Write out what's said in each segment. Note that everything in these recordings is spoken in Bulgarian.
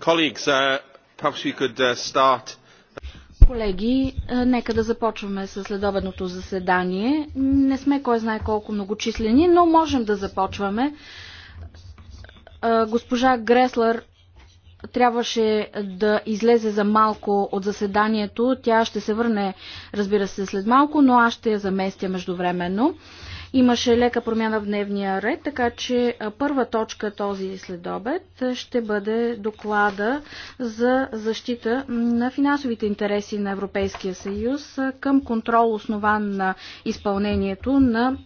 Uh, uh, Колеги, е, нека да започваме с следобедното заседание. Не сме кой знае колко многочислени, но можем да започваме. Е, госпожа Греслер трябваше да излезе за малко от заседанието. Тя ще се върне, разбира се, след малко, но аз ще я заместя междувременно. Имаше лека промяна в дневния ред, така че първа точка този следобед ще бъде доклада за защита на финансовите интереси на Европейския съюз към контрол основан на изпълнението на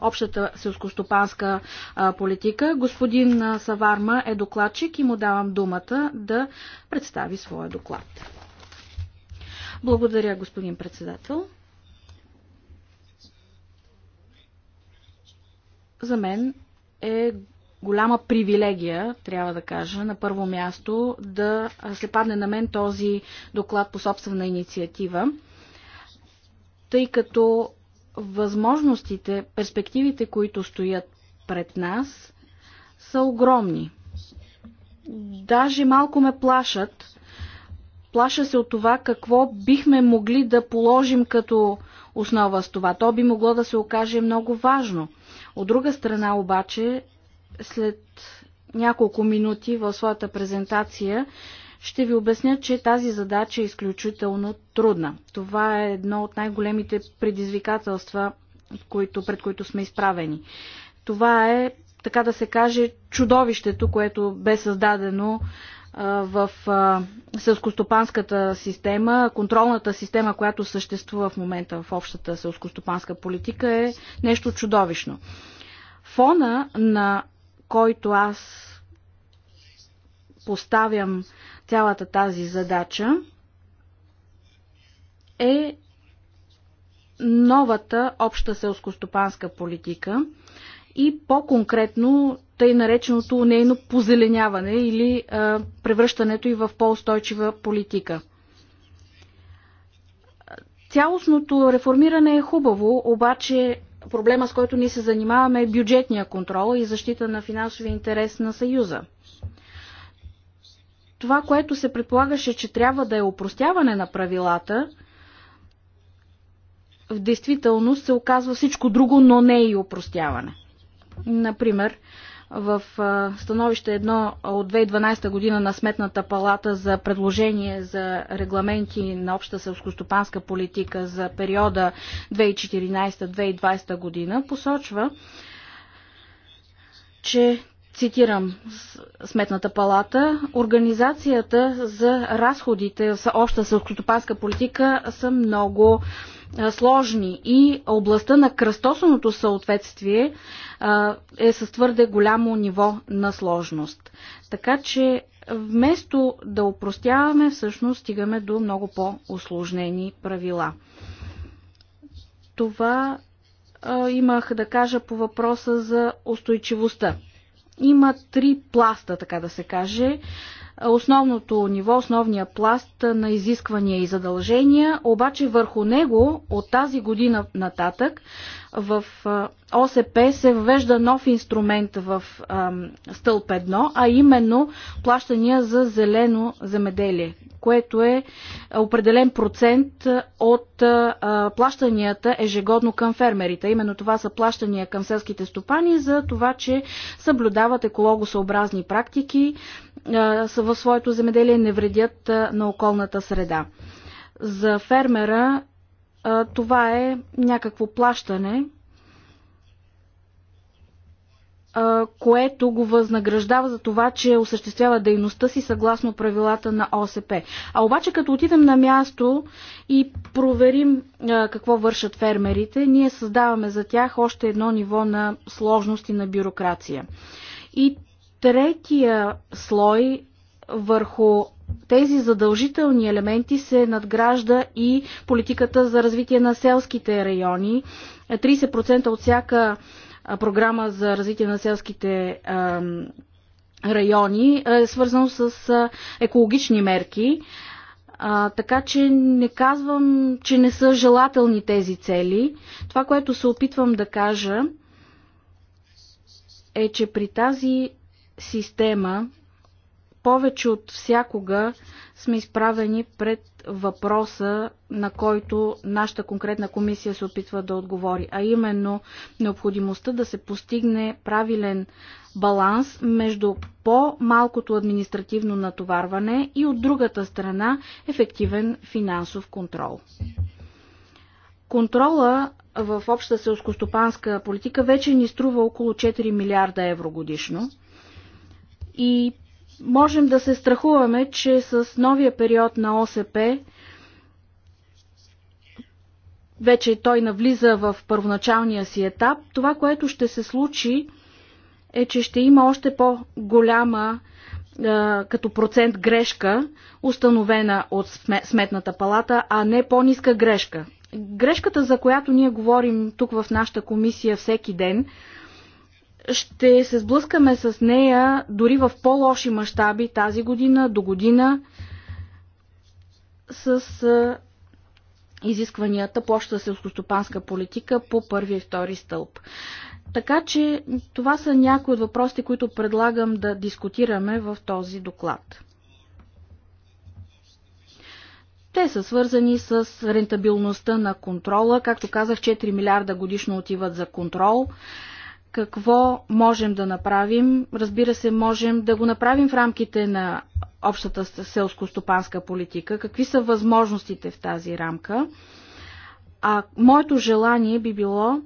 общата селскостопанска политика. Господин Саварма е докладчик и му давам думата да представи своя доклад. Благодаря, господин председател. за мен е голяма привилегия, трябва да кажа, на първо място да се падне на мен този доклад по собствена инициатива, тъй като възможностите, перспективите, които стоят пред нас, са огромни. Даже малко ме плашат. Плаша се от това какво бихме могли да положим като основа с това. То би могло да се окаже много важно – от друга страна обаче, след няколко минути в своята презентация ще ви обясня, че тази задача е изключително трудна. Това е едно от най-големите предизвикателства, които, пред които сме изправени. Това е, така да се каже, чудовището, което бе създадено в селскостопанската система, контролната система, която съществува в момента в общата селскостопанска политика е нещо чудовищно. Фона, на който аз поставям цялата тази задача, е новата обща селскостопанска политика и по-конкретно тъй нареченото нейно позеленяване или а, превръщането и в по-устойчива политика. Цялостното реформиране е хубаво, обаче проблема с който ни се занимаваме е бюджетния контрол и защита на финансовия интерес на Съюза. Това, което се предполагаше, че трябва да е упростяване на правилата, в действителност се оказва всичко друго, но не и упростяване. Например, в становище едно от 2012 година на Сметната палата за предложение за регламенти на обща селскостопанска политика за периода 2014-2020 година посочва, че цитирам Сметната палата, организацията за разходите за обща селскостопанска политика са много сложни и областта на кръстосаното съответствие е с твърде голямо ниво на сложност. Така че вместо да упростяваме, всъщност стигаме до много по-осложнени правила. Това имах да кажа по въпроса за устойчивостта. Има три пласта, така да се каже, основното ниво, основния пласт на изисквания и задължения, обаче върху него от тази година нататък в ОСП се въвежда нов инструмент в стълб 1, а именно плащания за зелено земеделие, което е определен процент от плащанията ежегодно към фермерите. Именно това са плащания към селските стопани за това, че съблюдават екологосъобразни практики, в своето земеделие не вредят на околната среда. За фермера това е някакво плащане, което го възнаграждава за това, че осъществява дейността си съгласно правилата на ОСП. А обаче като отидем на място и проверим какво вършат фермерите, ние създаваме за тях още едно ниво на сложност и на бюрокрация. И третия слой върху тези задължителни елементи се надгражда и политиката за развитие на селските райони. 30% от всяка програма за развитие на селските райони е свързано с екологични мерки. А, така че не казвам, че не са желателни тези цели. Това, което се опитвам да кажа, е, че при тази система повече от всякога сме изправени пред въпроса, на който нашата конкретна комисия се опитва да отговори, а именно необходимостта да се постигне правилен баланс между по-малкото административно натоварване и от другата страна ефективен финансов контрол. Контрола в обща селскостопанска политика вече ни струва около 4 милиарда евро годишно – и можем да се страхуваме, че с новия период на ОСП вече той навлиза в първоначалния си етап, това, което ще се случи, е, че ще има още по-голяма като процент грешка, установена от Сметната палата, а не по-ниска грешка. Грешката, за която ние говорим тук в нашата комисия всеки ден, ще се сблъскаме с нея дори в по-лоши мащаби тази година, до година с изискванията по обща селскостопанска политика по първи и втори стълб. Така че това са някои от въпросите, които предлагам да дискутираме в този доклад. Те са свързани с рентабилността на контрола. Както казах, 4 милиарда годишно отиват за контрол какво можем да направим. Разбира се, можем да го направим в рамките на общата селско-стопанска политика. Какви са възможностите в тази рамка? А моето желание би било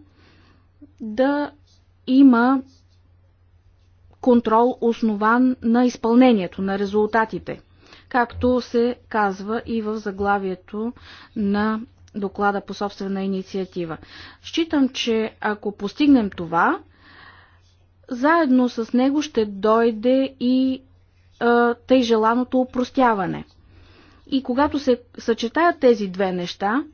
да има контрол основан на изпълнението, на резултатите, както се казва и в заглавието на доклада по собствена инициатива. Считам, че ако постигнем това, заедно с него ще дойде и а, тъй желаното упростяване. И когато се съчетаят тези две неща,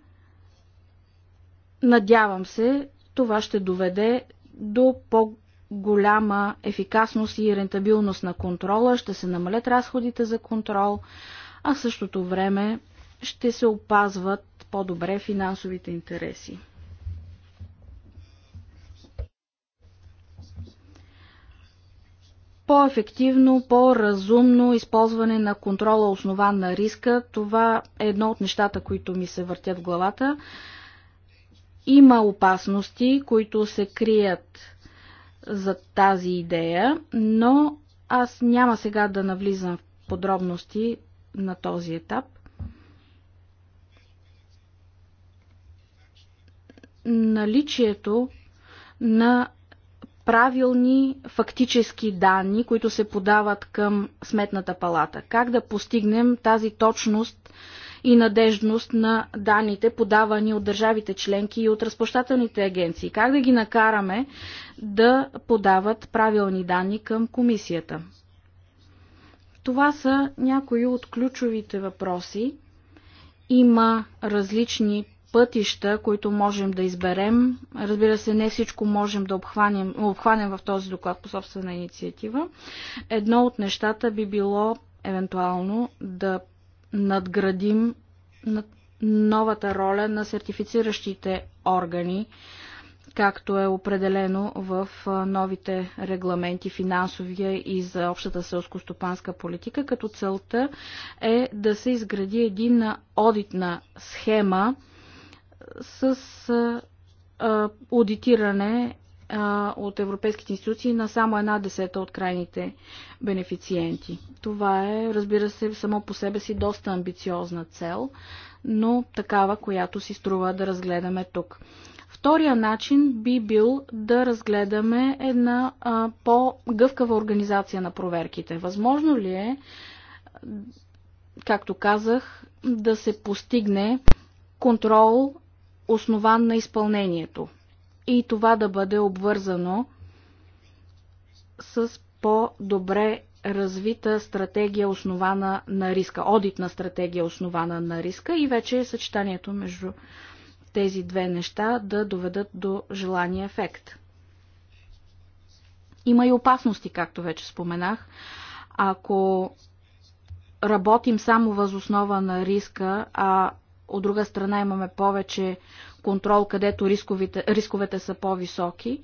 надявам се, това ще доведе до по-голяма ефикасност и рентабилност на контрола, ще се намалят разходите за контрол, а в същото време ще се опазват по-добре финансовите интереси. по-ефективно, по-разумно използване на контрола основан на риска. Това е едно от нещата, които ми се въртят в главата. Има опасности, които се крият за тази идея, но аз няма сега да навлизам в подробности на този етап. Наличието на правилни фактически данни, които се подават към Сметната палата. Как да постигнем тази точност и надежност на данните, подавани от държавите членки и от разплащателните агенции? Как да ги накараме да подават правилни данни към комисията? Това са някои от ключовите въпроси. Има различни пътища, които можем да изберем. Разбира се, не всичко можем да обхванем, обхванем в този доклад по собствена инициатива. Едно от нещата би било евентуално да надградим над новата роля на сертифициращите органи, както е определено в новите регламенти финансовия и за общата селско-стопанска политика, като целта е да се изгради един одитна схема, с аудитиране от европейските институции на само една десета от крайните бенефициенти. Това е, разбира се, само по себе си доста амбициозна цел, но такава, която си струва да разгледаме тук. Втория начин би бил да разгледаме една по-гъвкава организация на проверките. Възможно ли е, както казах, да се постигне контрол основан на изпълнението и това да бъде обвързано с по-добре развита стратегия основана на риска, одитна стратегия основана на риска и вече е съчетанието между тези две неща да доведат до желания ефект. Има и опасности, както вече споменах. Ако работим само възоснова на риска, а от друга страна имаме повече контрол, където рисковите, рисковете са по-високи.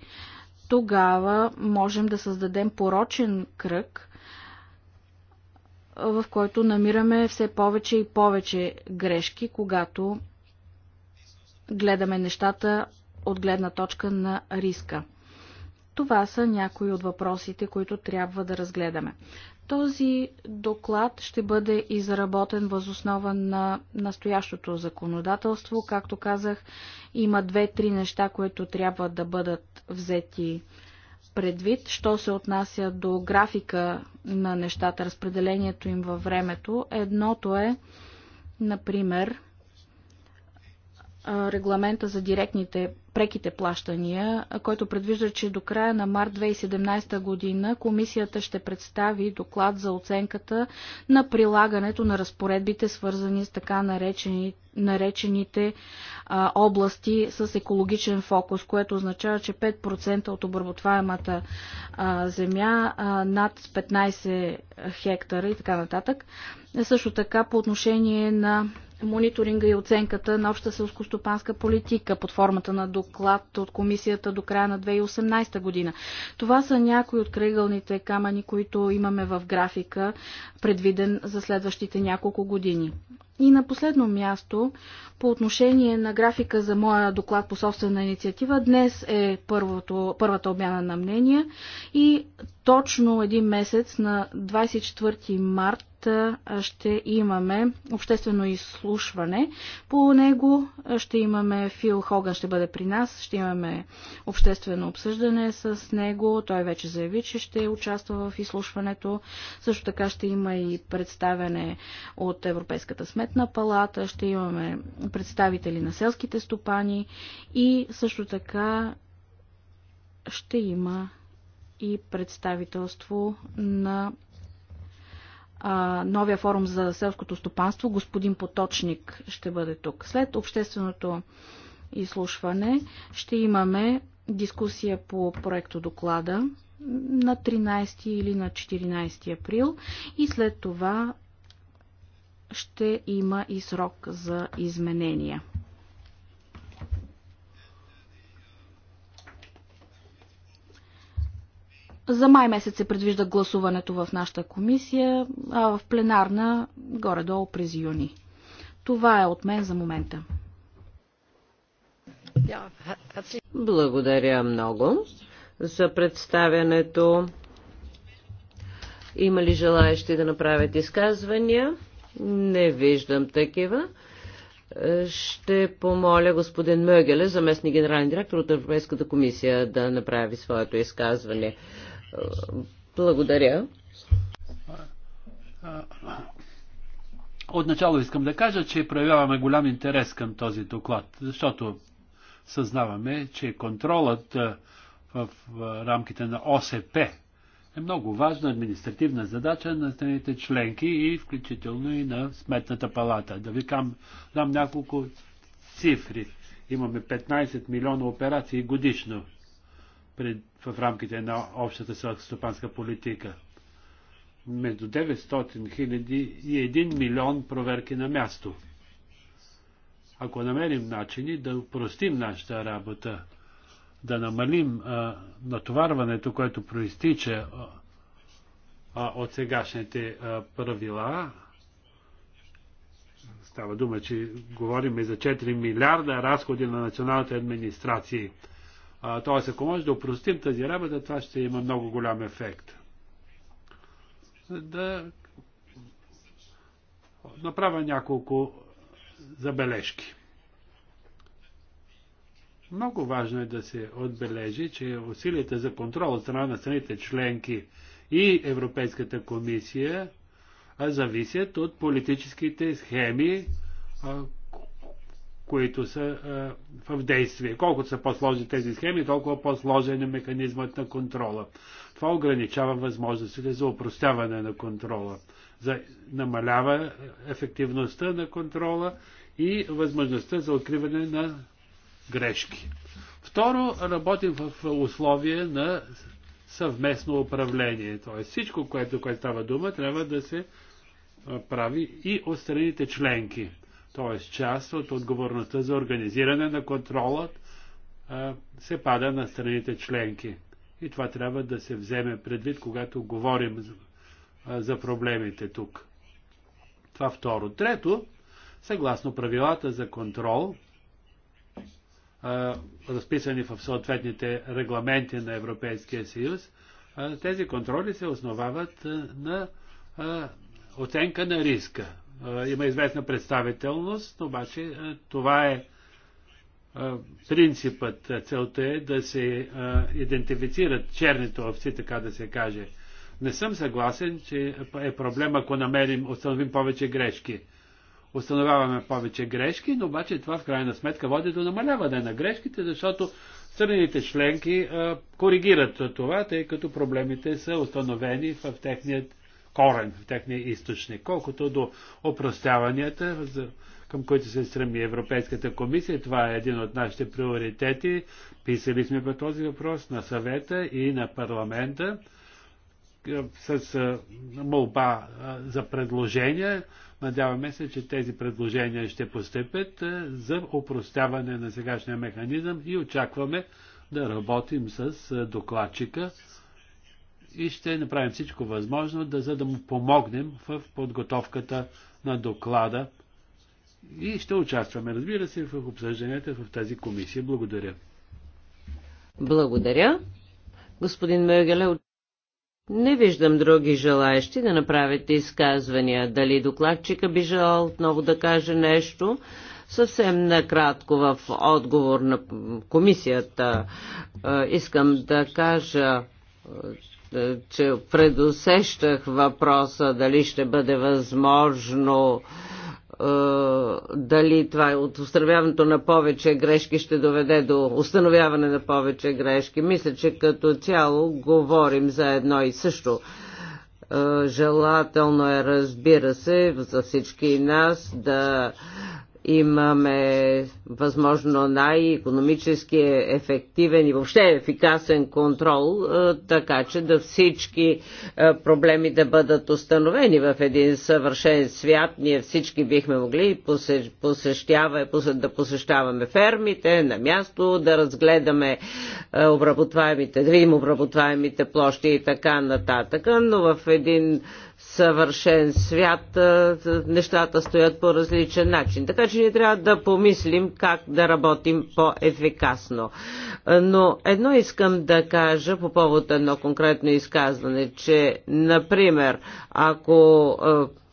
Тогава можем да създадем порочен кръг, в който намираме все повече и повече грешки, когато гледаме нещата от гледна точка на риска. Това са някои от въпросите, които трябва да разгледаме. Този доклад ще бъде изработен възоснова на настоящото законодателство. Както казах, има две-три неща, които трябва да бъдат взети предвид, що се отнася до графика на нещата, разпределението им във времето. Едното е, например, регламента за директните преките плащания, който предвижда, че до края на март 2017 година комисията ще представи доклад за оценката на прилагането на разпоредбите, свързани с така наречени, наречените а, области с екологичен фокус, което означава, че 5% от обработваемата а, земя а, над 15 хектара и така нататък. Също така по отношение на мониторинга и оценката на обща селскостопанска политика под формата на доклад от комисията до края на 2018 година. Това са някои от кръгълните камъни, които имаме в графика, предвиден за следващите няколко години. И на последно място, по отношение на графика за моя доклад по собствена инициатива, днес е първото, първата обмяна на мнения и точно един месец на 24 март ще имаме обществено изслушване. По него ще имаме Фил Хоган ще бъде при нас, ще имаме обществено обсъждане с него. Той вече заяви, че ще участва в изслушването. Също така ще има и представяне от Европейската сметна палата, ще имаме представители на селските стопани и също така ще има и представителство на новия форум за селското стопанство. Господин Поточник ще бъде тук. След общественото изслушване ще имаме дискусия по проекто доклада на 13 или на 14 април и след това ще има и срок за изменения. За май месец се предвижда гласуването в нашата комисия, а в пленарна горе-долу през юни. Това е от мен за момента. Благодаря много за представянето. Има ли желаящи да направят изказвания? Не виждам такива. Ще помоля господин Мъгеле, заместник генерален директор от Европейската комисия, да направи своето изказване. Благодаря. Отначало искам да кажа, че проявяваме голям интерес към този доклад, защото съзнаваме, че контролът в рамките на ОСП е много важна административна задача на страните членки и включително и на Сметната палата. Да ви кам, дам няколко цифри. Имаме 15 милиона операции годишно. Пред в рамките на общата селскостопанска политика. Между 900 хиляди и 1 милион проверки на място. Ако намерим начини да упростим нашата работа, да намалим а, натоварването, което проистича а, от сегашните а, правила, става дума, че говорим и за 4 милиарда разходи на националните администрации – т.е. ако може да упростим тази работа, това ще има много голям ефект. Да направя няколко забележки. Много важно е да се отбележи, че усилията за контрол от страна на страните членки и Европейската комисия зависят от политическите схеми, които са а, в действие. Колкото са по-сложни тези схеми, толкова по-сложен е механизмът на контрола. Това ограничава възможностите за упростяване на контрола, за намалява ефективността на контрола и възможността за откриване на грешки. Второ, работим в условия на съвместно управление. Т.е. всичко, което, което става дума, трябва да се прави и от страните членки т.е. част от отговорността за организиране на контролът се пада на страните членки. И това трябва да се вземе предвид, когато говорим за проблемите тук. Това второ. Трето, съгласно правилата за контрол, разписани в съответните регламенти на Европейския съюз, тези контроли се основават на оценка на риска. Има известна представителност, обаче това е принципът. Целта е да се идентифицират черните овци, така да се каже. Не съм съгласен, че е проблем, ако намерим, установим повече грешки. Установяваме повече грешки, но обаче това в крайна сметка води до намаляване на грешките, защото страните членки а, коригират това, тъй като проблемите са установени в техният корен, в техния източник. Колкото до опростяванията, към които се стреми Европейската комисия, това е един от нашите приоритети. Писали сме по този въпрос на съвета и на парламента е, с е, молба е, за предложения. Надяваме се, че тези предложения ще постъпят за опростяване на сегашния механизъм и очакваме да работим с докладчика и ще направим всичко възможно, да, за да му помогнем в подготовката на доклада и ще участваме, разбира се, в обсъжданията в тази комисия. Благодаря. Благодаря. Господин Мегеле, не виждам други желаящи да направите изказвания. Дали докладчика би желал отново да каже нещо? Съвсем накратко в отговор на комисията искам да кажа че предусещах въпроса дали ще бъде възможно е, дали това е от установяването на повече грешки ще доведе до установяване на повече грешки. Мисля, че като цяло говорим за едно и също. Е, желателно е, разбира се, за всички нас да имаме възможно най-економически ефективен и въобще ефикасен контрол, е, така че да всички е, проблеми да бъдат установени в един съвършен свят. Ние всички бихме могли посещава, да посещаваме фермите на място, да разгледаме е, обработваемите, да видим обработваемите площи и така нататък, но в един съвършен свят, нещата стоят по различен начин. Така че ние трябва да помислим как да работим по-ефикасно. Но едно искам да кажа по повод едно конкретно изказване, че, например, ако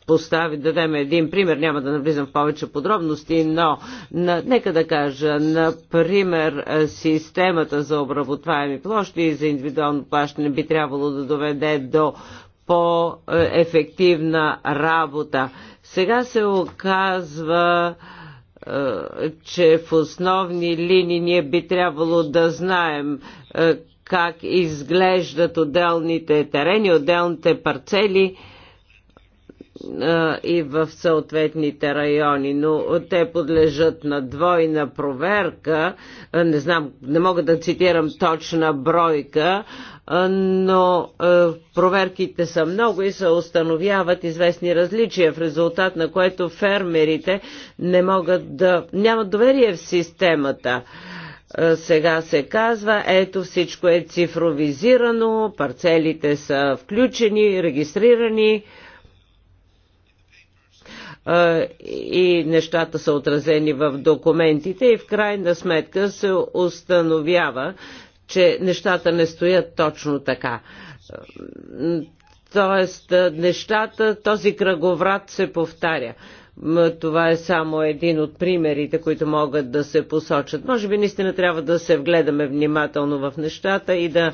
постави, дадем един пример, няма да навлизам в повече подробности, но на, нека да кажа, например, системата за обработваеми площи и за индивидуално плащане би трябвало да доведе до по-ефективна работа. Сега се оказва, е, че в основни линии ние би трябвало да знаем е, как изглеждат отделните терени, отделните парцели е, и в съответните райони, но те подлежат на двойна проверка. Не знам, не мога да цитирам точна бройка, но проверките са много и се установяват известни различия, в резултат на което фермерите не могат да нямат доверие в системата сега се казва, ето всичко е цифровизирано, парцелите са включени, регистрирани и нещата са отразени в документите и в крайна сметка се установява, че нещата не стоят точно така. Тоест, нещата, този кръговрат се повтаря. Това е само един от примерите, които могат да се посочат. Може би наистина трябва да се вгледаме внимателно в нещата и да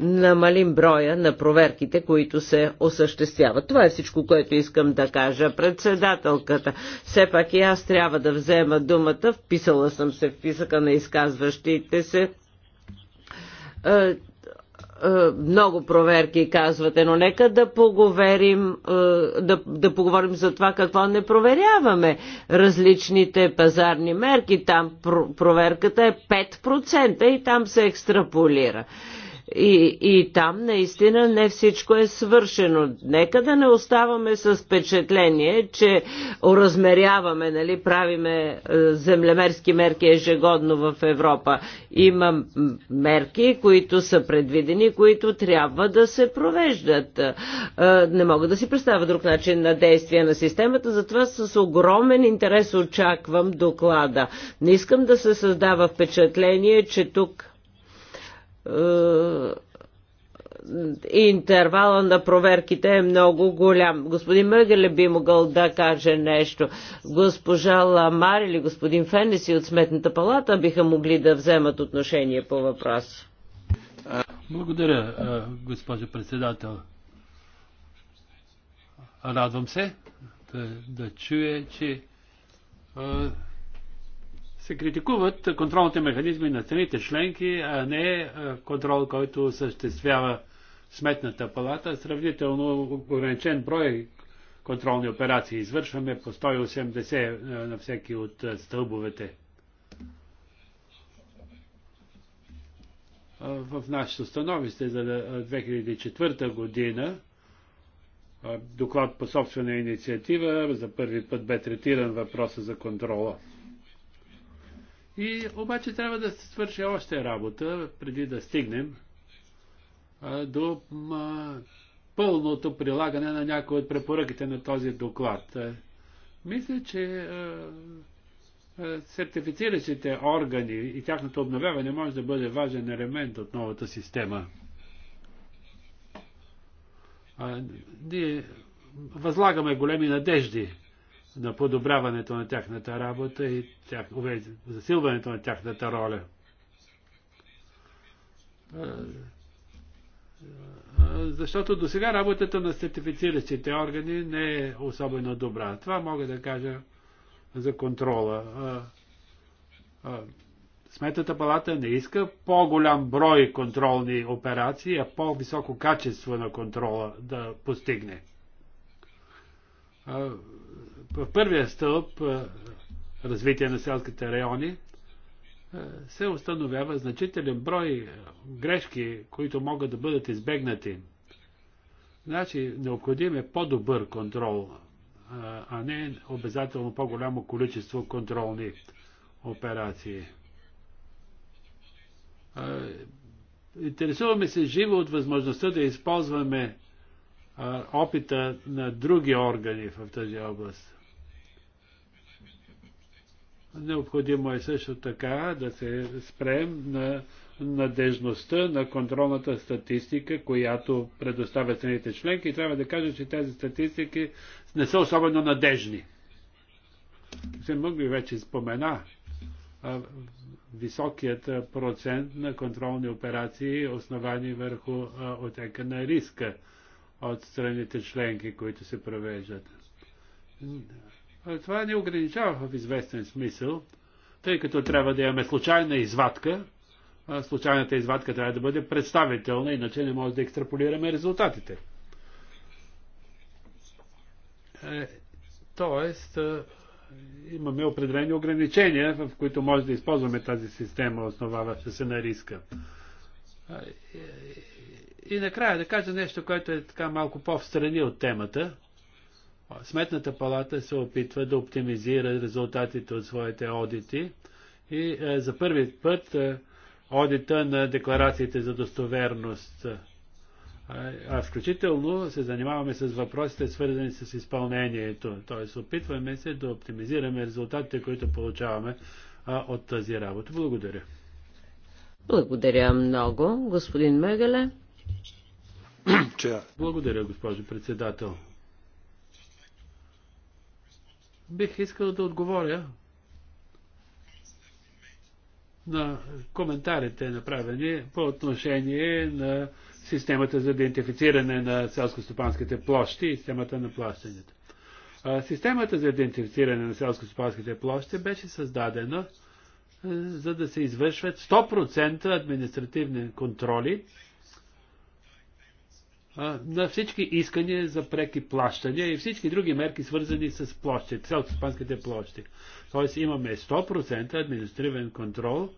намалим броя на проверките, които се осъществяват. Това е всичко, което искам да кажа. Председателката, все пак и аз трябва да взема думата. Вписала съм се в писъка на изказващите се. Е, е, много проверки казвате, но нека да поговорим, е, да, да поговорим за това какво не проверяваме. Различните пазарни мерки, там проверката е 5% и там се екстраполира. И, и там наистина не всичко е свършено. Нека да не оставаме с впечатление, че оразмеряваме, нали, правиме е, землемерски мерки ежегодно в Европа. Има мерки, които са предвидени, които трябва да се провеждат. Е, не мога да си представя друг начин на действие на системата, затова с огромен интерес очаквам доклада. Не искам да се създава впечатление, че тук е, интервала на проверките е много голям. Господин Мъгеле би могъл да каже нещо. Госпожа Ламар или господин Фенеси от Сметната палата биха могли да вземат отношение по въпрос. Благодаря, е, госпожо председател. Радвам се да, да чуя, че е, се критикуват контролните механизми на страните членки, а не контрол, който съществява Сметната палата. Сравнително ограничен брой контролни операции извършваме по 180 на всеки от стълбовете. В нашето становище за 2004 година доклад по собствена инициатива за първи път бе третиран въпроса за контрола. И обаче трябва да се свърши още работа, преди да стигнем а, до а, пълното прилагане на някои от препоръките на този доклад. А, мисля, че а, а, сертифициращите органи и тяхното обновяване може да бъде важен елемент от новата система. А, ние възлагаме големи надежди на подобряването на тяхната работа и тях, засилването на тяхната роля. Защото до сега работата на сертифициращите органи не е особено добра. Това мога да кажа за контрола. Сметната палата не иска по-голям брой контролни операции, а по-високо качество на контрола да постигне в първия стълб развитие на селските райони се установява значителен брой грешки, които могат да бъдат избегнати. Значи, необходим е по-добър контрол, а не обязателно по-голямо количество контролни операции. Интересуваме се живо от възможността да използваме опита на други органи в тази област. Необходимо е също така да се спрем на надежността на контролната статистика, която предоставя страните членки. трябва да кажа, че тези статистики не са особено надежни. Се мъгли вече спомена а, високият процент на контролни операции, основани върху а, отека на риска от страните членки, които се провеждат е, това ни ограничава в известен смисъл, тъй като трябва да имаме случайна извадка, а случайната извадка трябва да бъде представителна, иначе не може да екстраполираме резултатите. Е, тоест, е, имаме определени ограничения, в които може да използваме тази система, основаваща се на риска. Е, и накрая да кажа нещо, което е така малко по-встрани от темата – Сметната палата се опитва да оптимизира резултатите от своите одити и е, за първи път е, одита на декларациите за достоверност. Е, а, включително се занимаваме с въпросите, свързани с изпълнението. Т.е. опитваме се да оптимизираме резултатите, които получаваме от тази работа. Благодаря. Благодаря много, господин Мегале. Благодаря, госпожо председател. Бих искал да отговоря на коментарите направени по отношение на системата за идентифициране на селско-стопанските площи и системата на плащането. Системата за идентифициране на селско-стопанските площи беше създадена за да се извършват 100% административни контроли на всички искания за преки плащания и всички други мерки, свързани с площи, спанските площи. Тоест имаме 100% административен контрол,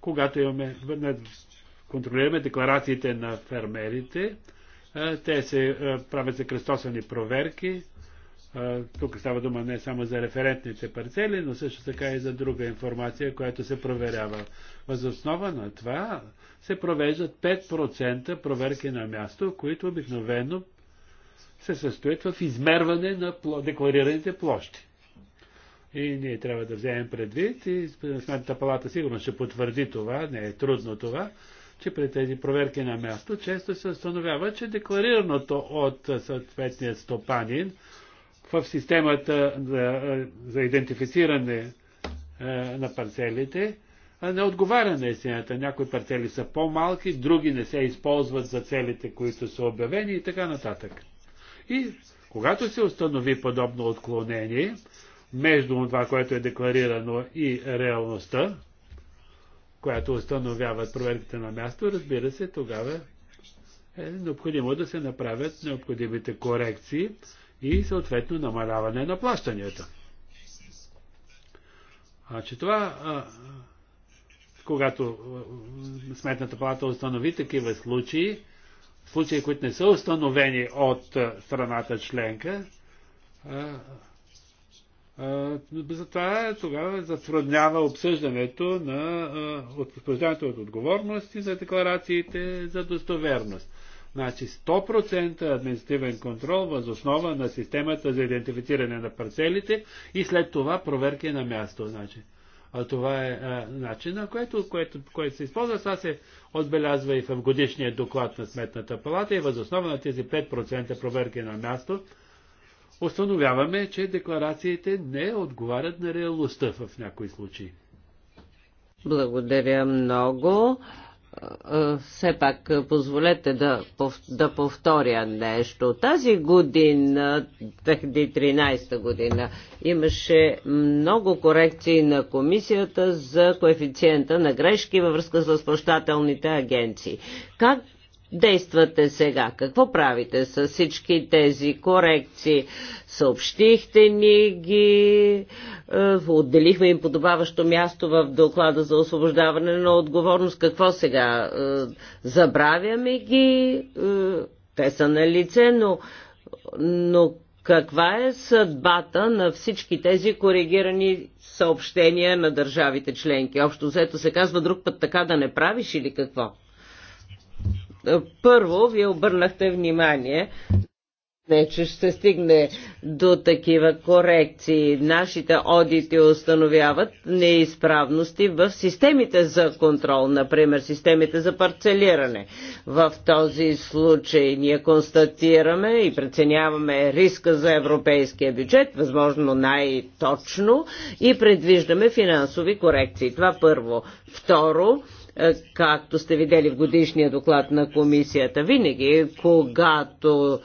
когато имаме, контролираме декларациите на фермерите, те се правят за кръстосани проверки. Тук става дума не само за референтните парцели, но също така и за друга информация, която се проверява. Възоснова на това се провеждат 5% проверки на място, които обикновено се състоят в измерване на декларираните площи. И ние трябва да вземем предвид и Сметната палата сигурно ще потвърди това, не е трудно това, че при тези проверки на място често се установява, че декларираното от съответния стопанин в системата за, идентифициране е, на парцелите не отговаря на истината. Някои парцели са по-малки, други не се използват за целите, които са обявени и така нататък. И когато се установи подобно отклонение между това, което е декларирано и реалността, която установяват проверките на място, разбира се, тогава е необходимо да се направят необходимите корекции и съответно намаляване на плащанията. А значи че това а, когато е, Сметната палата установи такива случаи, случаи, които не са установени от е, страната членка, е, затова тогава затруднява обсъждането на освобождането от отговорности за декларациите за достоверност. Значи 100% административен контрол въз основа на системата за идентифициране на парцелите и след това проверки на място. Значи а това е а, начина, което, което, което се използва. Това се отбелязва и в годишния доклад на Сметната палата и възоснова на тези 5% проверки на място установяваме, че декларациите не отговарят на реалността в някои случаи. Благодаря много все пак позволете да, да повторя нещо. Тази година, 2013 година, имаше много корекции на комисията за коефициента на грешки във връзка с разплащателните агенции. Как действате сега? Какво правите с всички тези корекции? Съобщихте ни ги, е, отделихме им подобаващо място в доклада за освобождаване на отговорност. Какво сега? Е, забравяме ги, е, те са на лице, но, но каква е съдбата на всички тези коригирани съобщения на държавите членки? Общо взето се казва друг път така да не правиш или какво? Първо, вие обърнахте внимание не, че ще стигне до такива корекции. Нашите одити установяват неизправности в системите за контрол, например системите за парцелиране. В този случай ние констатираме и преценяваме риска за европейския бюджет, възможно най-точно, и предвиждаме финансови корекции. Това първо. Второ, е, както сте видели в годишния доклад на комисията. Винаги, когато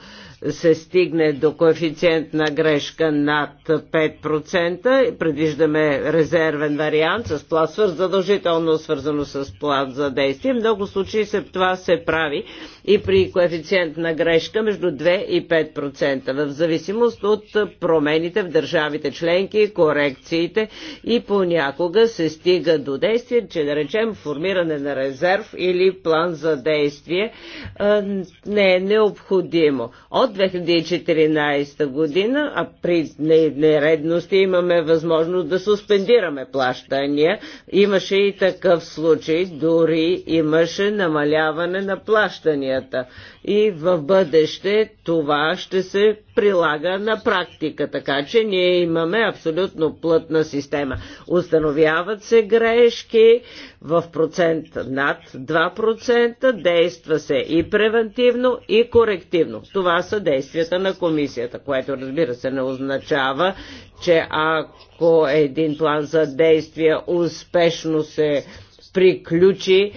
се стигне до коефициент на грешка над 5%. Предвиждаме резервен вариант с план свърз, задължително свързано с план за действие. В много случаи се, това се прави и при коефициент на грешка между 2 и 5%, в зависимост от промените в държавите членки, корекциите и понякога се стига до действие, че да речем формиране на резерв или план за действие не е необходимо. От 2014 година, а при нередности имаме възможност да суспендираме плащания. Имаше и такъв случай, дори имаше намаляване на плащанията. И в бъдеще това ще се прилага на практика, така че ние имаме абсолютно плътна система. Установяват се грешки в процент над 2%, действа се и превентивно, и корективно. Това са действията на комисията, което разбира се не означава, че ако един план за действие успешно се приключи,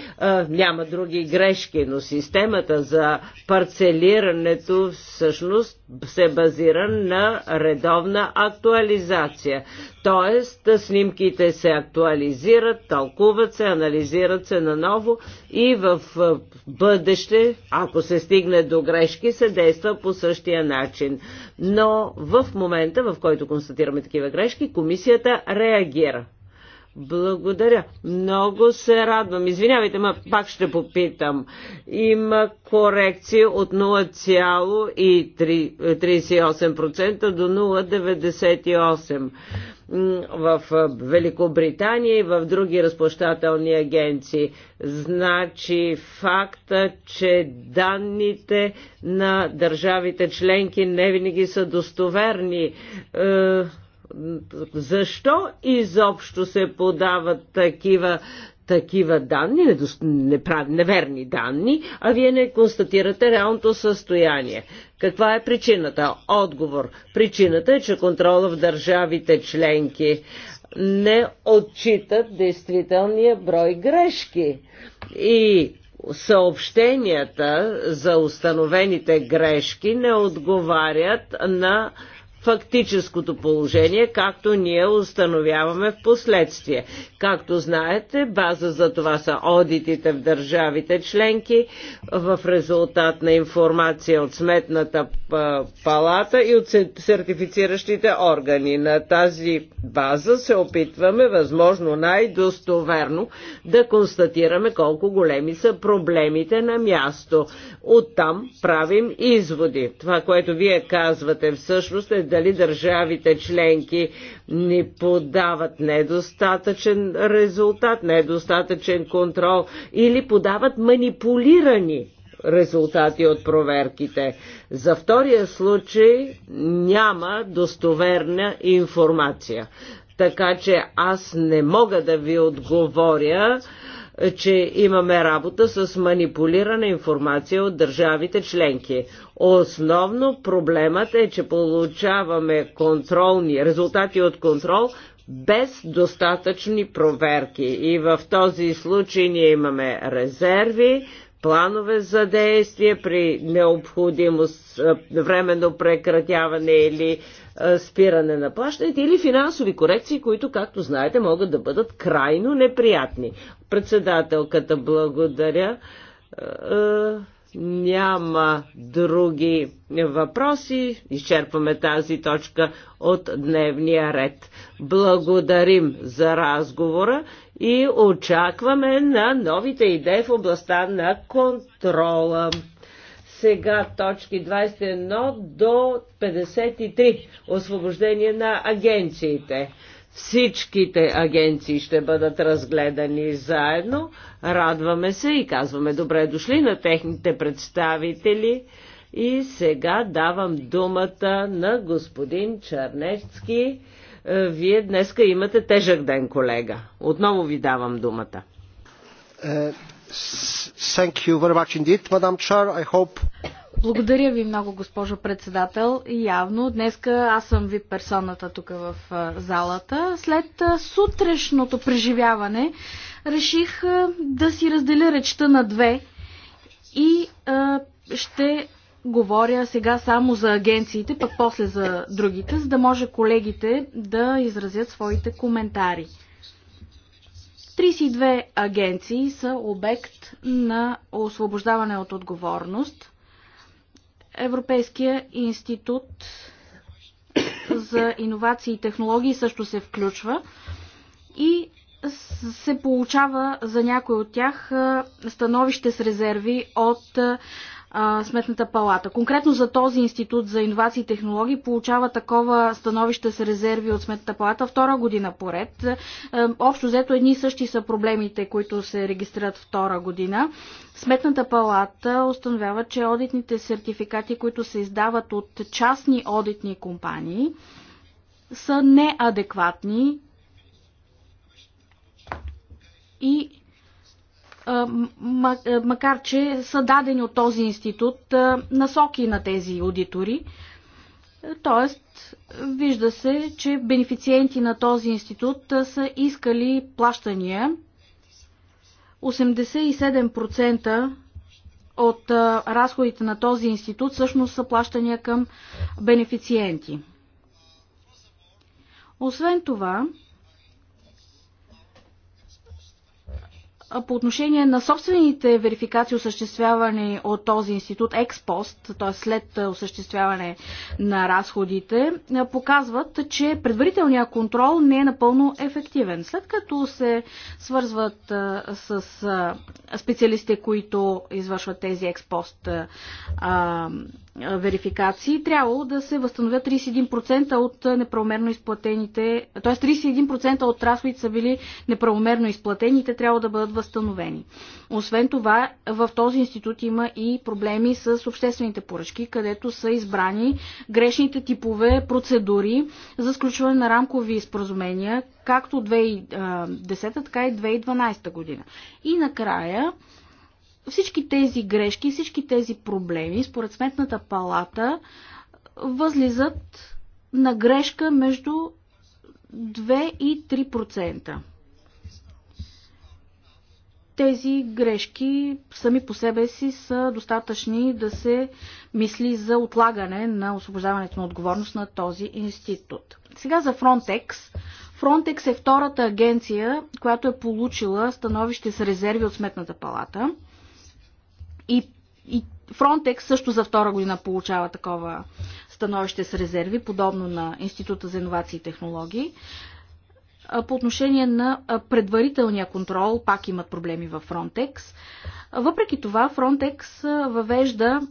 няма други грешки, но системата за парцелирането всъщност се базира на редовна актуализация. Тоест, снимките се актуализират, тълкуват се, анализират се наново и в бъдеще, ако се стигне до грешки, се действа по същия начин. Но в момента, в който констатираме такива грешки, комисията реагира. Благодаря. Много се радвам. Извинявайте, ма пак ще попитам. Има корекция от 0,38% до 0,98% в Великобритания и в други разплащателни агенции. Значи факта, че данните на държавите членки не винаги са достоверни. Е, защо изобщо се подават такива такива данни, неправ... неверни данни, а вие не констатирате реалното състояние. Каква е причината? Отговор. Причината е, че контрола в държавите членки не отчитат действителния брой грешки. И съобщенията за установените грешки не отговарят на фактическото положение, както ние установяваме в последствие. Както знаете, база за това са одитите в държавите членки в резултат на информация от Сметната палата и от сертифициращите органи. На тази база се опитваме възможно най-достоверно да констатираме колко големи са проблемите на място. Оттам правим изводи. Това, което вие казвате всъщност е дали държавите членки ни подават недостатъчен резултат, недостатъчен контрол или подават манипулирани резултати от проверките. За втория случай няма достоверна информация. Така че аз не мога да ви отговоря, че имаме работа с манипулирана информация от държавите членки. Основно проблемът е, че получаваме контролни резултати от контрол без достатъчни проверки. И в този случай ние имаме резерви, планове за действие при необходимост, временно прекратяване или спиране на плащането или финансови корекции, които, както знаете, могат да бъдат крайно неприятни. Председателката благодаря няма други въпроси, изчерпваме тази точка от дневния ред. Благодарим за разговора и очакваме на новите идеи в областта на контрола. Сега точки 21 до 53. Освобождение на агенциите. Всичките агенции ще бъдат разгледани заедно. Радваме се и казваме добре дошли на техните представители. И сега давам думата на господин Чернецки. Е, вие днеска имате тежък ден, колега. Отново ви давам думата. Е, thank you very much indeed, Madam Chair. I hope благодаря ви много, госпожо председател. Явно, днеска аз съм ви персоната тук в залата. След сутрешното преживяване реших да си разделя речта на две и а, ще говоря сега само за агенциите, пък после за другите, за да може колегите да изразят своите коментари. 32 агенции са обект на освобождаване от отговорност – Европейския институт за иновации и технологии също се включва и се получава за някой от тях становище с резерви от Сметната палата. Конкретно за този институт за иновации и технологии получава такова становище с резерви от Сметната палата втора година поред. Е, общо взето едни и същи са проблемите, които се регистрират втора година. Сметната палата установява, че одитните сертификати, които се издават от частни одитни компании, са неадекватни и макар че са дадени от този институт насоки на тези аудитори. Тоест, вижда се, че бенефициенти на този институт са искали плащания. 87% от разходите на този институт всъщност са плащания към бенефициенти. Освен това, по отношение на собствените верификации, осъществявани от този институт експост, т.е. след осъществяване на разходите, показват, че предварителният контрол не е напълно ефективен. След като се свързват с специалистите, които извършват тези експост верификации, трябвало да се възстановят 31% от неправомерно изплатените, т.е. 31% от разходите са били неправомерно изплатени и те трябва да бъдат възстановени. Освен това, в този институт има и проблеми с обществените поръчки, където са избрани грешните типове процедури за сключване на рамкови споразумения, както 2010, така и 2012 година. И накрая, всички тези грешки, всички тези проблеми, според сметната палата, възлизат на грешка между 2 и 3%. Тези грешки сами по себе си са достатъчни да се мисли за отлагане на освобождаването на отговорност на този институт. Сега за Frontex. Frontex е втората агенция, която е получила становище с резерви от Сметната палата. И, и Frontex също за втора година получава такова становище с резерви, подобно на Института за иновации и технологии. По отношение на предварителния контрол пак имат проблеми в Frontex. Въпреки това, Frontex въвежда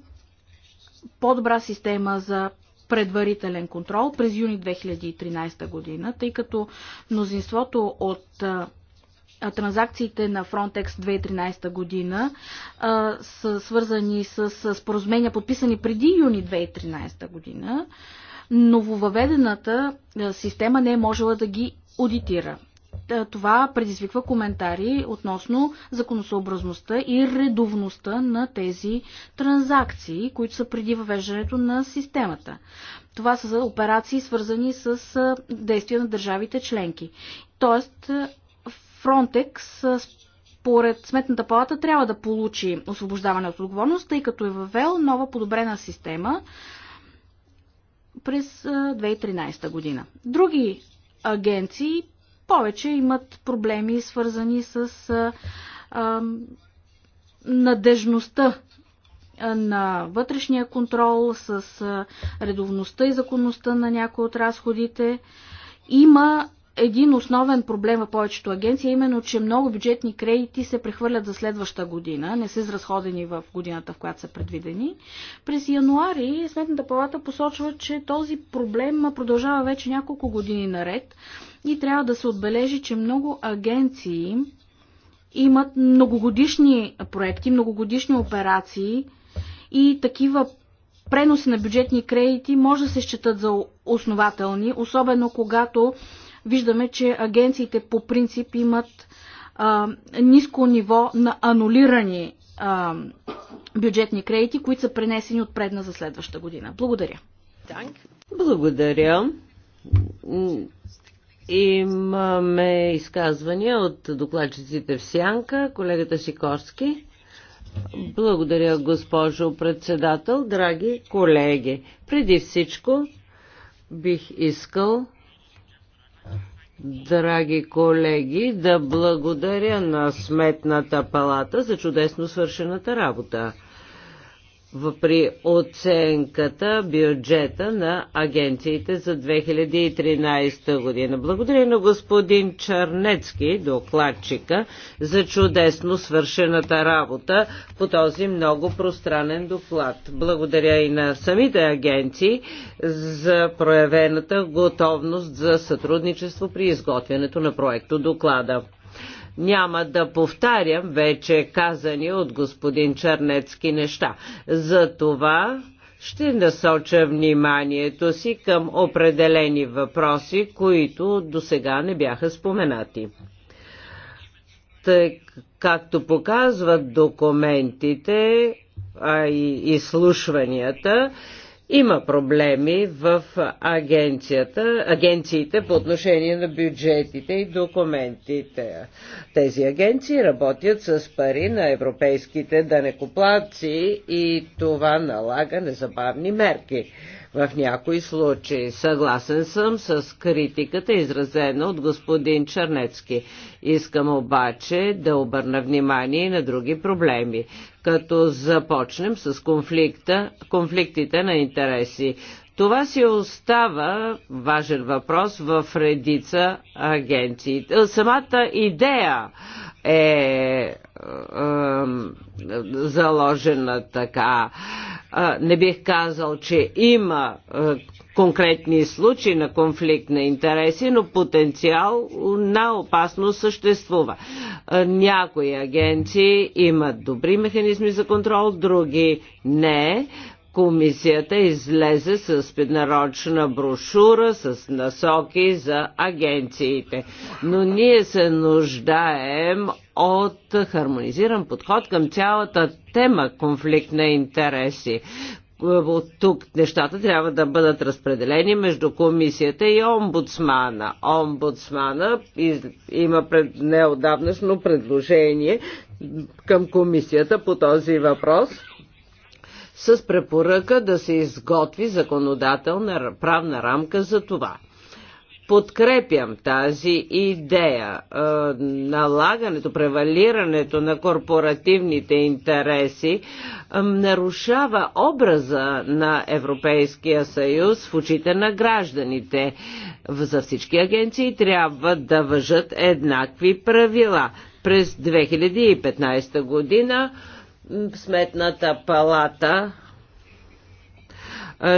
по-добра система за предварителен контрол през юни 2013 година, тъй като мнозинството от транзакциите на Frontex 2013 година а, са свързани с, с споразумения, подписани преди юни 2013 година. Нововъведената система не е можела да ги аудитира. Това предизвиква коментари относно законосъобразността и редовността на тези транзакции, които са преди въвеждането на системата. Това са операции, свързани с действия на държавите членки. Тоест, Фронтекс според Сметната палата трябва да получи освобождаване от отговорност, тъй като е въвел нова подобрена система през 2013 година. Други агенции повече имат проблеми, свързани с а, надежността на вътрешния контрол, с редовността и законността на някои от разходите. Има един основен проблем в повечето агенции е именно, че много бюджетни кредити се прехвърлят за следваща година, не са изразходени в годината, в която са предвидени. През януари Сметната палата посочва, че този проблем продължава вече няколко години наред и трябва да се отбележи, че много агенции имат многогодишни проекти, многогодишни операции и такива преноси на бюджетни кредити може да се считат за основателни, особено когато виждаме, че агенциите по принцип имат а, ниско ниво на анулирани а, бюджетни кредити, които са пренесени от предна за следваща година. Благодаря. Благодаря. Имаме изказвания от докладчиците в Сянка, колегата Сикорски. Благодаря, госпожо председател, драги колеги. Преди всичко бих искал драги колеги, да благодаря на Сметната палата за чудесно свършената работа при оценката бюджета на агенциите за 2013 година. Благодаря на господин Чернецки, докладчика, за чудесно свършената работа по този много пространен доклад. Благодаря и на самите агенции за проявената готовност за сътрудничество при изготвянето на проекто доклада. Няма да повтарям вече казани от господин Чернецки неща. За това ще насоча вниманието си към определени въпроси, които до сега не бяха споменати. Тъй, както показват документите а и изслушванията, има проблеми в агенцията, агенциите по отношение на бюджетите и документите. Тези агенции работят с пари на европейските данекоплаци и това налага незабавни мерки. В някои случаи съгласен съм с критиката, изразена от господин Чернецки. Искам обаче да обърна внимание и на други проблеми като започнем с конфликта, конфликтите на интереси. Това си остава важен въпрос в редица агенции. Е, самата идея е, е, е заложена така. Е, не бих казал, че има конкретни случаи на конфликт на интереси, но потенциал на опасност съществува. Някои агенции имат добри механизми за контрол, други не. Комисията излезе с педнарочна брошура с насоки за агенциите. Но ние се нуждаем от хармонизиран подход към цялата тема конфликт на интереси от тук нещата трябва да бъдат разпределени между комисията и омбудсмана. Омбудсмана из, има пред неодавнашно предложение към комисията по този въпрос с препоръка да се изготви законодателна правна рамка за това подкрепям тази идея. Налагането, превалирането на корпоративните интереси нарушава образа на Европейския съюз в очите на гражданите. За всички агенции трябва да въжат еднакви правила. През 2015 година Сметната палата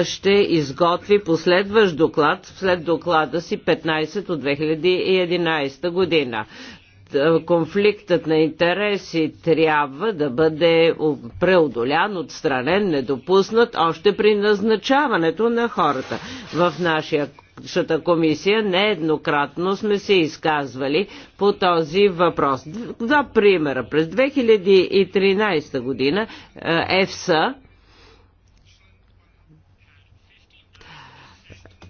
ще изготви последващ доклад след доклада си 15 от 2011 година конфликтът на интереси трябва да бъде преодолян, отстранен, недопуснат още при назначаването на хората. В нашия Нашата комисия нееднократно сме се изказвали по този въпрос. Два примера. През 2013 година ЕФСА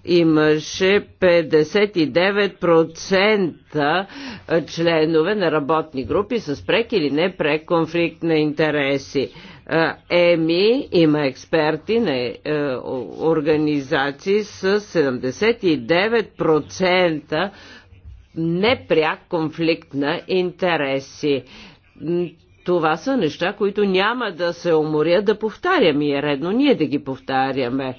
имаше 59% членове на работни групи с прек или не прек конфликт на интереси. ЕМИ има експерти на е, организации с 79% непряк конфликт на интереси. Това са неща, които няма да се уморя да повтарям и е редно ние да ги повтаряме.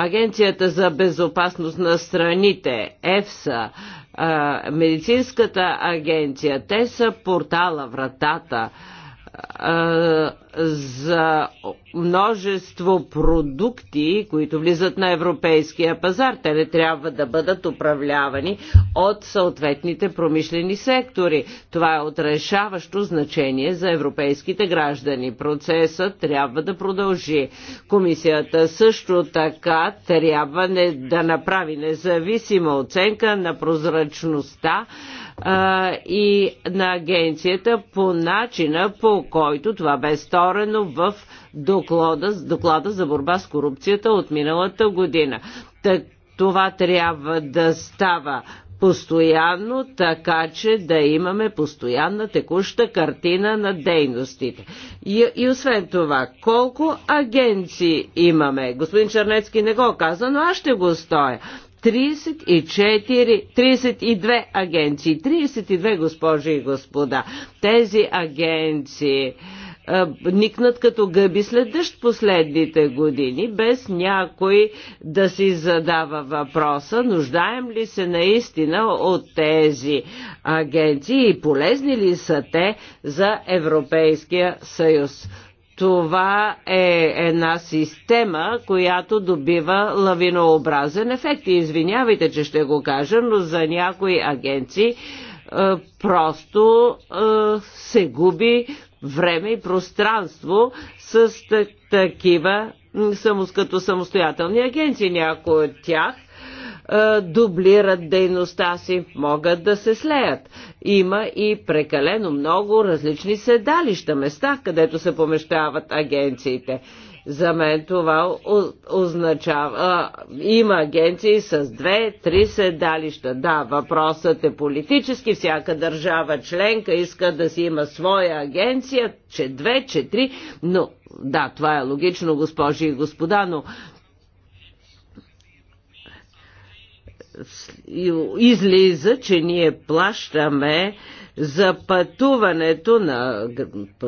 Агенцията за безопасност на страните, ЕФСА, Медицинската агенция, те са портала, вратата за множество продукти, които влизат на европейския пазар. Те не трябва да бъдат управлявани от съответните промишлени сектори. Това е отрешаващо значение за европейските граждани. Процесът трябва да продължи. Комисията също така трябва не, да направи независима оценка на прозрачността а, и на агенцията по начина, по който това бе сторено в доклада, доклада за борба с корупцията от миналата година. Так, това трябва да става постоянно, така че да имаме постоянна текуща картина на дейностите. И, и освен това, колко агенции имаме? Господин Чернецки не го каза, но аз ще го стоя. 34, 32 агенции. 32, госпожи и господа. Тези агенции е, никнат като гъби след дъжд последните години, без някой да си задава въпроса, нуждаем ли се наистина от тези агенции и полезни ли са те за Европейския съюз. Това е една система, която добива лавинообразен ефект. И извинявайте, че ще го кажа, но за някои агенции е, просто е, се губи време и пространство с такива като самостоятелни агенции. Някои от тях е, дублират дейността си, могат да се слеят. Има и прекалено много различни седалища, места, където се помещават агенциите. За мен това означава. има агенции с две-три седалища. Да, въпросът е политически. Всяка държава членка иска да си има своя агенция, че две, че три. Но да, това е логично, госпожи и господа, но излиза, че ние плащаме за пътуването на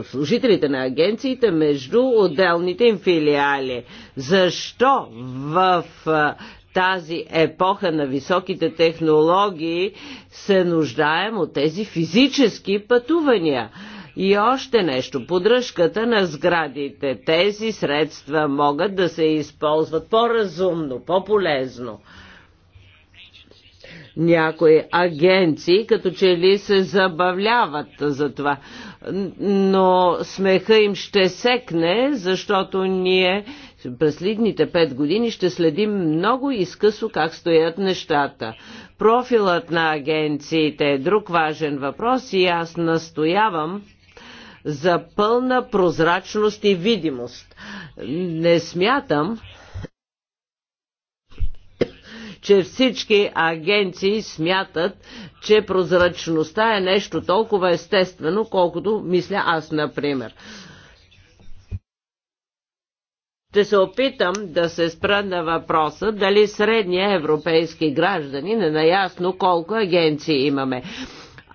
служителите на агенциите между отделните им филиали. Защо в тази епоха на високите технологии се нуждаем от тези физически пътувания? И още нещо, подръжката на сградите. Тези средства могат да се използват по-разумно, по-полезно някои агенции, като че ли се забавляват за това. Но смеха им ще секне, защото ние през следните пет години ще следим много изкъсо как стоят нещата. Профилът на агенциите е друг важен въпрос и аз настоявам за пълна прозрачност и видимост. Не смятам, че всички агенции смятат, че прозрачността е нещо толкова естествено, колкото мисля аз, например. Ще се опитам да се спра на въпроса дали средния европейски граждани не наясно колко агенции имаме.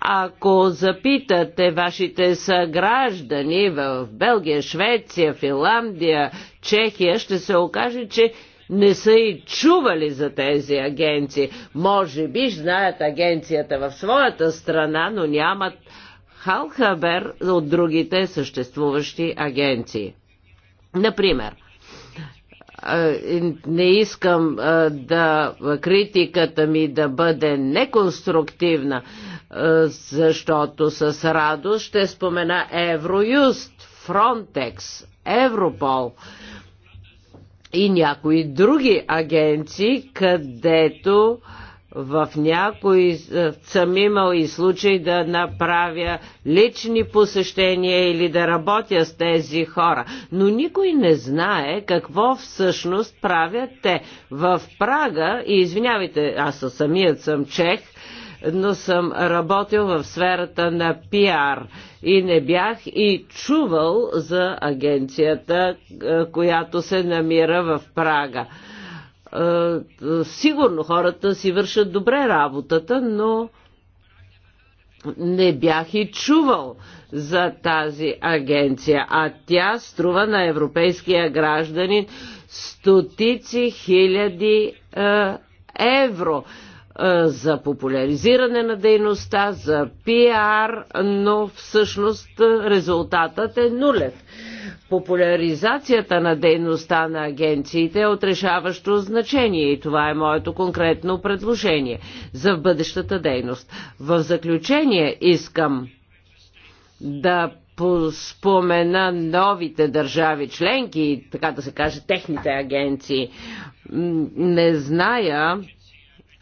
Ако запитате вашите съграждани в Белгия, Швеция, Финландия, Чехия, ще се окаже, че не са и чували за тези агенции. Може би знаят агенцията в своята страна, но нямат халхабер от другите съществуващи агенции. Например, не искам да критиката ми да бъде неконструктивна, защото с радост ще спомена Евроюст, Фронтекс, Европол – и някои други агенции, където в някои е, съм имал и случай да направя лични посещения или да работя с тези хора. Но никой не знае какво всъщност правят те. В Прага, и извинявайте, аз със самият съм чех, но съм работил в сферата на пиар и не бях и чувал за агенцията, е, която се намира в Прага. Е, сигурно хората си вършат добре работата, но не бях и чувал за тази агенция, а тя струва на европейския гражданин стотици хиляди е, евро за популяризиране на дейността, за пиар, но всъщност резултатът е нулев. Популяризацията на дейността на агенциите е отрешаващо значение и това е моето конкретно предложение за бъдещата дейност. В заключение искам да спомена новите държави членки, така да се каже, техните агенции. Не зная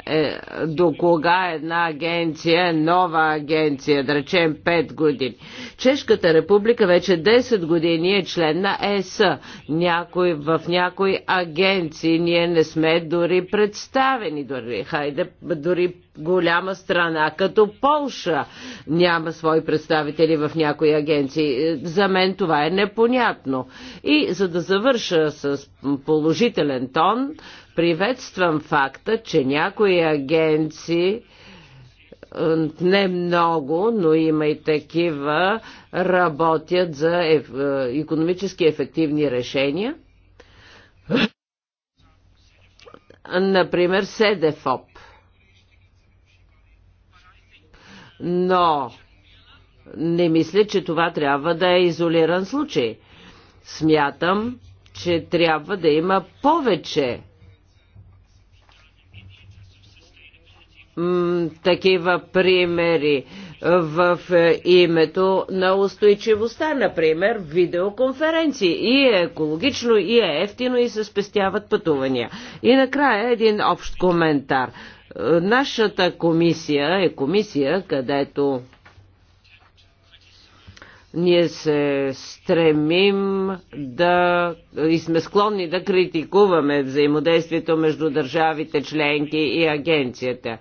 е, до кога една агенция, нова агенция, да речем 5 години. Чешката република вече 10 години е член на ЕС. Някой, в някои агенции ние не сме дори представени, дори, хайде, дори голяма страна като Полша няма свои представители в някои агенции. За мен това е непонятно. И за да завърша с положителен тон, Приветствам факта, че някои агенции не много, но има и такива, работят за еф... економически ефективни решения. Например, СЕДЕФОП. Но не мисля, че това трябва да е изолиран случай. Смятам, че трябва да има повече такива примери в е, името на устойчивостта, например, видеоконференции. И е екологично, и е ефтино, и се спестяват пътувания. И накрая един общ коментар. Е, нашата комисия е комисия, където ние се стремим да и сме склонни да критикуваме взаимодействието между държавите членки и агенцията.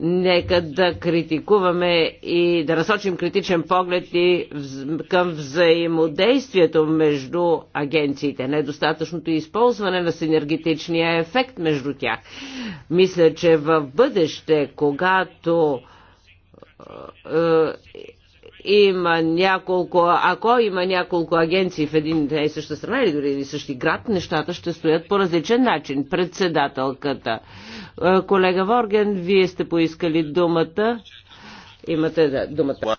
Нека да критикуваме и да насочим критичен поглед и към взаимодействието между агенциите, недостатъчното използване на синергетичния ефект между тях. Мисля, че в бъдеще, когато е, има няколко, ако има няколко агенции в един и съща страна или дори и същи град, нещата ще стоят по различен начин. Председателката. Е, колега Ворген, вие сте поискали думата. Имате да, думата.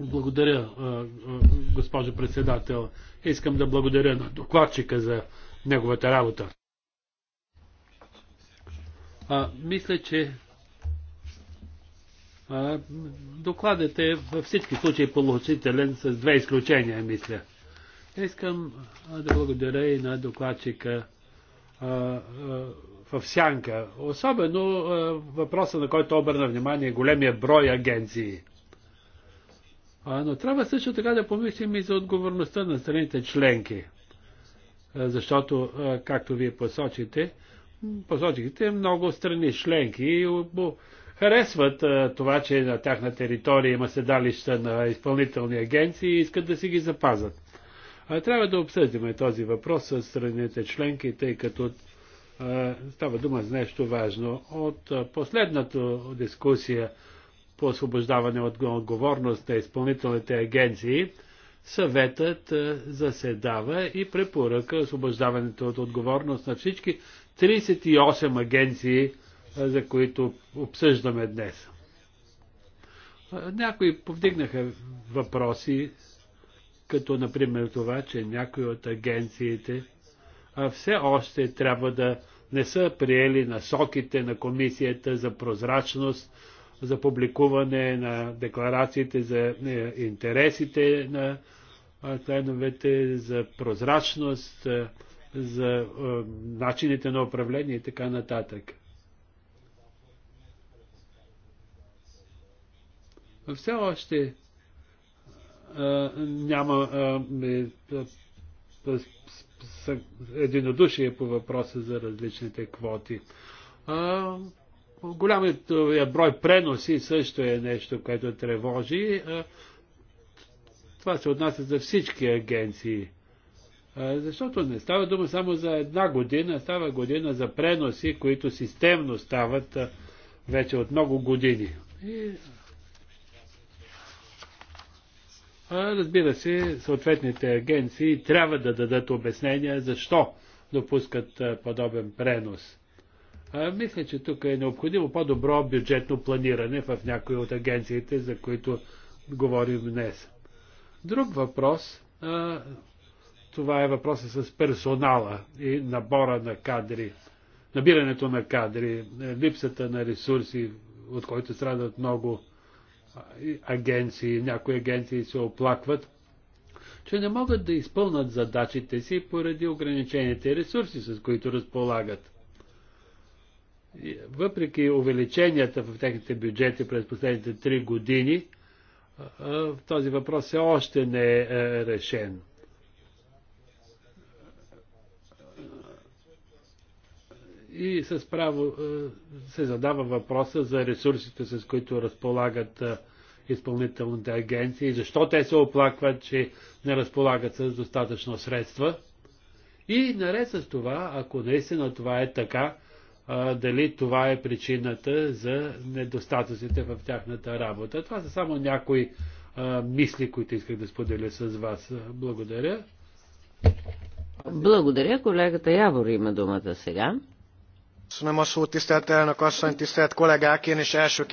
Благодаря, е, е, госпожо председател. Искам да благодаря на докладчика за неговата работа. А, мисля, че Докладът е във всички случаи положителен с две изключения, мисля. Искам да благодаря и на докладчика в сянка. Особено въпроса, на който обърна внимание, големия брой агенции. Но трябва също така да помислим и за отговорността на страните членки. Защото, както вие посочите, посочихте много страни членки харесват а, това, че на тяхна територия има седалища на изпълнителни агенции и искат да си ги запазат. А, трябва да обсъдим този въпрос с страните членки, тъй като а, става дума за нещо важно. От а, последната дискусия по освобождаване от отговорност на изпълнителните агенции, съветът заседава и препоръка освобождаването от отговорност на всички 38 агенции, за които обсъждаме днес. Някои повдигнаха въпроси, като например това, че някои от агенциите все още трябва да не са приели насоките на комисията за прозрачност, за публикуване на декларациите за е, интересите на членовете, за прозрачност, е, за е, начините на управление и така нататък. все още а, няма а, ми, а, единодушие по въпроса за различните квоти. А, голямият брой преноси също е нещо, което тревожи. А, това се отнася за всички агенции. А, защото не става дума само за една година, става година за преноси, които системно стават а, вече от много години. И Разбира се, съответните агенции трябва да дадат обяснение защо допускат подобен пренос. Мисля, че тук е необходимо по-добро бюджетно планиране в някои от агенциите, за които говорим днес. Друг въпрос, това е въпроса с персонала и набора на кадри, набирането на кадри, липсата на ресурси, от който страдат много агенции, някои агенции се оплакват, че не могат да изпълнат задачите си поради ограничените ресурси, с които разполагат. Въпреки увеличенията в техните бюджети през последните три години, този въпрос все още не е, е решен. И с право се задава въпроса за ресурсите, с които разполагат изпълнителните агенции, защо те се оплакват, че не разполагат с достатъчно средства. И наред с това, ако наистина това е така, а, дали това е причината за недостатъците в тяхната работа. Това са само някои а, мисли, които исках да споделя с вас. Благодаря. Благодаря. Колегата Явор има думата сега.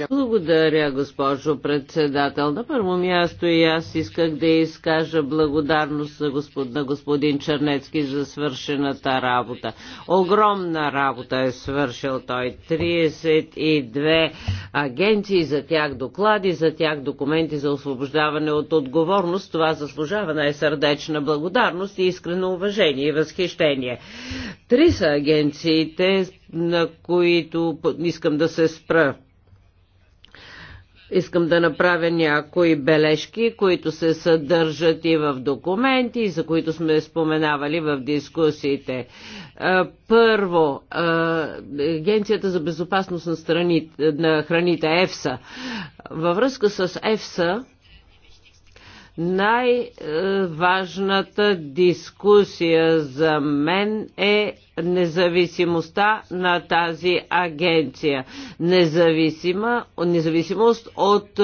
Благодаря, госпожо председател. На първо място и аз исках да изкажа благодарност на, господин, на господин Чернецки за свършената работа. Огромна работа е свършил той. 32 агенции за тях доклади, за тях документи за освобождаване от отговорност. Това заслужава най-сърдечна благодарност и искрено уважение и възхищение. Три са агенциите, на които искам да се спра. Искам да направя някои бележки, които се съдържат и в документи, за които сме споменавали в дискусиите. Първо, Агенцията за безопасност на, страните, на храните ЕФСА. Във връзка с ЕФСА, най-важната дискусия за мен е независимостта на тази агенция. Независима, независимост от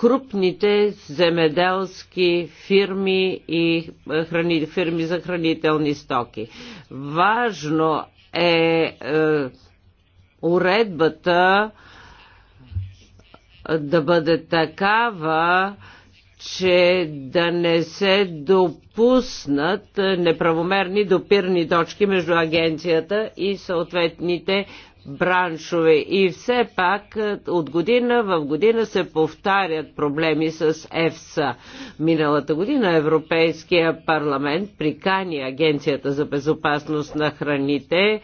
крупните земеделски фирми и храни, фирми за хранителни стоки. Важно е, е уредбата да бъде такава, че да не се допуснат е, неправомерни допирни точки между агенцията и съответните браншове. И все пак е, от година в година се повтарят проблеми с ЕФСА. Миналата година Европейския парламент прикани Агенцията за безопасност на храните е,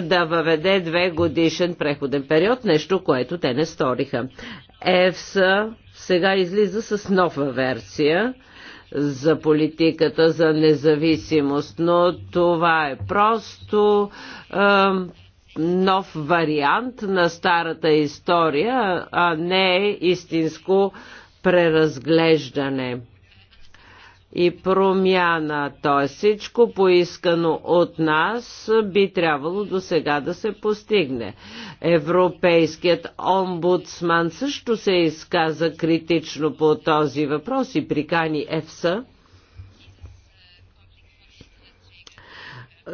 да въведе две годишен преходен период, нещо, което те не сториха. ЕФСА сега излиза с нова версия за политиката за независимост, но това е просто е, нов вариант на старата история, а не истинско преразглеждане и промяна, т.е. всичко поискано от нас би трябвало до сега да се постигне. Европейският омбудсман също се изказа критично по този въпрос и прикани ЕФСА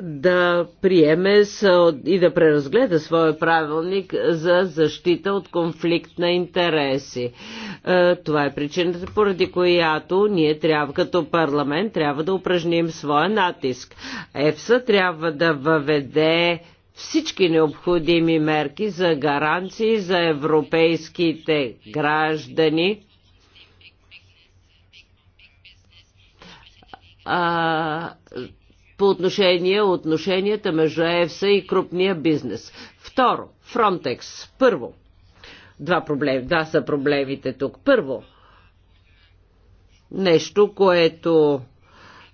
да приеме и да преразгледа своя правилник за защита от конфликт на интереси. Е, това е причината, поради която ние трябва като парламент трябва да упражним своя натиск. ЕФСА трябва да въведе всички необходими мерки за гаранции за европейските граждани, а, по отношение отношенията между ЕФСА и крупния бизнес. Второ, Фронтекс. Първо, два проблем, да са проблемите тук. Първо, нещо, което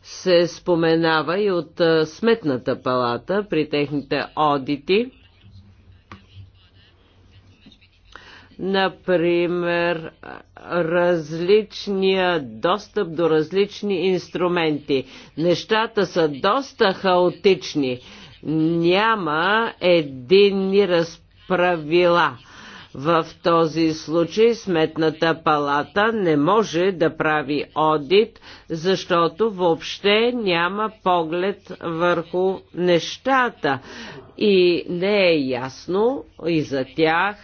се споменава и от Сметната палата при техните одити – Например, различния достъп до различни инструменти. Нещата са доста хаотични. Няма единни разправила. В този случай сметната палата не може да прави одит, защото въобще няма поглед върху нещата и не е ясно и за тях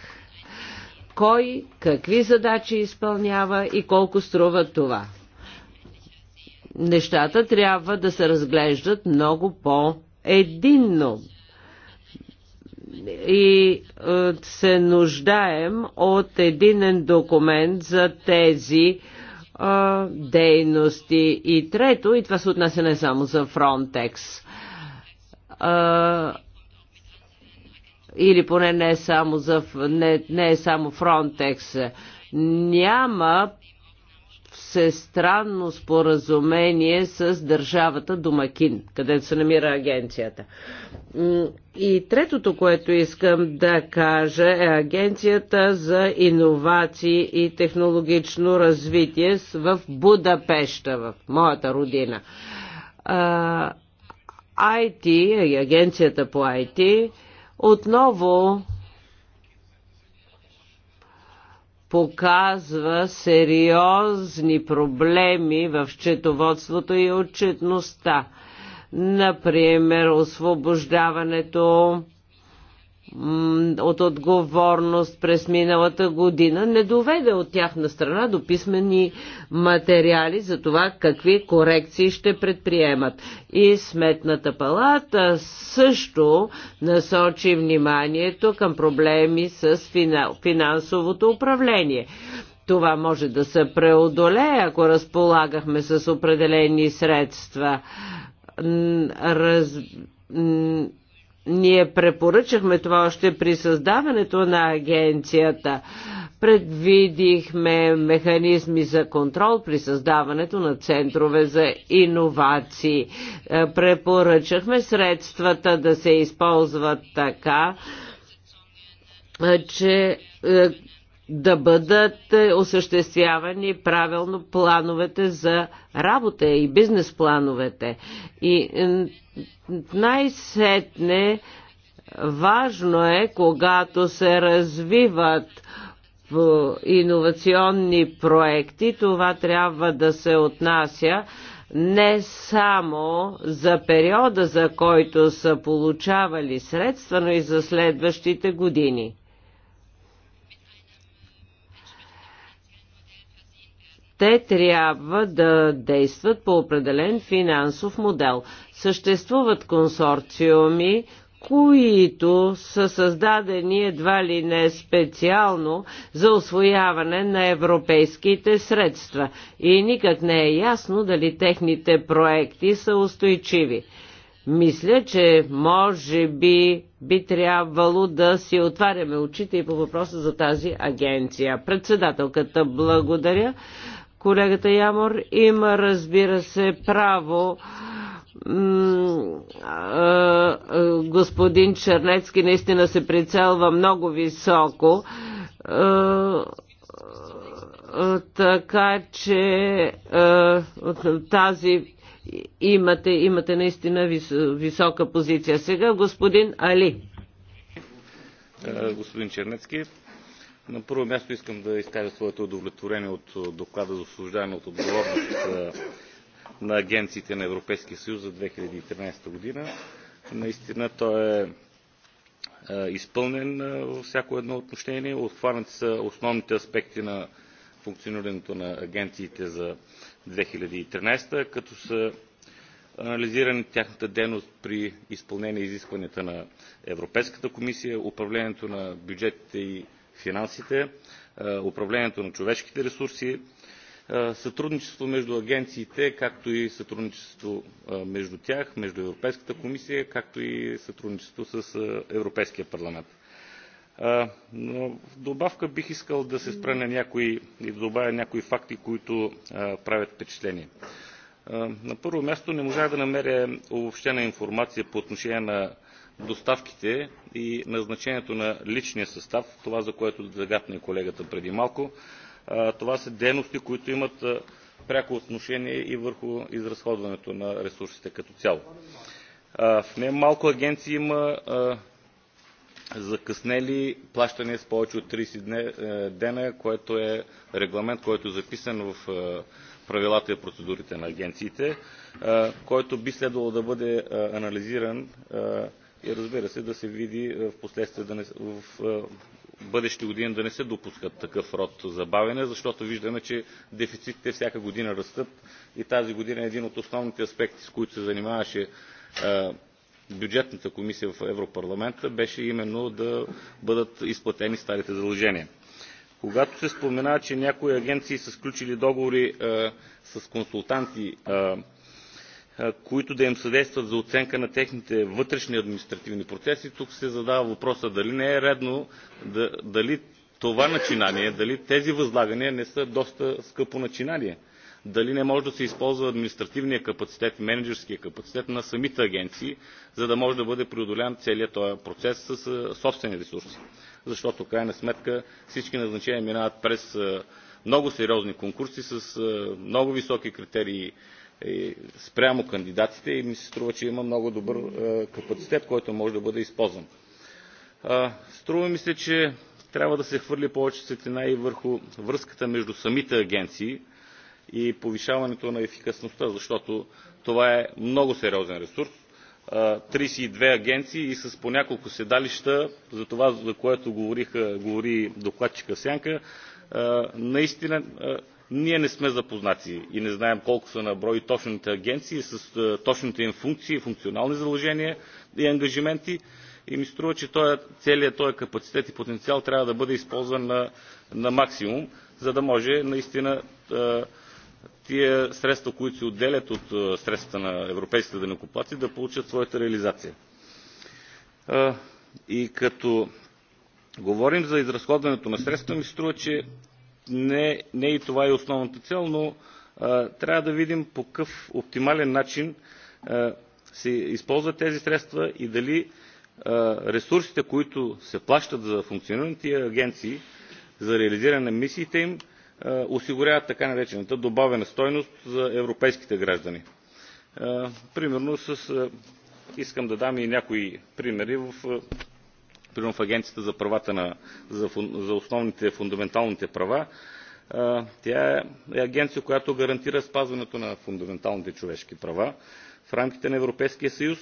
кой какви задачи изпълнява и колко струва това. Нещата трябва да се разглеждат много по-единно и е, се нуждаем от единен документ за тези а, е, дейности. И трето, и това се отнася не само за Фронтекс, а, или поне не е само, за, не, не е само Frontex. Няма всестранно споразумение с държавата Домакин, където се намира агенцията. И третото, което искам да кажа е Агенцията за иновации и технологично развитие в Будапешта, в моята родина. IT, агенцията по IT, отново показва сериозни проблеми в четоводството и отчетността. Например, освобождаването от отговорност през миналата година не доведе от тяхна страна до писмени материали за това какви корекции ще предприемат. И Сметната палата също насочи вниманието към проблеми с финансовото управление. Това може да се преодолее, ако разполагахме с определени средства. Раз ние препоръчахме това още при създаването на агенцията. Предвидихме механизми за контрол при създаването на центрове за иновации. Е, препоръчахме средствата да се използват така, е, че е, да бъдат осъществявани правилно плановете за работа и бизнес плановете. И най-сетне важно е, когато се развиват иновационни проекти, това трябва да се отнася не само за периода, за който са получавали средства, но и за следващите години. Те трябва да действат по определен финансов модел. Съществуват консорциуми, които са създадени едва ли не специално за освояване на европейските средства и никак не е ясно дали техните проекти са устойчиви. Мисля, че може би би трябвало да си отваряме очите и по въпроса за тази агенция. Председателката благодаря. Колегата Ямор има, разбира се, право господин Чернецки наистина се прицелва много високо. Така че тази имате, имате наистина висока позиция. Сега господин Али. Господин Чернецки, на първо място искам да изкажа своето удовлетворение от доклада за освобождаване от отговорност на агенциите на Европейския съюз за 2013 година. Наистина той е, е изпълнен е, във всяко едно отношение. Отхванати са основните аспекти на функционирането на агенциите за 2013, като са анализирани тяхната дейност при изпълнение изискванията на Европейската комисия, управлението на бюджетите и финансите, е, управлението на човешките ресурси, сътрудничество между агенциите както и сътрудничество между тях между европейската комисия както и сътрудничество с европейския парламент. в добавка бих искал да се спра на някои и да добавя някои факти, които правят впечатление. На първо място не можах да намеря обобщена информация по отношение на доставките и назначението на личния състав, това за което загатна и колегата преди малко това са дейности, които имат пряко отношение и върху изразходването на ресурсите като цяло. В малко агенции има закъснели плащания с повече от 30 е, дена, което е регламент, който е записан в е, правилата и процедурите на агенциите, е, който би следвало да бъде анализиран и разбира се да се види в последствие да не, в бъдещи години да не се допускат такъв род забавяне, защото виждаме, че дефицитите всяка година растат и тази година е един от основните аспекти, с които се занимаваше бюджетната комисия в Европарламента, беше именно да бъдат изплатени старите задължения. Когато се споменава, че някои агенции са сключили договори с консултанти които да им съдействат за оценка на техните вътрешни административни процеси. Тук се задава въпроса дали не е редно, дали това начинание, дали тези възлагания не са доста скъпо начинание. Дали не може да се използва административния капацитет, менеджерския капацитет на самите агенции, за да може да бъде преодолян целият този процес с собствени ресурси. Защото, крайна сметка, всички назначения минават през много сериозни конкурси с много високи критерии е, спрямо кандидатите и ми се струва, че има много добър е, капацитет, който може да бъде използван. Струва ми се, че трябва да се хвърли повече светлина и върху връзката между самите агенции и повишаването на ефикасността, защото това е много сериозен ресурс. 32 агенции и с по няколко седалища, за това, за което говориха, говори докладчика Сянка, наистина ние не сме запознати и не знаем колко са на брой точните агенции с е, точните им функции, функционални заложения и ангажименти. И ми струва, че целият този капацитет и потенциал трябва да бъде използван на, на максимум, за да може наистина е, тия средства, които се отделят от е, средствата на европейските данъкоплаци, да получат своята реализация. И като говорим за изразходването на средства, ми струва, че не, не и това е основната цел, но а, трябва да видим по какъв оптимален начин а, се използват тези средства и дали а, ресурсите, които се плащат за функционалните агенции, за реализиране на мисиите им, а, осигуряват така наречената добавена стойност за европейските граждани. А, примерно с, а, искам да дам и някои примери в примерно в Агенцията за, правата на, за, за основните фундаменталните права, тя е, е агенция, която гарантира спазването на фундаменталните човешки права в рамките на Европейския съюз,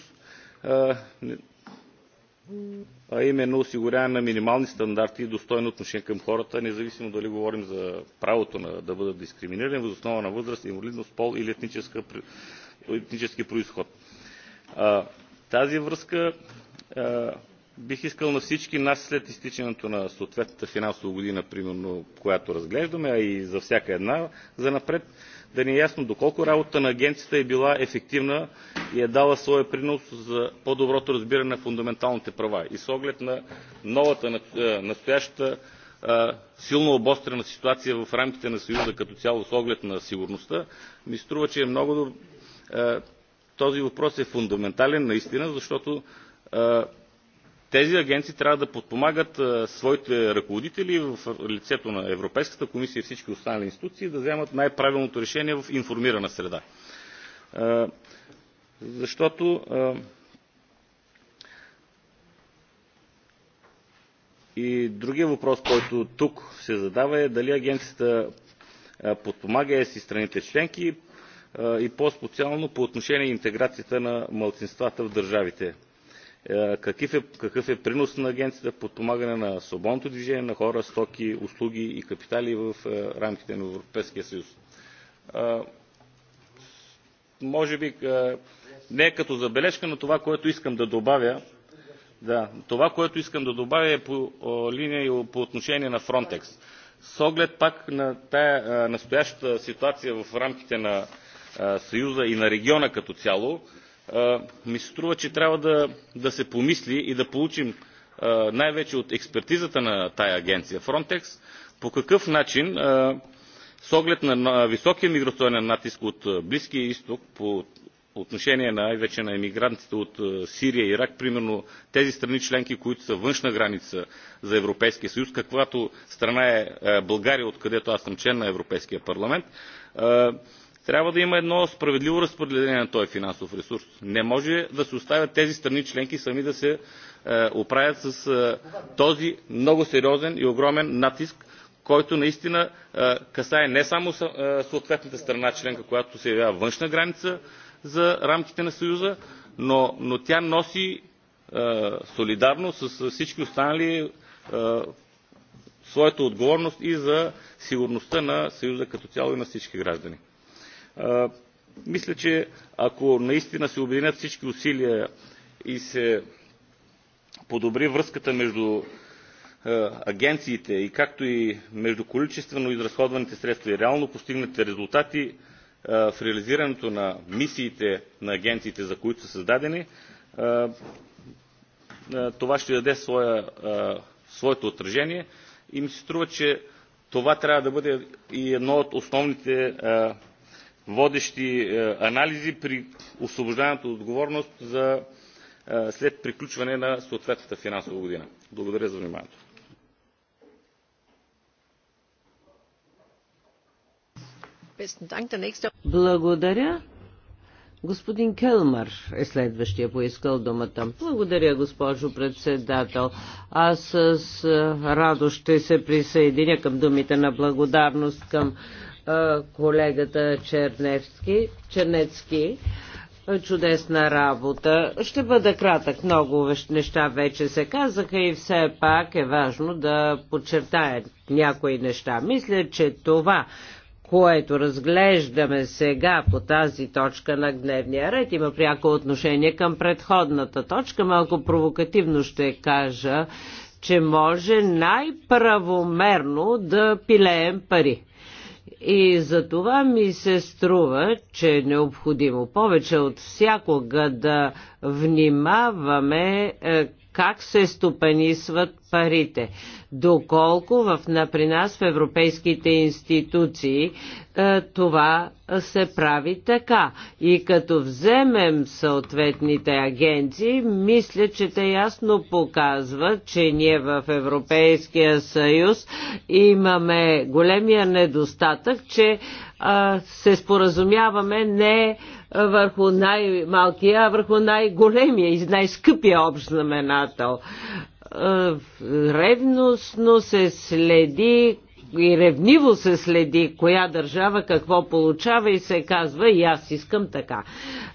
а именно осигуряване на минимални стандарти и достойно отношение към хората, независимо дали говорим за правото на, да бъдат дискриминирани въз основа на възраст, инвалидност, пол или етническа, етнически происход. Тази връзка бих искал на всички нас след изтичането на съответната финансова година, примерно, която разглеждаме, а и за всяка една за напред, да ни е ясно доколко работа на агенцията е била ефективна и е дала своя принос за по-доброто разбиране на фундаменталните права. И с оглед на новата, е, настоящата е, силно обострена ситуация в рамките на Съюза като цяло с оглед на сигурността, ми струва, че е много... Е, този въпрос е фундаментален наистина, защото тези агенции трябва да подпомагат своите ръководители в лицето на Европейската комисия и всички останали институции да вземат най-правилното решение в информирана среда. Защото и другия въпрос, който тук се задава е дали агенцията подпомага ЕС страните членки и по-специално по отношение интеграцията на младсинствата в държавите е, какъв е, е приносът на агенцията в подпомагане на свободното движение на хора, стоки, услуги и капитали в е, рамките на Европейския съюз. Може би не е като забележка, но това, което искам да добавя, да, това, което искам да добавя е по линия и по отношение на Фронтекс. С оглед пак на тая настоящата ситуация в рамките на Съюза и на региона като цяло, ми се струва, че трябва да, да се помисли и да получим най-вече от експертизата на тая агенция Frontex, по какъв начин с оглед на високия миграционен натиск от Близкия изток по отношение на, вече на емигрантите от Сирия и Ирак, примерно тези страни членки, които са външна граница за Европейския съюз, каквато страна е България, откъдето аз съм член на Европейския парламент, трябва да има едно справедливо разпределение на този финансов ресурс. не може да се оставят тези страни членки сами да се е, оправят с е, този много сериозен и огромен натиск който наистина е, касае не само съответната страна членка която се явява външна граница за рамките на съюза но, но тя носи солидарно с всички останали своята отговорност и за сигурността на съюза като цяло и на всички граждани мисля, че ако наистина се обединят всички усилия и се подобри връзката между агенциите и както и между количествено изразходваните средства и реално постигнатите резултати в реализирането на мисиите на агенциите, за които са създадени, това ще даде своето отражение и ми се струва, че това трябва да бъде и едно от основните водещи е, анализи при освобождаването от отговорност за, е, след приключване на съответната финансова година. Благодаря за вниманието. Благодаря. Господин Келмар е следващия поискал думата. Благодаря, госпожо председател. Аз с е, радост ще се присъединя към думите на благодарност към колегата Черневски, Чернецки. Чудесна работа. Ще бъда кратък. Много неща вече се казаха и все пак е важно да подчертая някои неща. Мисля, че това, което разглеждаме сега по тази точка на дневния ред, има пряко отношение към предходната точка. Малко провокативно ще кажа, че може най-правомерно да пилеем пари. И за това ми се струва, че е необходимо повече от всякога да внимаваме е, как се стопенисват парите. Доколко в, на, при нас в европейските институции е, това се прави така. И като вземем съответните агенции, мисля, че те ясно показват, че ние в Европейския съюз имаме големия недостатък, че а, е, се споразумяваме не върху най-малкия, а върху най-големия и най-скъпия общ знаменател ревностно се следи и ревниво се следи коя държава какво получава и се казва и аз искам така.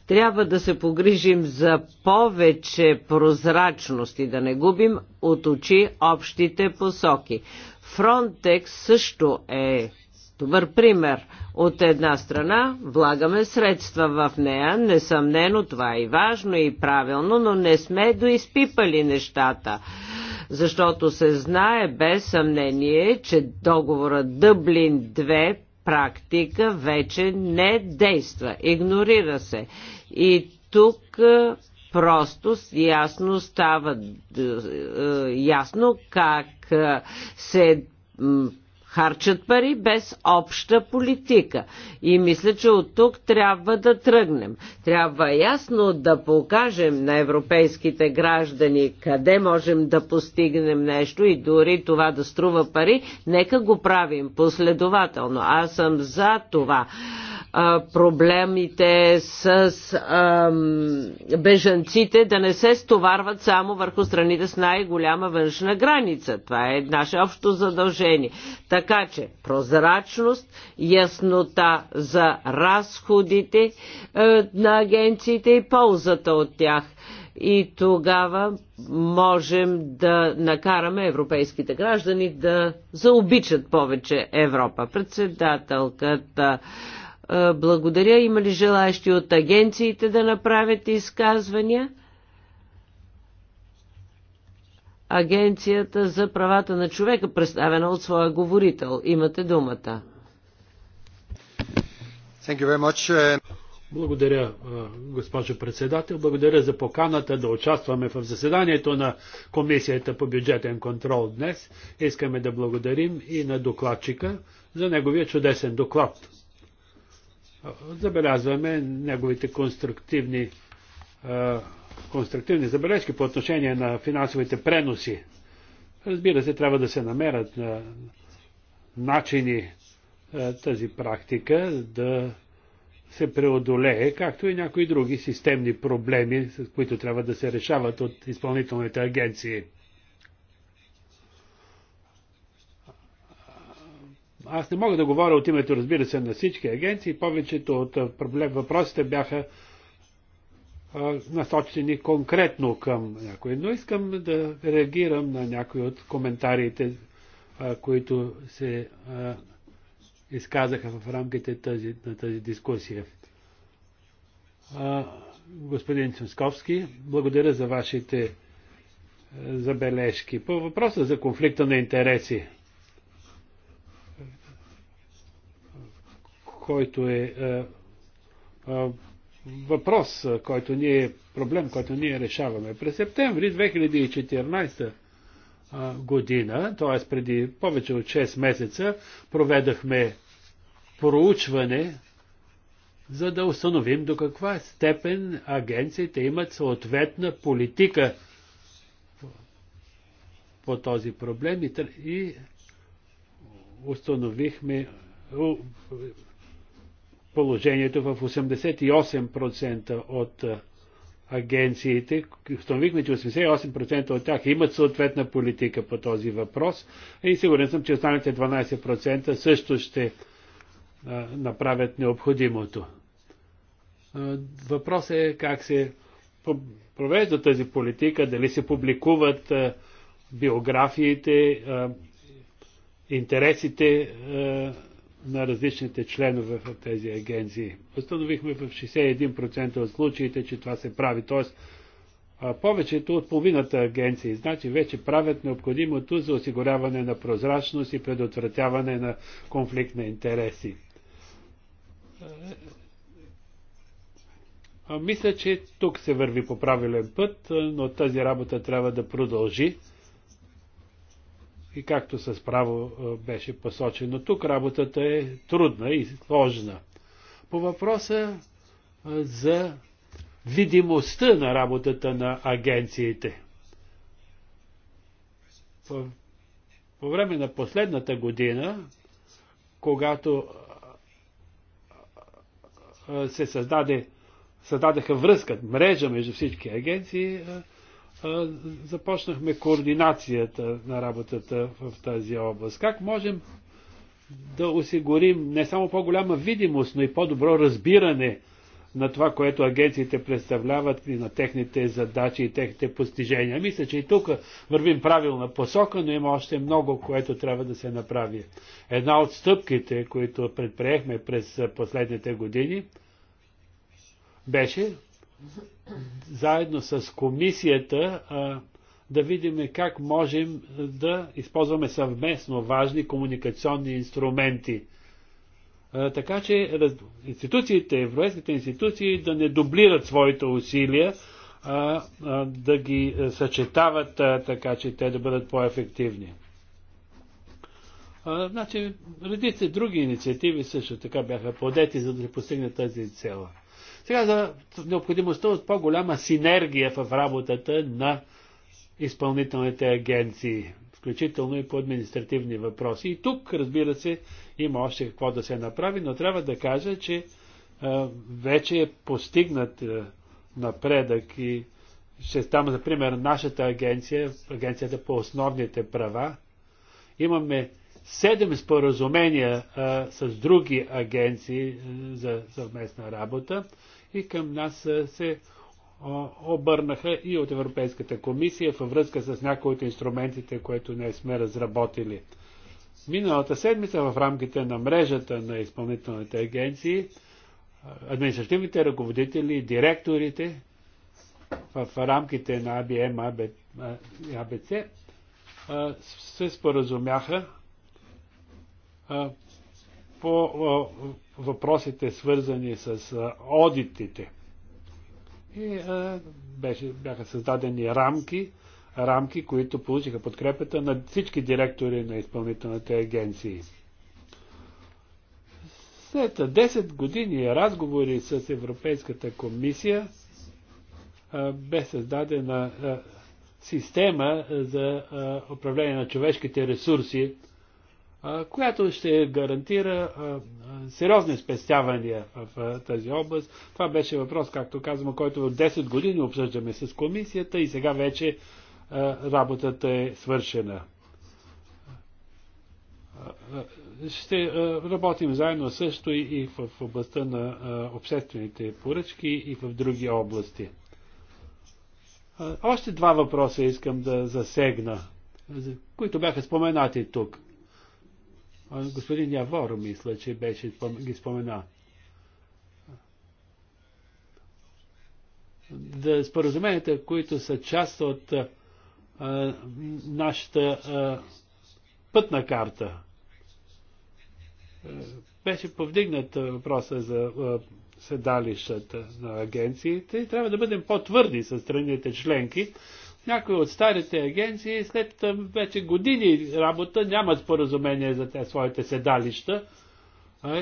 Трябва да се погрижим за повече прозрачност и да не губим от очи общите посоки. Фронтекс също е добър пример – от една страна влагаме средства в нея, несъмнено това е и важно и правилно, но не сме доизпипали нещата защото се знае без съмнение, че договора Дъблин 2 практика вече не действа, игнорира се. И тук е, просто ясно става е, е, ясно как се харчат пари без обща политика. И мисля, че от тук трябва да тръгнем. Трябва ясно да покажем на европейските граждани къде можем да постигнем нещо и дори това да струва пари, нека го правим последователно. Аз съм за това проблемите с бежанците да не се стоварват само върху страните с най-голяма външна граница. Това е наше общо задължение. Така че прозрачност, яснота за разходите е, на агенциите и ползата от тях – и тогава можем да накараме европейските граждани да заобичат повече Европа. Председателката е, благодаря. Има ли желаящи от агенциите да направят изказвания? Агенцията за правата на човека, представена от своя говорител. Имате думата. Е, благодаря, е, госпожо председател. Благодаря за поканата да участваме в заседанието на Комисията по бюджетен контрол днес. Искаме да благодарим и на докладчика за неговия чудесен доклад забелязваме неговите конструктивни, конструктивни забележки по отношение на финансовите преноси. Разбира се, трябва да се намерят на начини тази практика да се преодолее, както и някои други системни проблеми, с които трябва да се решават от изпълнителните агенции. Аз не мога да говоря от името, разбира се, на всички агенции. Повечето от проблем, въпросите бяха а, насочени конкретно към някой. Но искам да реагирам на някои от коментарите, а, които се а, изказаха в рамките тази, на тази дискусия. господин Цинсковски, благодаря за вашите забележки. По въпроса за конфликта на интереси – който е, е, е въпрос, който ние, проблем, който ние решаваме. През септември 2014 година, т.е. преди повече от 6 месеца, проведахме проучване, за да установим до каква степен агенциите имат съответна политика по този проблем и, и установихме положението в 88% от агенциите. Установихме, че 88% от тях имат съответна политика по този въпрос и сигурен съм, че останалите 12% също ще направят необходимото. Въпросът е как се провежда тази политика, дали се публикуват биографиите, интересите на различните членове в тези агенции. Установихме в 61% от случаите, че това се прави. т.е. повечето от половината агенции, значи вече правят необходимото за осигуряване на прозрачност и предотвратяване на конфликт на интереси. Мисля, че тук се върви по правилен път, но тази работа трябва да продължи. И както с право беше посочено тук, работата е трудна и сложна. По въпроса за видимостта на работата на агенциите. По, по време на последната година, когато се създаде, създадеха връзка, мрежа между всички агенции, започнахме координацията на работата в тази област. Как можем да осигурим не само по-голяма видимост, но и по-добро разбиране на това, което агенциите представляват и на техните задачи и техните постижения. Мисля, че и тук вървим правилна посока, но има още много, което трябва да се направи. Една от стъпките, които предприехме през последните години, беше заедно с комисията а, да видим как можем да използваме съвместно важни комуникационни инструменти. А, така че раз... институциите, европейските институции да не дублират своите усилия, а, а, да ги съчетават а, така, че те да бъдат по-ефективни. значи, редици други инициативи също така бяха подети, за да се постигне тази цела. Сега за необходимостта от по-голяма синергия в работата на изпълнителните агенции, включително и по административни въпроси. И тук, разбира се, има още какво да се направи, но трябва да кажа, че а, вече е постигнат а, напредък и ще там, например, нашата агенция, агенцията по основните права, имаме седем споразумения а, с други агенции за съвместна работа и към нас а, се обърнаха и от Европейската комисия във връзка с някои от инструментите, които не сме разработили. Миналата седмица в рамките на мрежата на изпълнителните агенции, административните ръководители, директорите в рамките на АБМ, АБЦ се споразумяха по въпросите свързани с одитите. И беше, бяха създадени рамки, рамки, които получиха подкрепата на всички директори на изпълнителните агенции. След 10 години разговори с Европейската комисия бе създадена система за управление на човешките ресурси която ще гарантира сериозни спестявания в тази област. Това беше въпрос, както казвам, който от 10 години обсъждаме с комисията и сега вече работата е свършена. Ще работим заедно също и в областта на обществените поръчки и в други области. Още два въпроса искам да засегна, които бяха споменати тук. Господин Яворо, мисля, че беше ги спомена. Да споразуменията, които са част от а, нашата а, пътна карта. Беше повдигнат въпроса за а, седалищата на агенциите и трябва да бъдем по-твърди с страните членки, някои от старите агенции след вече години работа нямат споразумение за те, своите седалища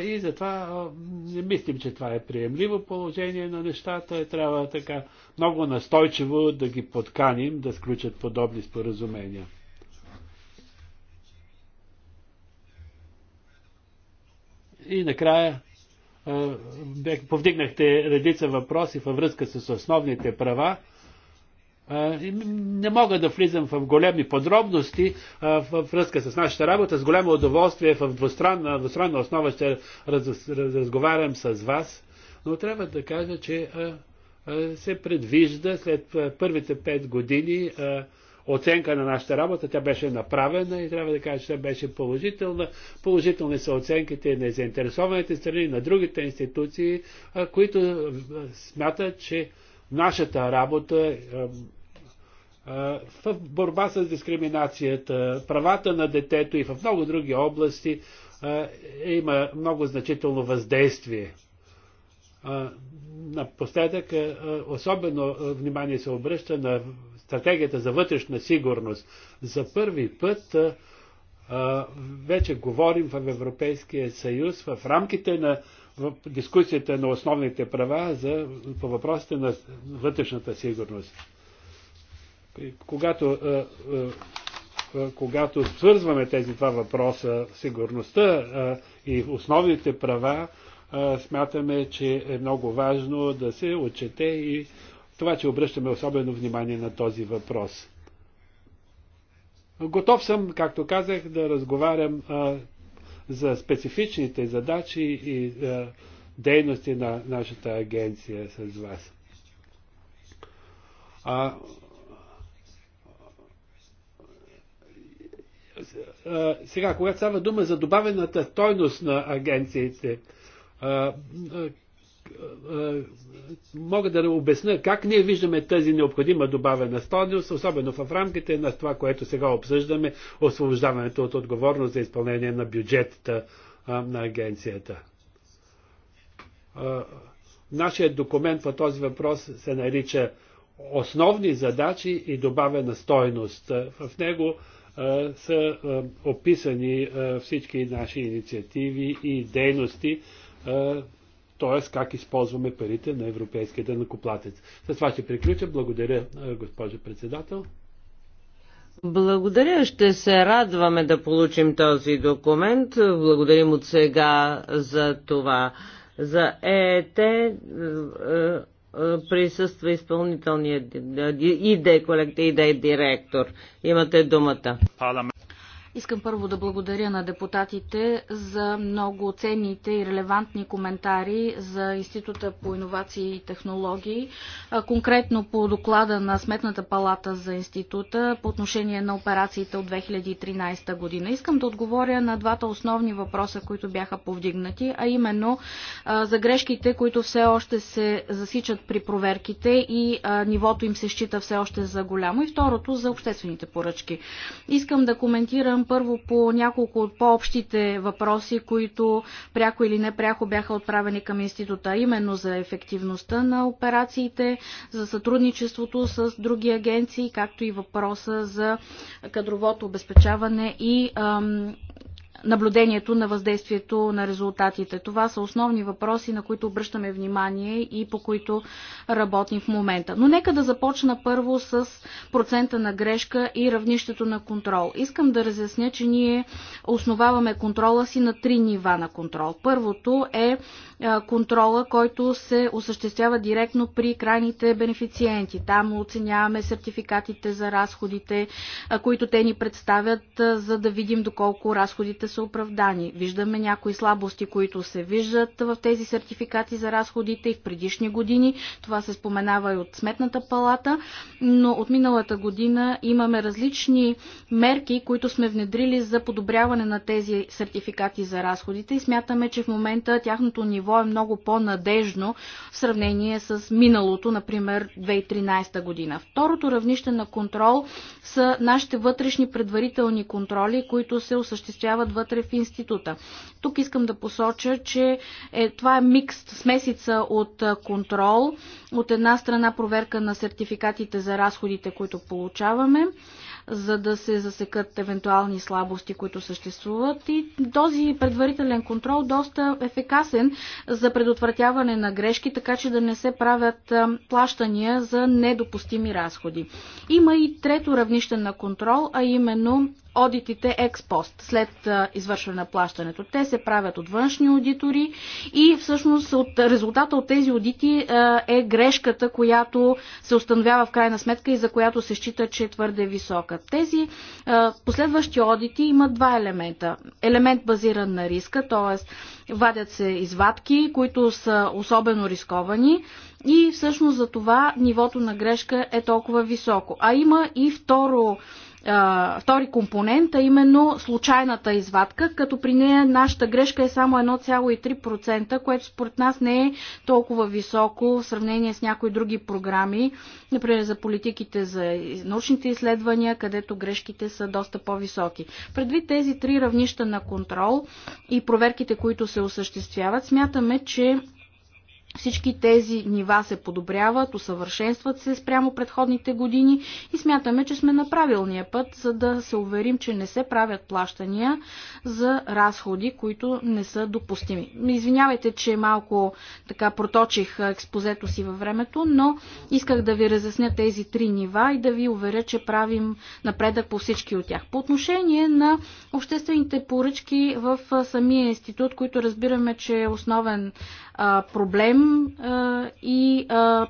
и затова не мислим, че това е приемливо положение на нещата. Трябва така много настойчиво да ги подканим да сключат подобни споразумения. И накрая повдигнахте редица въпроси във връзка с основните права. Не мога да влизам в големи подробности в връзка с нашата работа. С голямо удоволствие в двустранна, двустранна основа ще раз, раз, разговарям с вас, но трябва да кажа, че се предвижда след първите пет години оценка на нашата работа. Тя беше направена и трябва да кажа, че тя беше положителна. Положителни са оценките на заинтересованите страни, на другите институции, които смятат, че нашата работа в борба с дискриминацията, правата на детето и в много други области има много значително въздействие. Напоследък особено внимание се обръща на стратегията за вътрешна сигурност. За първи път вече говорим в Европейския съюз в рамките на в дискусията на основните права за, по въпросите на вътрешната сигурност когато, е, е, е, когато свързваме тези два въпроса, сигурността и основните права, смятаме, че е много важно да се отчете и това, че обръщаме особено внимание на този въпрос. Готов съм, както казах, да разговарям за специфичните задачи и дейности на нашата агенция с вас. А, сега, когато става дума за добавената стойност на агенциите, мога да обясня как ние виждаме тази необходима добавена стойност, особено в рамките на това, което сега обсъждаме, освобождаването от отговорност за изпълнение на бюджетата на агенцията. Нашият документ в този въпрос се нарича основни задачи и добавена стойност. В него са описани всички наши инициативи и дейности, т.е. как използваме парите на европейския дънакоплатец. С това ще приключа. Благодаря, госпожо председател. Благодаря, ще се радваме да получим този документ. Благодарим от сега за това. За ЕТ е присъства изпълнителният ИД, колектив ИД директор. Имате думата. Искам първо да благодаря на депутатите за много ценните и релевантни коментари за Института по иновации и технологии, конкретно по доклада на Сметната палата за Института по отношение на операциите от 2013 година. Искам да отговоря на двата основни въпроса, които бяха повдигнати, а именно за грешките, които все още се засичат при проверките и нивото им се счита все още за голямо и второто за обществените поръчки. Искам да коментирам спрем първо по няколко от по-общите въпроси, които пряко или непряко бяха отправени към института, именно за ефективността на операциите, за сътрудничеството с други агенции, както и въпроса за кадровото обезпечаване и ам, наблюдението на въздействието на резултатите. Това са основни въпроси, на които обръщаме внимание и по които работим в момента. Но нека да започна първо с процента на грешка и равнището на контрол. Искам да разясня, че ние основаваме контрола си на три нива на контрол. Първото е, е контрола, който се осъществява директно при крайните бенефициенти. Там оценяваме сертификатите за разходите, е, които те ни представят, е, за да видим доколко разходите са оправдани. Виждаме някои слабости, които се виждат в тези сертификати за разходите и в предишни години. Това се споменава и от Сметната палата, но от миналата година имаме различни мерки, които сме внедрили за подобряване на тези сертификати за разходите и смятаме, че в момента тяхното ниво е много по-надежно в сравнение с миналото, например 2013 година. Второто равнище на контрол са нашите вътрешни предварителни контроли, които се осъществяват вътре в института. Тук искам да посоча, че е, това е микс, смесица от контрол, от една страна проверка на сертификатите за разходите, които получаваме, за да се засекат евентуални слабости, които съществуват. И този предварителен контрол доста ефекасен за предотвратяване на грешки, така че да не се правят плащания за недопустими разходи. Има и трето равнище на контрол, а именно одитите експост, след извършване на плащането. Те се правят от външни аудитори и всъщност от резултата от тези аудити е грешката, която се установява в крайна сметка и за която се счита, че е твърде висока. Тези последващи одити имат два елемента. Елемент базиран на риска, т.е. вадят се извадки, които са особено рисковани и всъщност за това нивото на грешка е толкова високо. А има и второ втори компонент, а именно случайната извадка, като при нея нашата грешка е само 1,3%, което според нас не е толкова високо в сравнение с някои други програми, например за политиките за научните изследвания, където грешките са доста по-високи. Предвид тези три равнища на контрол и проверките, които се осъществяват, смятаме, че всички тези нива се подобряват, усъвършенстват се спрямо предходните години и смятаме, че сме на правилния път, за да се уверим, че не се правят плащания за разходи, които не са допустими. Извинявайте, че малко така проточих експозето си във времето, но исках да ви разясня тези три нива и да ви уверя, че правим напредък по всички от тях. По отношение на обществените поръчки в самия институт, които разбираме, че е основен а, проблем а, и а,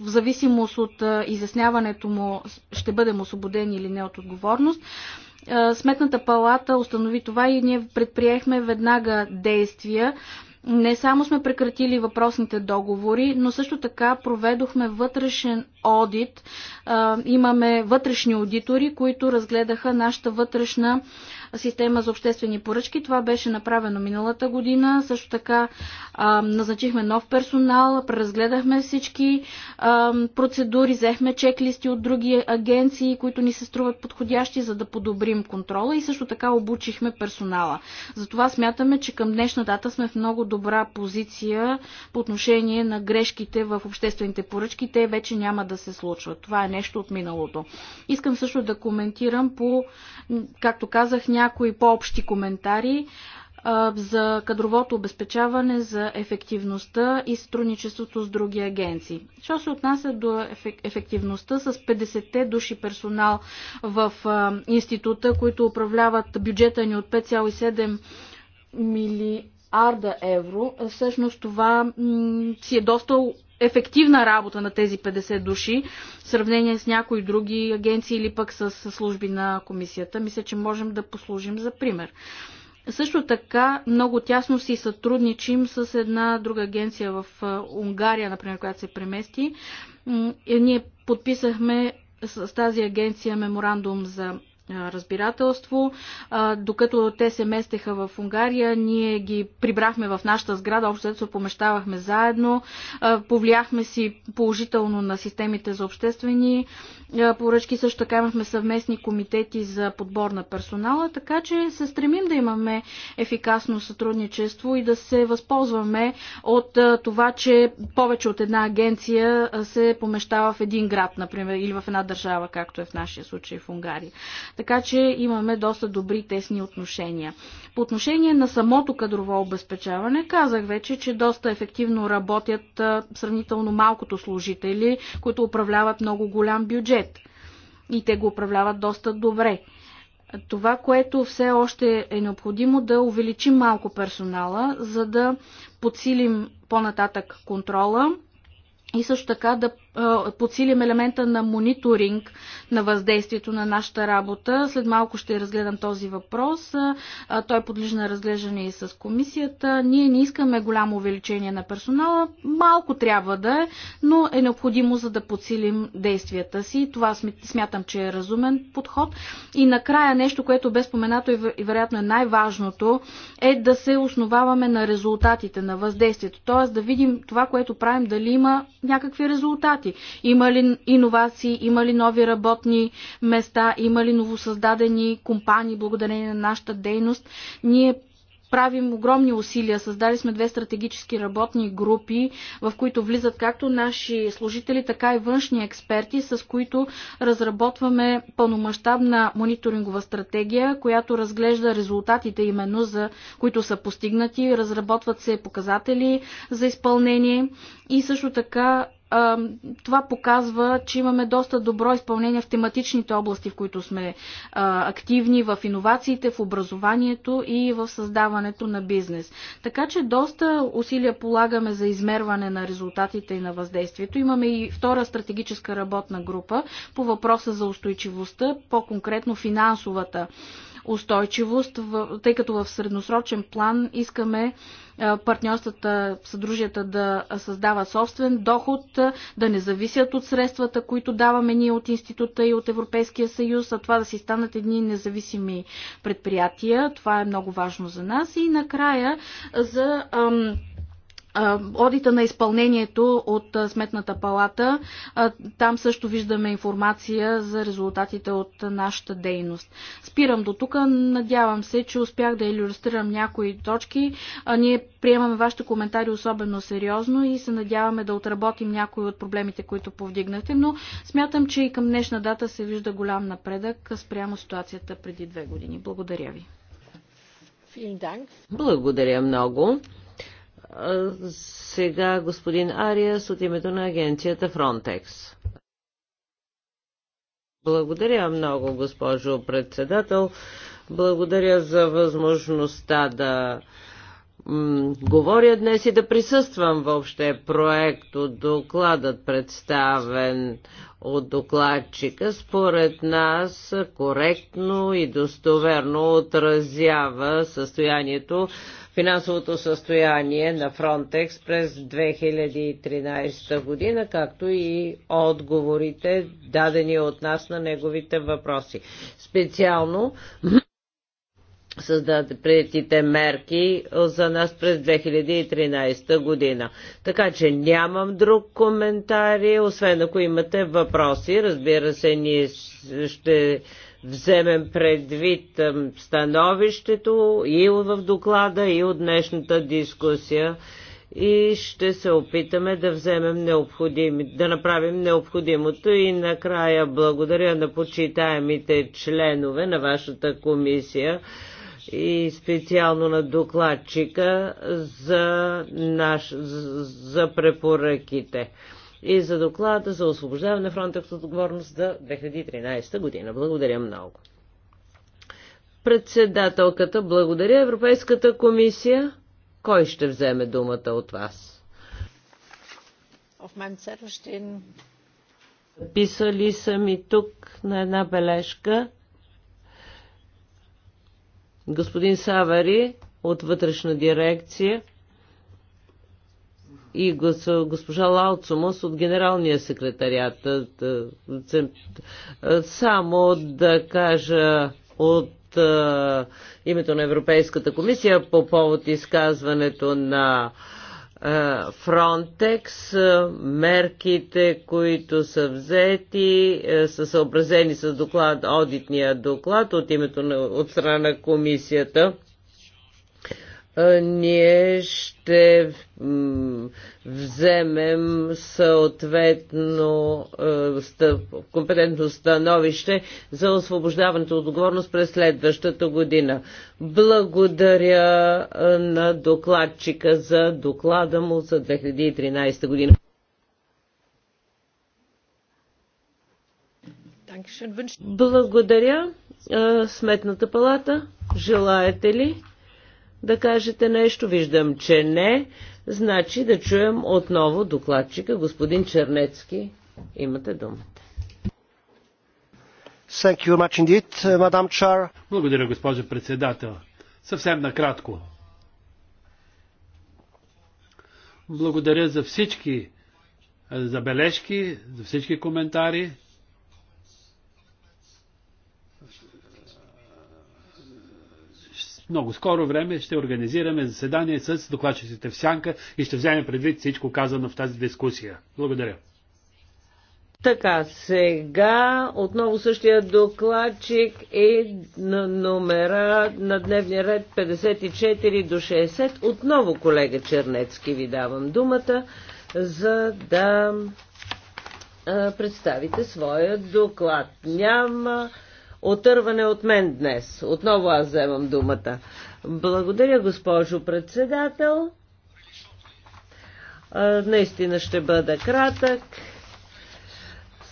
в зависимост от а, изясняването му ще бъдем освободени или не от отговорност. А, Сметната палата установи това и ние предприехме веднага действия. Не само сме прекратили въпросните договори, но също така проведохме вътрешен одит. Имаме вътрешни аудитори, които разгледаха нашата вътрешна система за обществени поръчки. Това беше направено миналата година. Също така а, назначихме нов персонал, преразгледахме всички а, процедури, взехме чеклисти от други агенции, които ни се струват подходящи, за да подобрим контрола и също така обучихме персонала. Затова смятаме, че към днешна дата сме в много добра позиция по отношение на грешките в обществените поръчки. Те вече няма да се случват. Това е нещо от миналото. Искам също да коментирам по, както казах, някои по-общи коментари за кадровото обезпечаване, за ефективността и сътрудничеството с други агенции. Що се отнася до ефективността с 50-те души персонал в института, които управляват бюджета ни от 5,7 милиарда евро, всъщност това си е доста ефективна работа на тези 50 души в сравнение с някои други агенции или пък с служби на комисията. Мисля, че можем да послужим за пример. Също така много тясно си сътрудничим с една друга агенция в е, Унгария, например, която се премести. И ние подписахме с тази агенция меморандум за разбирателство. Докато те се местеха в Унгария, ние ги прибрахме в нашата сграда, общо се помещавахме заедно, повлияхме си положително на системите за обществени поръчки, също така имахме съвместни комитети за подбор на персонала, така че се стремим да имаме ефикасно сътрудничество и да се възползваме от това, че повече от една агенция се помещава в един град, например, или в една държава, както е в нашия случай в Унгария. Така че имаме доста добри тесни отношения. По отношение на самото кадрово обезпечаване, казах вече, че доста ефективно работят сравнително малкото служители, които управляват много голям бюджет. И те го управляват доста добре. Това, което все още е необходимо да увеличим малко персонала, за да подсилим по-нататък контрола и също така да е, подсилим елемента на мониторинг на въздействието на нашата работа. След малко ще разгледам този въпрос. Е, е, той подлежи на разглеждане и с комисията. Ние не искаме голямо увеличение на персонала. Малко трябва да е, но е необходимо за да подсилим действията си. Това смятам, че е разумен подход. И накрая нещо, което бе споменато и вероятно е най-важното, е да се основаваме на резултатите, на въздействието. Тоест да видим това, което правим, дали има някакви резултати резултати. Има ли иновации, има ли нови работни места, има ли новосъздадени компании благодарение на нашата дейност. Ние правим огромни усилия. Създали сме две стратегически работни групи, в които влизат както наши служители, така и външни експерти, с които разработваме пълномащабна мониторингова стратегия, която разглежда резултатите именно за които са постигнати, разработват се показатели за изпълнение и също така това показва, че имаме доста добро изпълнение в тематичните области, в които сме активни, в иновациите, в образованието и в създаването на бизнес. Така че доста усилия полагаме за измерване на резултатите и на въздействието. Имаме и втора стратегическа работна група по въпроса за устойчивостта, по-конкретно финансовата устойчивост, тъй като в средносрочен план искаме партньорствата, съдружията да създават собствен доход, да не зависят от средствата, които даваме ние от института и от Европейския съюз, а това да си станат едни независими предприятия. Това е много важно за нас. И накрая за ам, Одита на изпълнението от Сметната палата. Там също виждаме информация за резултатите от нашата дейност. Спирам до тук. Надявам се, че успях да иллюстрирам някои точки. Ние приемаме вашите коментари особено сериозно и се надяваме да отработим някои от проблемите, които повдигнахте, но смятам, че и към днешна дата се вижда голям напредък спрямо ситуацията преди две години. Благодаря ви. Благодаря много. Сега господин Ариас от името на агенцията Frontex. Благодаря много, госпожо председател. Благодаря за възможността да говоря днес и да присъствам въобще проект от докладът представен от докладчика, според нас коректно и достоверно отразява състоянието финансовото състояние на Фронтекс през 2013 година, както и отговорите дадени от нас на неговите въпроси. Специално създаде предите мерки за нас през 2013 година. Така че нямам друг коментар, освен ако имате въпроси. Разбира се, ние ще вземем предвид становището и в доклада, и от днешната дискусия и ще се опитаме да вземем необходими, да направим необходимото и накрая благодаря на почитаемите членове на вашата комисия и специално на докладчика за, наш, за препоръките и за доклада за освобождаване на фронта от отговорност за 2013 година. Благодаря много. Председателката, благодаря. Европейската комисия, кой ще вземе думата от вас? Писали са ми тук на една бележка господин Савари от вътрешна дирекция и госпожа Лауцумус от генералния секретариат. Е, е, е, само да кажа от името на Европейската комисия по повод изказването на Фронтекс, мерките, които са взети, са съобразени с доклад, одитния доклад от името на, от страна на комисията. Ние ще ще вземем съответно е, компетентно становище за освобождаването от отговорност през следващата година. Благодаря е, на докладчика за доклада му за 2013 година. Благодаря. Е, Сметната палата. Желаете ли? да кажете нещо? Виждам, че не. Значи да чуем отново докладчика, господин Чернецки. Имате думата. Thank you much indeed, uh, Madam Благодаря, госпожо председател. Съвсем накратко. Благодаря за всички забележки, за всички коментари. много скоро време ще организираме заседание с докладчиците в Сянка и ще вземем предвид всичко казано в тази дискусия. Благодаря. Така, сега отново същия докладчик е на номера на дневния ред 54 до 60. Отново колега Чернецки ви давам думата, за да а, представите своя доклад. Няма Отърване от мен днес. Отново аз вземам думата. Благодаря, госпожо председател. Наистина ще бъда кратък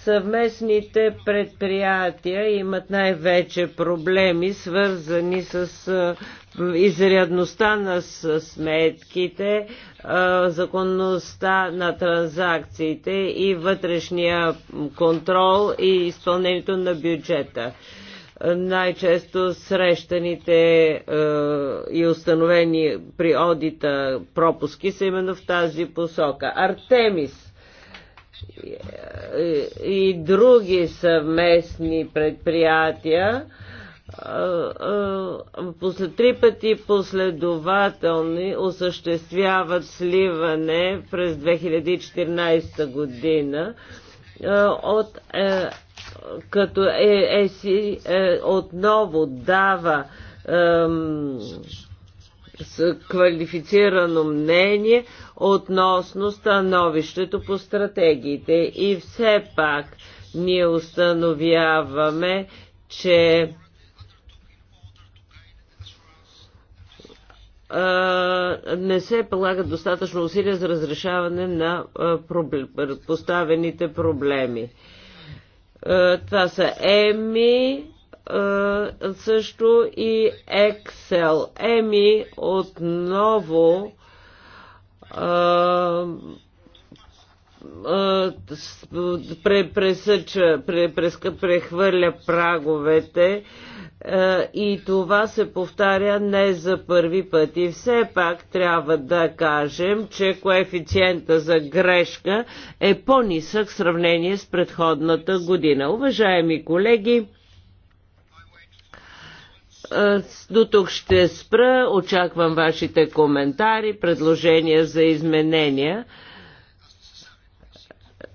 съвместните предприятия имат най-вече проблеми, свързани с изрядността на сметките, законността на транзакциите и вътрешния контрол и изпълнението на бюджета най-често срещаните е, и установени при одита пропуски са именно в тази посока. Артемис и други съвместни предприятия после три пъти последователни осъществяват сливане през 2014 година от е, като ЕСИ е, отново дава е, с квалифицирано мнение относно становището по стратегиите. И все пак ние установяваме, че не се полагат достатъчно усилия за разрешаване на поставените проблеми. Това са ЕМИ, също и Excel. Еми отново пресъча, прехвърля праговете и това се повтаря не за първи път. И все пак трябва да кажем, че коефициента за грешка е по-нисък в сравнение с предходната година. Уважаеми колеги, е, до тук ще спра, очаквам вашите коментари, предложения за изменения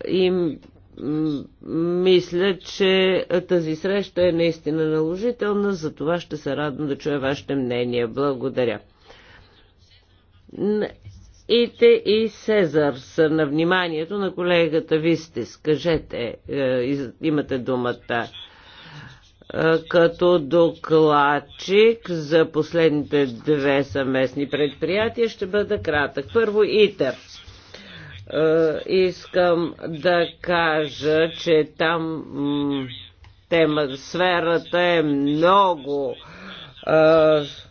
и мисля, че тази среща е наистина наложителна, за това ще се радвам да чуя вашето мнение. Благодаря. Ите и Сезар са на вниманието на колегата Вистис. Кажете, е, имате думата като докладчик за последните две съместни предприятия ще бъда кратък. Първо ИТЕР. Искам да кажа, че там тема, сферата е много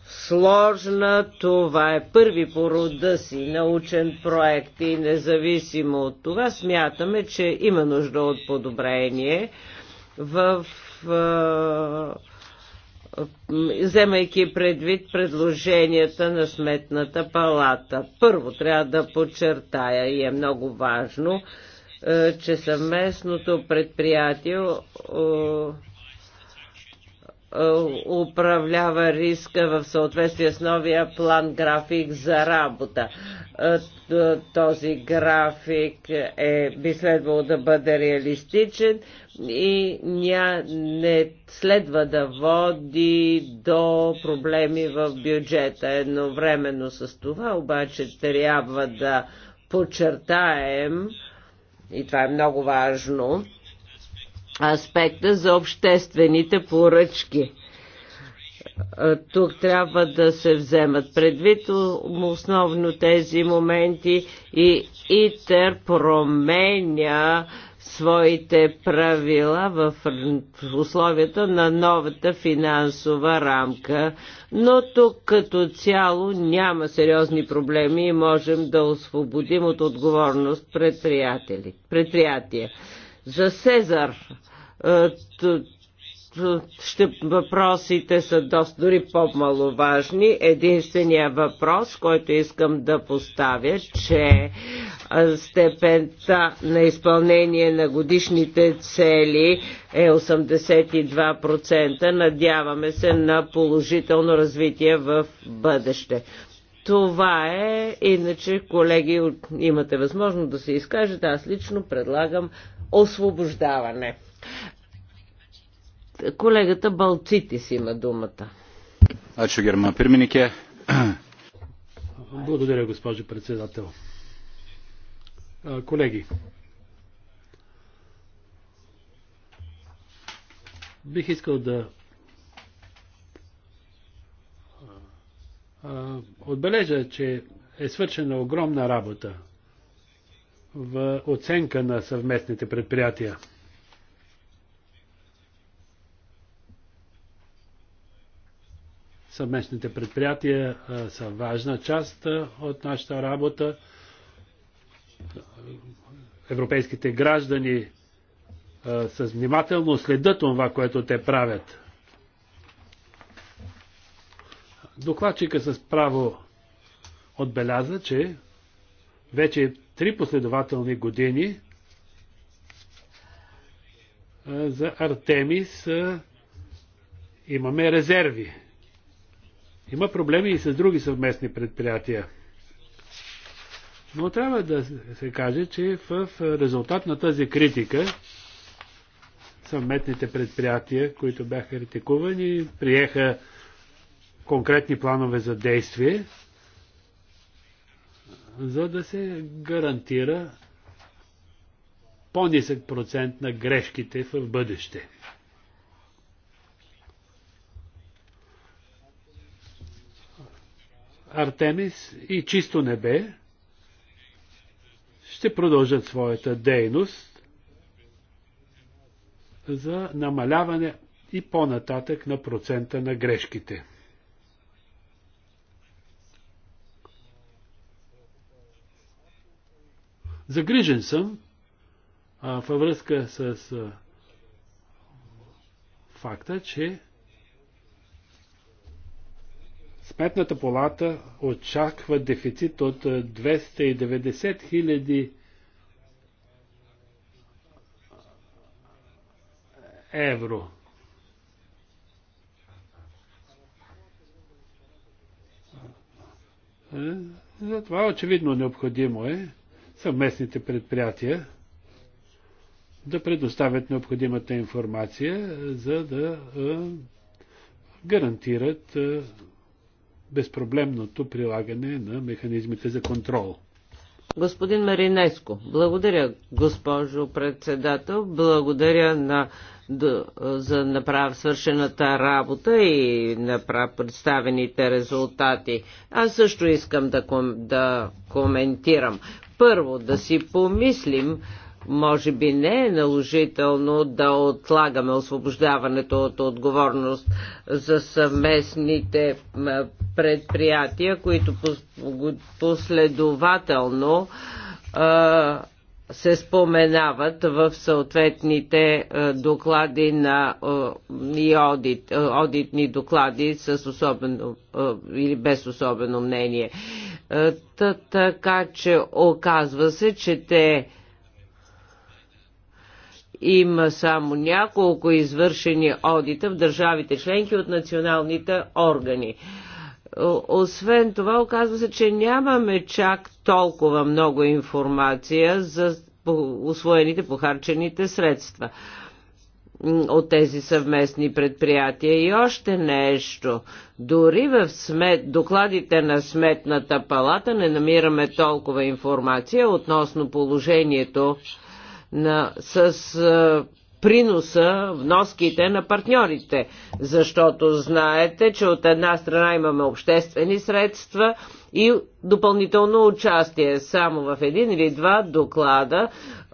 сложна. Това е първи по рода си научен проект и независимо от това смятаме, че има нужда от подобрение в вземайки предвид предложенията на Сметната палата. Първо трябва да подчертая и е много важно, че съвместното предприятие управлява риска в съответствие с новия план график за работа. Този график е, би следвало да бъде реалистичен, и ня не следва да води до проблеми в бюджета. Едновременно с това обаче трябва да подчертаем, и това е много важно, аспекта за обществените поръчки. Тук трябва да се вземат предвид основно тези моменти и ИТЕР променя своите правила в условията на новата финансова рамка. Но тук като цяло няма сериозни проблеми и можем да освободим от отговорност предприятия. За Сезар е, ще, въпросите са доста, дори по-маловажни. Единственият въпрос, който искам да поставя, че степента на изпълнение на годишните цели е 82%. Надяваме се на положително развитие в бъдеще. Това е, иначе колеги имате възможност да се изкажете, аз лично предлагам освобождаване. Колегата Балцитис има думата. Ачо Герма Пирминике. Благодаря, госпожо председател. Колеги, бих искал да отбележа, че е свършена огромна работа в оценка на съвместните предприятия. Съвместните предприятия са важна част от нашата работа. Европейските граждани са с внимателно следят това, което те правят. Докладчика с право отбеляза, че вече три последователни години за Артемис имаме резерви. Има проблеми и с други съвместни предприятия. Но трябва да се каже, че в резултат на тази критика съвместните предприятия, които бяха критикувани, приеха конкретни планове за действие, за да се гарантира по-нисък процент на грешките в бъдеще. Артемис и Чисто небе ще продължат своята дейност за намаляване и по-нататък на процента на грешките. Загрижен съм а, във връзка с а, факта, че Сметната палата очаква дефицит от 290 е, хиляди е, евро. Е, Затова очевидно необходимо е съвместните предприятия да предоставят необходимата информация, за да гарантират безпроблемното прилагане на механизмите за контрол. Господин Маринеско, благодаря, госпожо председател, благодаря на, за направ свършената работа и направ представените резултати. Аз също искам да, ком, да коментирам. Първо, да си помислим може би не е наложително да отлагаме освобождаването от отговорност за съвместните предприятия, които последователно се споменават в съответните доклади на и одит, одитни доклади с особено или без особено мнение. Т така че оказва се, че те има само няколко извършени одита в държавите членки от националните органи. Освен това, оказва се, че нямаме чак толкова много информация за освоените похарчените средства от тези съвместни предприятия. И още нещо. Дори в смет, докладите на Сметната палата не намираме толкова информация относно положението на, с приноса, вноските на партньорите, защото знаете, че от една страна имаме обществени средства и допълнително участие. Само в един или два доклада,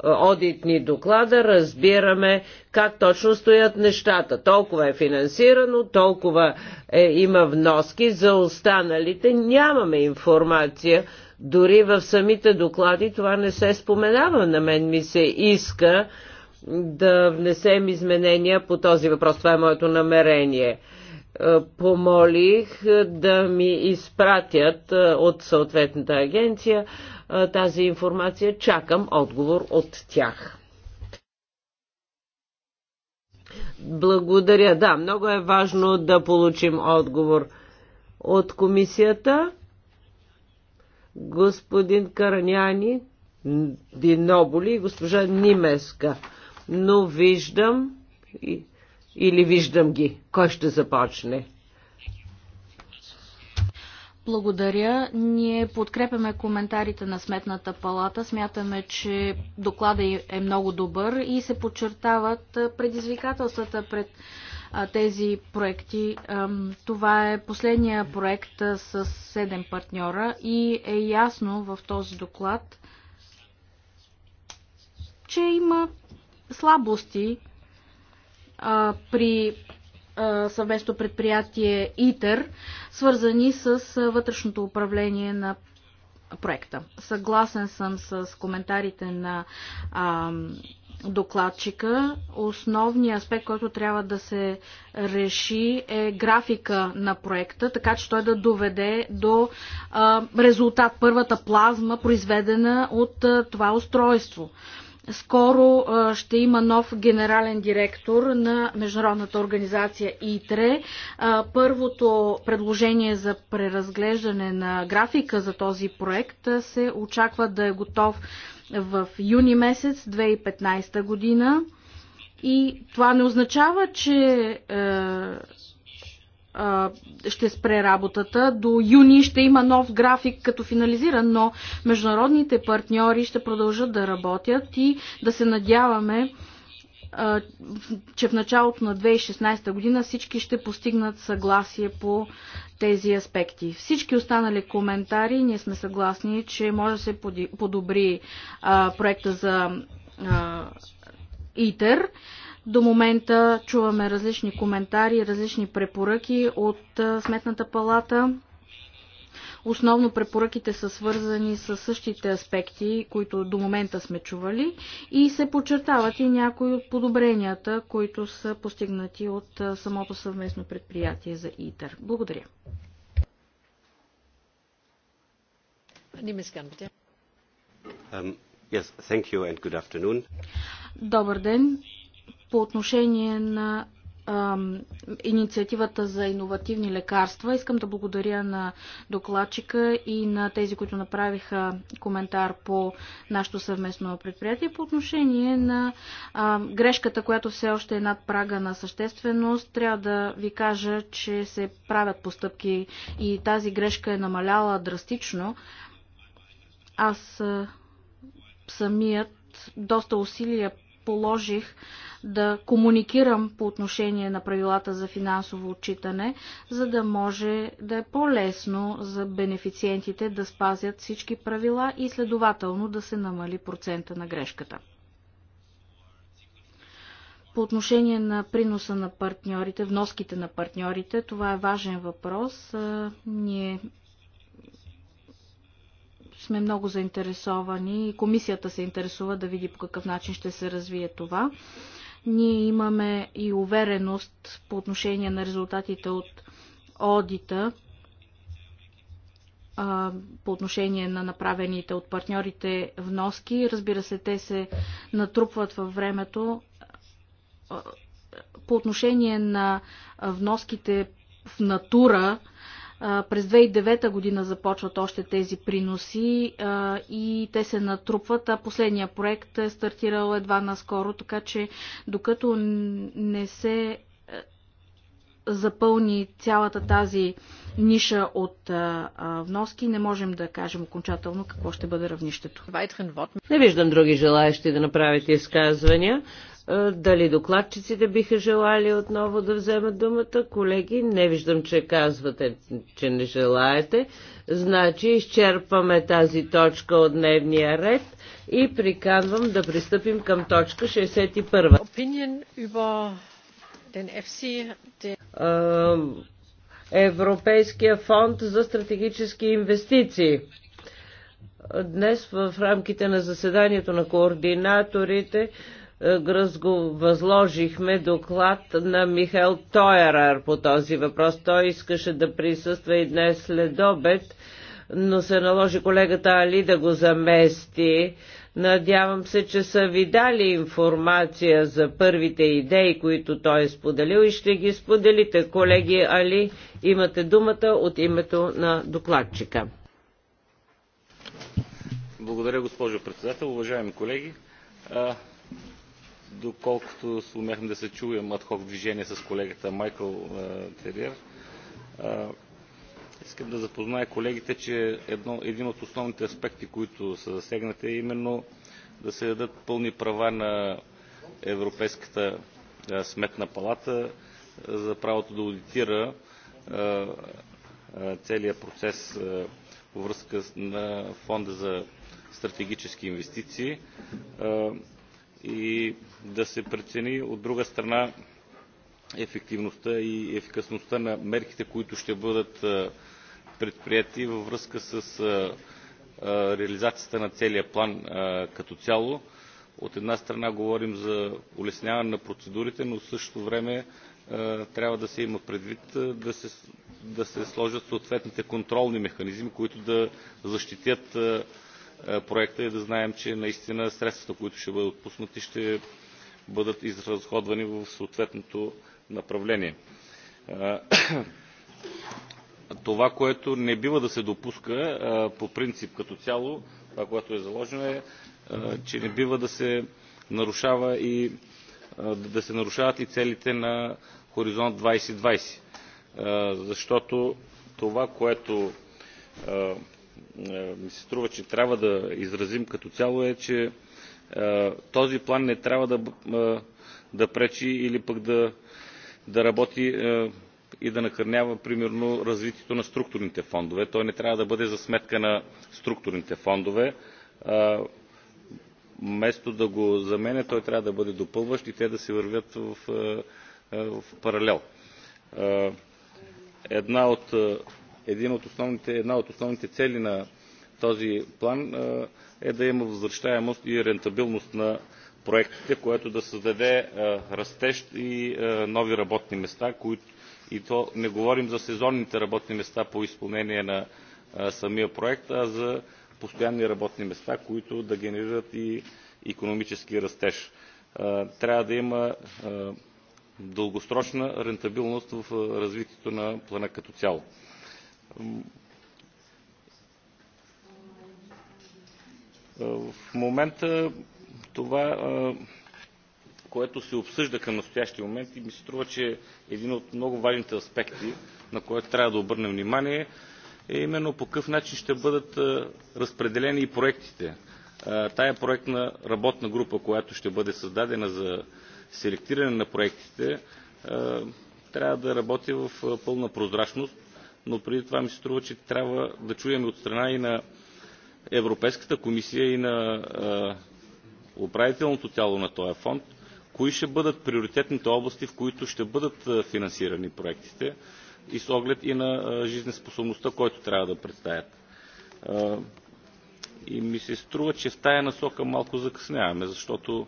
одитни доклада, разбираме как точно стоят нещата. Толкова е финансирано, толкова е, има вноски, за останалите нямаме информация дори в самите доклади това не се споменава. На мен ми се иска да внесем изменения по този въпрос. Това е моето намерение. Е, помолих е, да ми изпратят е, от съответната агенция тази информация. Чакам отговор от тях. Благодаря. Да, много е важно да получим отговор от комисията господин Караняни, Диноболи и госпожа Нимеска. Но виждам или виждам ги. Кой ще започне? Благодаря. Ние подкрепяме коментарите на Сметната палата. Смятаме, че доклада е много добър и се подчертават предизвикателствата пред тези проекти. Това е последния проект с 7 партньора и е ясно в този доклад, че има слабости при съвместно предприятие ИТЕР, свързани с вътрешното управление на проекта. Съгласен съм с коментарите на докладчика. Основният аспект, който трябва да се реши е графика на проекта, така че той да доведе до а, резултат, първата плазма, произведена от а, това устройство. Скоро а, ще има нов генерален директор на Международната организация ИТРЕ. А, първото предложение за преразглеждане на графика за този проект се очаква да е готов в юни месец 2015 година. И това не означава, че е, е, ще спре работата. До юни ще има нов график като финализиран, но международните партньори ще продължат да работят и да се надяваме, че в началото на 2016 година всички ще постигнат съгласие по тези аспекти. Всички останали коментари, ние сме съгласни, че може да се подобри проекта за ИТЕР. До момента чуваме различни коментари, различни препоръки от Сметната палата Основно препоръките са свързани с същите аспекти, които до момента сме чували и се подчертават и някои от подобренията, които са постигнати от самото съвместно предприятие за ИТЕР. Благодаря. Um, Добър ден. По отношение на инициативата за иновативни лекарства. Искам да благодаря на докладчика и на тези, които направиха коментар по нашето съвместно предприятие по отношение на а, грешката, която все още е над прага на същественост. Трябва да ви кажа, че се правят постъпки и тази грешка е намаляла драстично. Аз а, самият доста усилия положих да комуникирам по отношение на правилата за финансово отчитане, за да може да е по-лесно за бенефициентите да спазят всички правила и следователно да се намали процента на грешката. По отношение на приноса на партньорите, вноските на партньорите, това е важен въпрос. Ние сме много заинтересовани и комисията се интересува да види по какъв начин ще се развие това. Ние имаме и увереност по отношение на резултатите от одита, по отношение на направените от партньорите вноски. Разбира се, те се натрупват във времето. По отношение на вноските в натура, през 2009 година започват още тези приноси и те се натрупват, а последния проект е стартирал едва наскоро, така че докато не се запълни цялата тази ниша от вноски, не можем да кажем окончателно какво ще бъде равнището. Не виждам други желаящи да направите изказвания. Е, дали докладчиците биха желали отново да вземат думата? Колеги, не виждам, че казвате, че не желаете. Значи изчерпваме тази точка от дневния ред и приканвам да пристъпим към точка 61. Е, Европейския фонд за стратегически инвестиции. Днес в рамките на заседанието на координаторите Гръзго възложихме доклад на Михаил Тойерар по този въпрос. Той искаше да присъства и днес след обед, но се наложи колегата Али да го замести. Надявам се, че са ви дали информация за първите идеи, които той е споделил и ще ги споделите. Колеги Али, имате думата от името на докладчика. Благодаря, госпожо председател. Уважаеми колеги, доколкото сумяхме да се чуем адхок движение с колегата Майкъл Терер. Искам да запозная колегите, че едно, един от основните аспекти, които са засегнати, е именно да се дадат пълни права на Европейската сметна палата за правото да аудитира целият процес във връзка на фонда за стратегически инвестиции и да се прецени от друга страна ефективността и ефикасността на мерките, които ще бъдат предприяти във връзка с реализацията на целия план като цяло. От една страна говорим за улесняване на процедурите, но в същото време трябва да се има предвид да се, да се сложат съответните контролни механизми, които да защитят е, проекта и е да знаем, че наистина средствата, които ще бъдат отпуснати, ще бъдат изразходвани в съответното направление. Е, това, което не бива да се допуска по принцип като цяло, това, което е заложено е, че не бива да се нарушава и да се нарушават и целите на Хоризонт 2020. Защото това, което е, ми се струва, че трябва да изразим като цяло е, че е, този план не трябва да, е, да пречи или пък да, да работи и да накърнява, примерно, развитието на структурните фондове. Той не трябва да бъде за сметка на структурните фондове. Вместо да го заменя, той трябва да бъде допълващ и те да се вървят в, в паралел. Една от от една от основните цели на този план е да има възвръщаемост и рентабилност на проектите, което да създаде растеж и нови работни места. И то не говорим за сезонните работни места по изпълнение на самия проект, а за постоянни работни места, които да генерират и економически растеж. Трябва да има дългосрочна рентабилност в развитието на плана като цяло. В момента това, което се обсъжда към настоящия момент и ми се струва, че е един от много важните аспекти, на който трябва да обърнем внимание, е именно по какъв начин ще бъдат разпределени и проектите. Тая проектна работна група, която ще бъде създадена за селектиране на проектите, трябва да работи в пълна прозрачност, но преди това ми се струва, че трябва да чуем от страна и на Европейската комисия и на управителното тяло на този фонд, кои ще бъдат приоритетните области, в които ще бъдат финансирани проектите и с оглед и на жизнеспособността, който трябва да представят. И ми се струва, че в тая насока малко закъсняваме, защото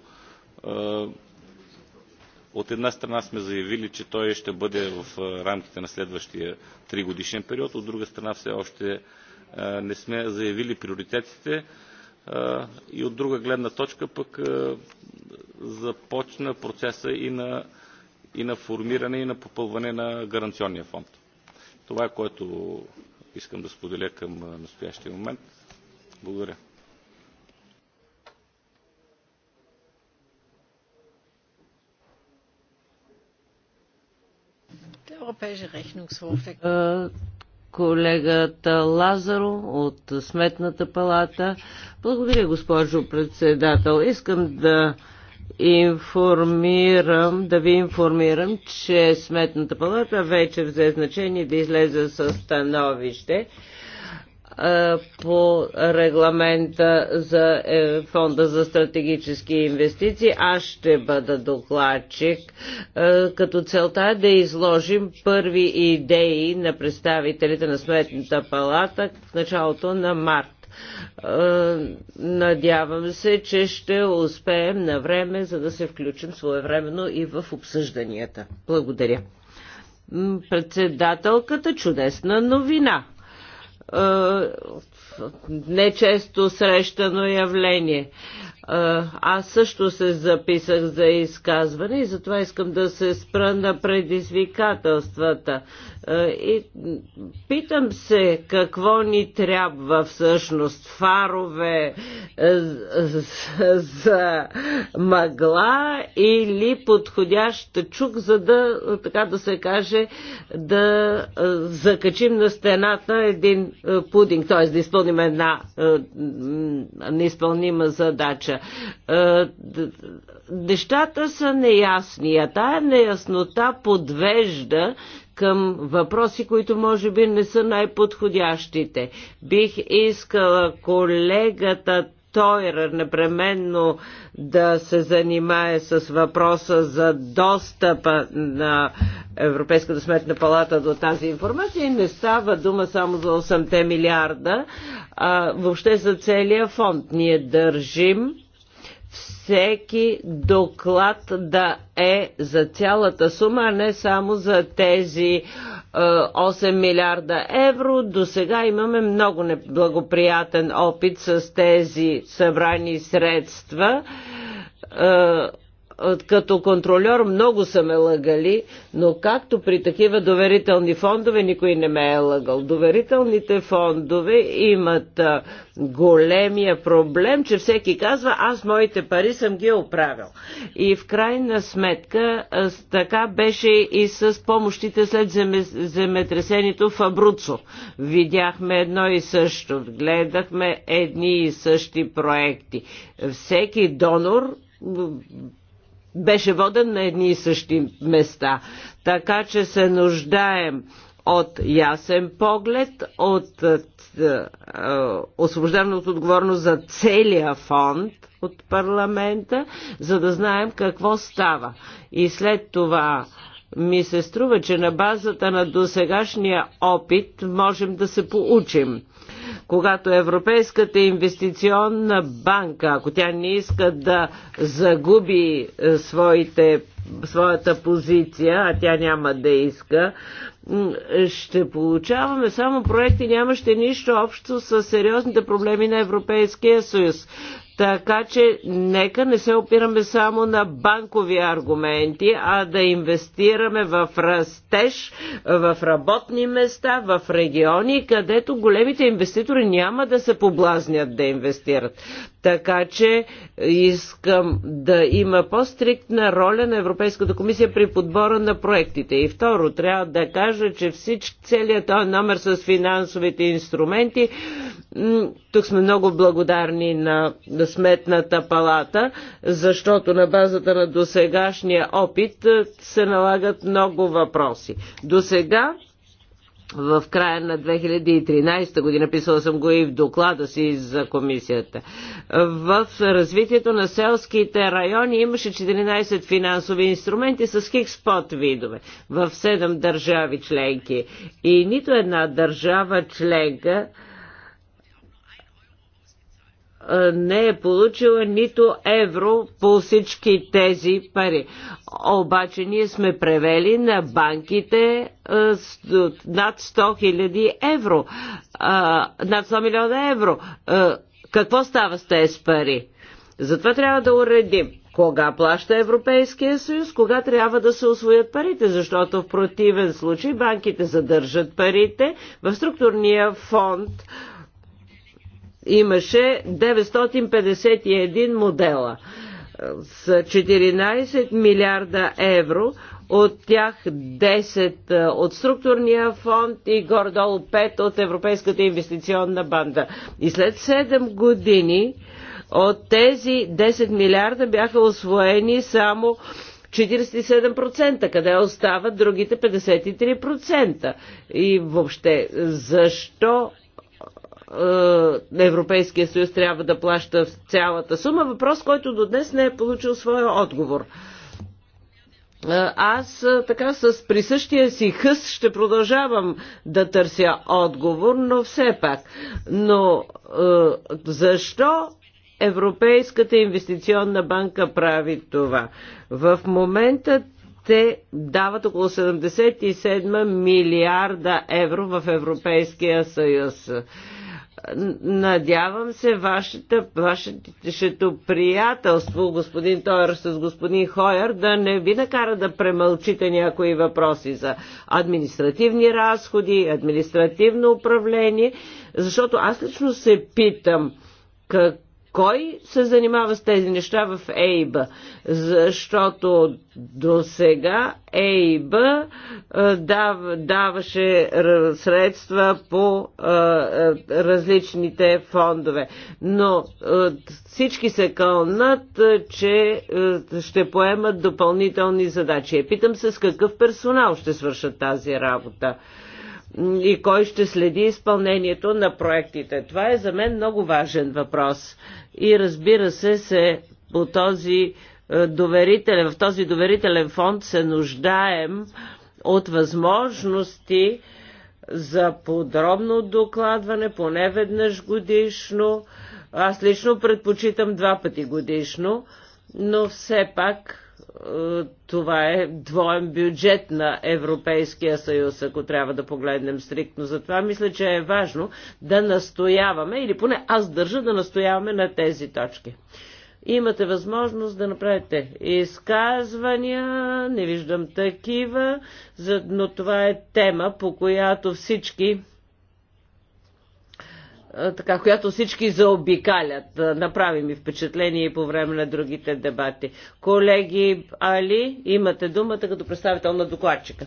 от една страна сме заявили, че той ще бъде в рамките на следващия тригодишен период, от друга страна все още не сме заявили приоритетите и от друга гледна точка пък започна процеса и на, и на формиране и на попълване на гаранционния фонд. Това е което искам да споделя към настоящия момент. Благодаря. Е- е, колегата Лазаро от Сметната палата. Благодаря, госпожо председател. Искам да информирам, да ви информирам, че Сметната палата вече взе значение да излезе със становище по регламента за е, Фонда за стратегически инвестиции. Аз ще бъда докладчик, като целта е да изложим първи идеи на представителите на Сметната палата в началото на март. Надявам се, че ще успеем на време, за да се включим своевременно и в обсъжданията. Благодаря. Председателката чудесна новина. Е, нечесто срещано явление. Аз също се записах за изказване и затова искам да се спра на предизвикателствата. И питам се какво ни трябва всъщност. Фарове за мъгла или подходящ чук, за да, така да се каже, да закачим на стената един пудинг, т.е. да изпълним една неизпълнима задача кажа. Е, нещата са неясни, а тая неяснота подвежда към въпроси, които може би не са най-подходящите. Бих искала колегата той непременно да се занимае с въпроса за достъпа на Европейската сметна палата до тази информация. И не става дума само за 8 милиарда, а въобще за целия фонд. Ние държим всеки доклад да е за цялата сума, а не само за тези 8 милиарда евро. До сега имаме много неблагоприятен опит с тези събрани средства е, като контролер много са ме лъгали, но както при такива доверителни фондове никой не ме е лъгал. Доверителните фондове имат големия проблем, че всеки казва, аз моите пари съм ги оправил. И в крайна сметка така беше и с помощите след земетресението в Абруцо. Видяхме едно и също, гледахме едни и същи проекти. Всеки донор беше воден на едни и същи места. Така че се нуждаем от ясен поглед, от е, е, освобождаване от отговорност за целия фонд от парламента, за да знаем какво става. И след това ми се струва, че на базата на досегашния опит можем да се поучим. Когато Европейската инвестиционна банка, ако тя не иска да загуби е, своите, своята позиция, а тя няма да иска, ще получаваме само проекти, нямащи нищо общо с сериозните проблеми на Европейския съюз. Така че нека не се опираме само на банкови аргументи, а да инвестираме в растеж, в работни места, в региони, където големите инвеститори няма да се поблазнят да инвестират. Така че искам да има по-стриктна роля на Европейската комисия при подбора на проектите. И второ, трябва да кажа, че всички, целият този номер с финансовите инструменти, тук сме много благодарни на, на Сметната палата, защото на базата на досегашния опит се налагат много въпроси. До сега в края на 2013 година, писала съм го и в доклада си за комисията. В развитието на селските райони имаше 14 финансови инструменти с хикспот видове в 7 държави членки. И нито една държава членка е, не е получила нито евро по всички тези пари. Обаче ние сме превели на банките е, над 100 000 евро, е, над 100 милиона евро. Какво става с тези пари? Затова трябва да уредим кога плаща Европейския съюз, кога трябва да се освоят парите, защото в противен случай банките задържат парите в структурния фонд имаше 951 модела с 14 милиарда евро, от тях 10 е, от структурния фонд и гордолу 5 от Европейската инвестиционна банда. И след 7 години от тези 10 милиарда бяха освоени само 47%, къде остават другите 53%. И въобще, защо е, Европейския съюз трябва да плаща цялата сума. Въпрос, който до днес не е получил своя отговор. Е, аз е, така с присъщия си хъс ще продължавам да търся отговор, но все пак. Но е, защо Европейската инвестиционна банка прави това? В момента те дават около 77 милиарда евро в Европейския съюз. Надявам се вашата, вашето приятелство, господин Тойер с господин Хойер, да не ви накара да премълчите някои въпроси за административни разходи, административно управление, защото аз лично се питам как кой се занимава с тези неща в ЕИБ? Защото до сега ЕИБ е, дав, даваше средства по е, е, различните фондове. Но всички се кълнат, че ще поемат допълнителни задачи. Питам се с какъв персонал ще свършат тази работа и кой ще следи изпълнението на проектите. Това е за мен много важен въпрос. И разбира се, се по този е, доверителен, в този доверителен фонд се нуждаем от възможности за подробно докладване, поне веднъж годишно. Аз лично предпочитам два пъти годишно, но все пак това е двоен бюджет на Европейския съюз, ако трябва да погледнем стриктно. Затова мисля, че е важно да настояваме, или поне аз държа да настояваме на тези точки. Имате възможност да направите изказвания, не виждам такива, но това е тема, по която всички така, която всички заобикалят. Направи ми впечатление и по време на другите дебати. Колеги, Али, имате думата като представител на докладчика.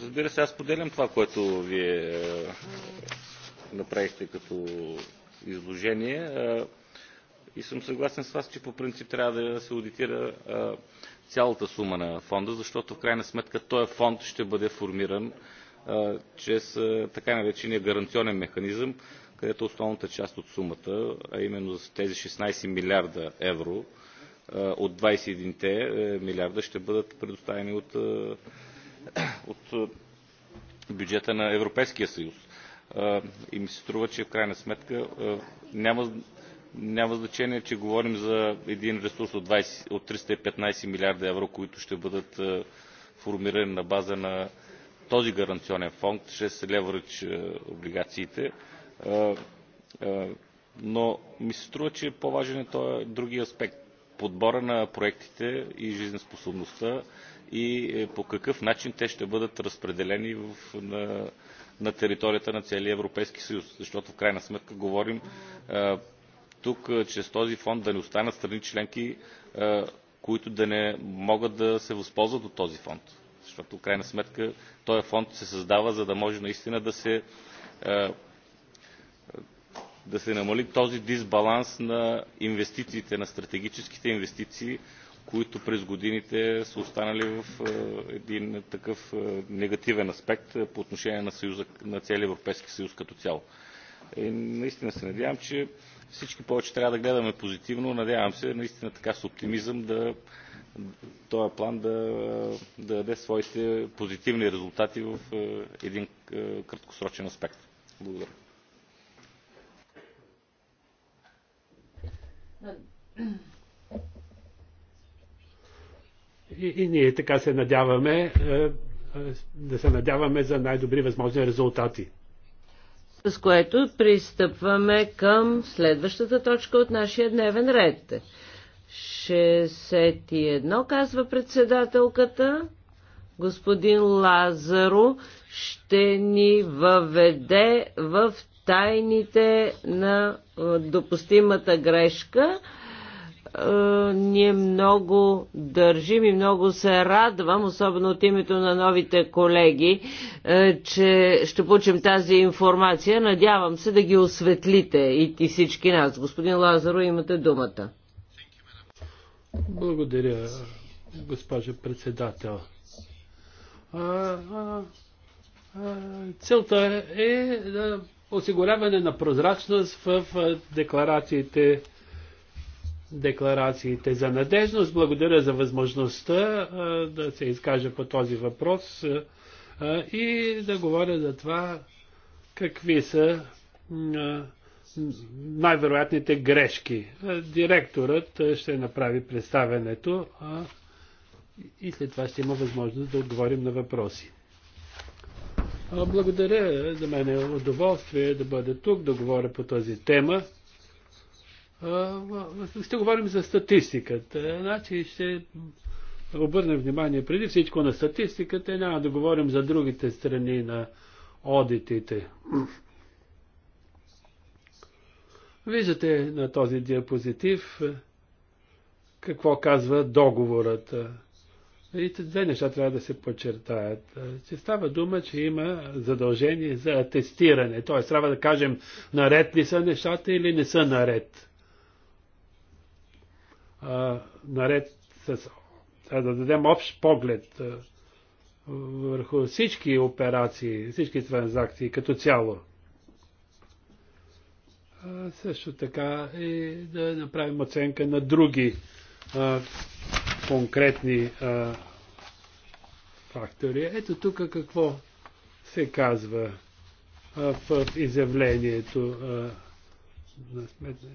Разбира се, аз поделям това, което вие е, направихте като изложение. Е, и съм съгласен с вас, че по принцип трябва да се аудитира е, цялата сума на фонда, защото в крайна сметка този фонд ще бъде формиран чрез така наречения гаранционен механизъм, където основната част от сумата, а именно за тези 16 милиарда евро от 21-те е, милиарда ще бъдат предоставени от, от бюджета на Европейския съюз. И ми се струва, че в крайна сметка няма, няма значение, че говорим за един ресурс от, 20, от 315 милиарда евро, които ще бъдат формирани на база на този гаранционен фонд чрез левъридж е, облигациите. Е, е, но ми се струва, че по-важен е този другия аспект – подбора на проектите и жизнеспособността и по какъв начин те ще бъдат разпределени в, на, на територията на целия Европейски съюз. Защото в крайна сметка говорим а, тук, чрез този фонд да не останат страни членки, а, които да не могат да се възползват от този фонд защото в крайна сметка този фонд се създава за да може наистина да се, е, да се намали този дисбаланс на инвестициите, на стратегическите инвестиции, които през годините са останали в е, един такъв е, негативен аспект по отношение на, съюза, на целия Европейски съюз като цяло. И наистина се надявам, че всички повече трябва да гледаме позитивно. Надявам се наистина така с оптимизъм да този е план да, да даде своите позитивни резултати в е, един е, краткосрочен аспект. Благодаря. И, и ние така се надяваме, да се надяваме за най-добри възможни резултати. С което пристъпваме към следващата точка от нашия дневен ред. 61, казва председателката. Господин Лазаро ще ни въведе в тайните на допустимата грешка ние много държим и много се радвам, особено от името на новите колеги, че ще получим тази информация. Надявам се да ги осветлите и, и всички нас. Господин Лазаро, имате думата. Благодаря, госпожа председател. А, а, а, целта е, е да осигуряване на прозрачност в декларациите, декларациите за надежност. Благодаря за възможността а, да се изкажа по този въпрос а, и да говоря за това какви са а, най-вероятните грешки. Е, директорът е, ще направи представянето а, и след това ще има възможност да отговорим на въпроси. благодаря, за мен е удоволствие да бъда тук, да говоря по тази тема. ще говорим за статистиката. Е, значи ще обърнем внимание преди всичко на статистиката и няма да говорим за другите страни на одитите. Виждате на този диапозитив е, какво казва договорът. Видите, две неща трябва да се подчертаят. Е, че става дума, че има задължение за атестиране. Т.е. трябва да кажем, наред ли са нещата или не са наред. А, наред с... Трябва да дадем общ поглед е, върху всички операции, всички транзакции като цяло също така и е да направим оценка на други а, конкретни а, фактори. Ето тук какво се казва а, в изявлението а, на сметна.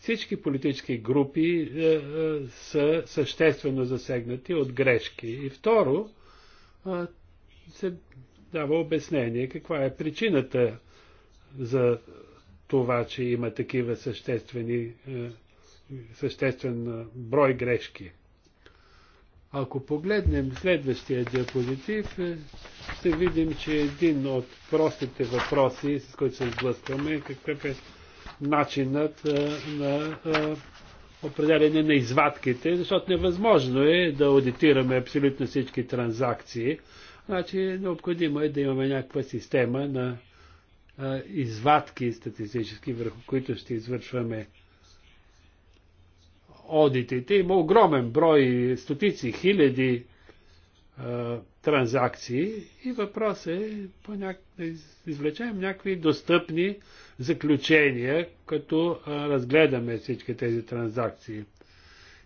Всички политически групи а, а, са съществено засегнати от грешки. И второ, а, се дава обяснение каква е причината за това, че има такива съществени, е, съществен е, брой грешки. Ако погледнем следващия диапозитив, е, ще видим, че един от простите въпроси, с които се сблъскваме, е какъв е начинът на определение на извадките, защото невъзможно е да аудитираме абсолютно всички транзакции. Значи необходимо е да имаме някаква система на извадки статистически, върху които ще извършваме одитите. Има огромен брой, стотици, хиляди а, транзакции и въпрос е по няк... да извлечем някакви достъпни заключения, като а, разгледаме всички тези транзакции.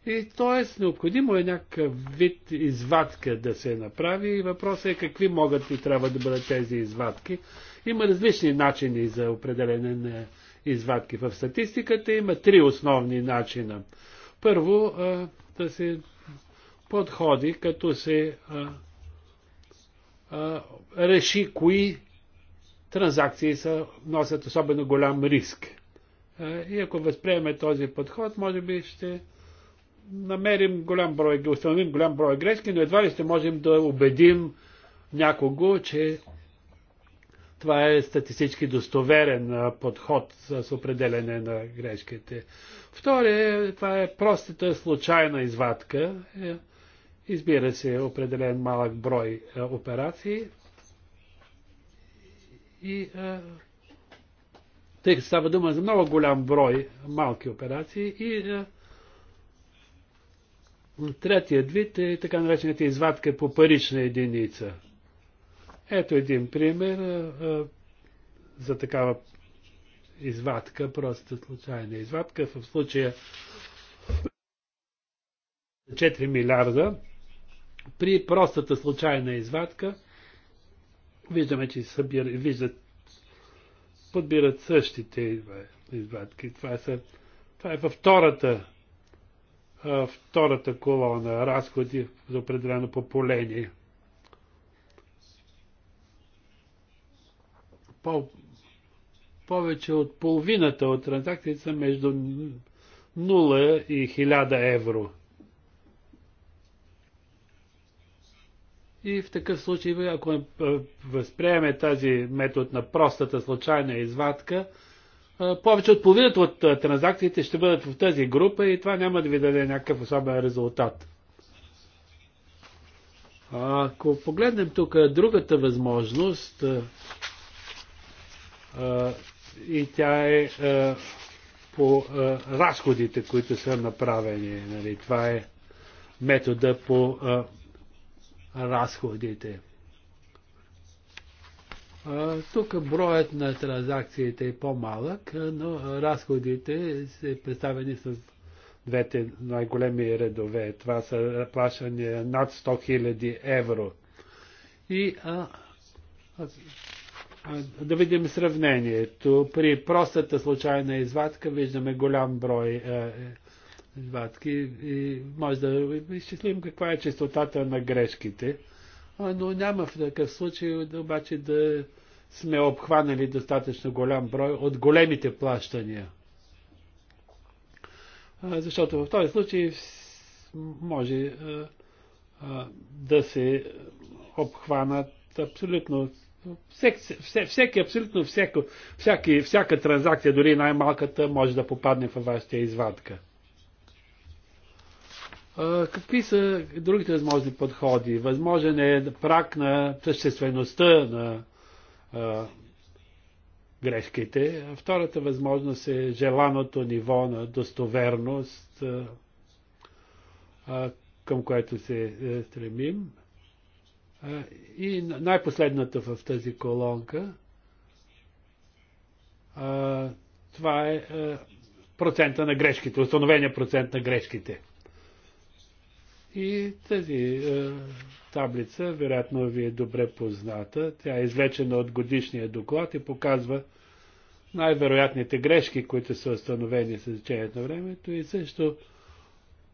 И т.е. необходимо е някакъв вид извадка да се направи и въпросът е какви могат и трябва да бъдат тези извадки, има различни начини за определене на извадки в статистиката. Има три основни начина. Първо, а, да се подходи, като се а, а, реши кои транзакции са, носят особено голям риск. И ако възприеме този подход, може би ще намерим голям брой, установим голям брой грешки, но едва ли ще можем да убедим някого, че това е статистически достоверен подход с определене на грешките. Втори, е, това е простата случайна извадка. Е, избира се определен малък брой е, операции. И тъй като става дума за много голям брой малки операции и Третият вид е така наречената извадка по парична единица. Ето един пример а, за такава извадка, просто случайна извадка. В случая 4 милиарда. При простата случайна извадка виждаме, че събира, виждат, подбират същите извадки. Това, са, това е във втората, втората колона разходи за определено поколение. по, повече от половината от транзакциите са между 0 и 1000 евро. И в такъв случай, ако възприеме тази метод на простата случайна извадка, повече от половината от транзакциите ще бъдат в тази група и това няма да ви даде някакъв особен резултат. Ако погледнем тук другата възможност, и тя е, е по е, разходите, които са направени. Нали? Това е метода по е, разходите. Тук броят на транзакциите е по-малък, но разходите са представени с двете най-големи редове. Това са плащания над 100 000 евро. И а, да видим сравнението. При простата случайна извадка виждаме голям брой е, е, извадки и може да изчислим каква е частотата на грешките. Но няма в такъв случай обаче да сме обхванали достатъчно голям брой от големите плащания. Защото в този случай може е, да се обхванат абсолютно всек, всеки, абсолютно всеко, всяки, всяка транзакция, дори най-малката, може да попадне във вашата извадка. Какви са другите възможни подходи? Възможен е прак на съществеността на а, грешките. Втората възможност е желаното ниво на достоверност, а, към което се е, стремим. И най-последната в тази колонка, това е процента на грешките, установения процент на грешките. И тази таблица, вероятно ви е добре позната. Тя е извлечена от годишния доклад и показва най-вероятните грешки, които са установени с течението на времето и също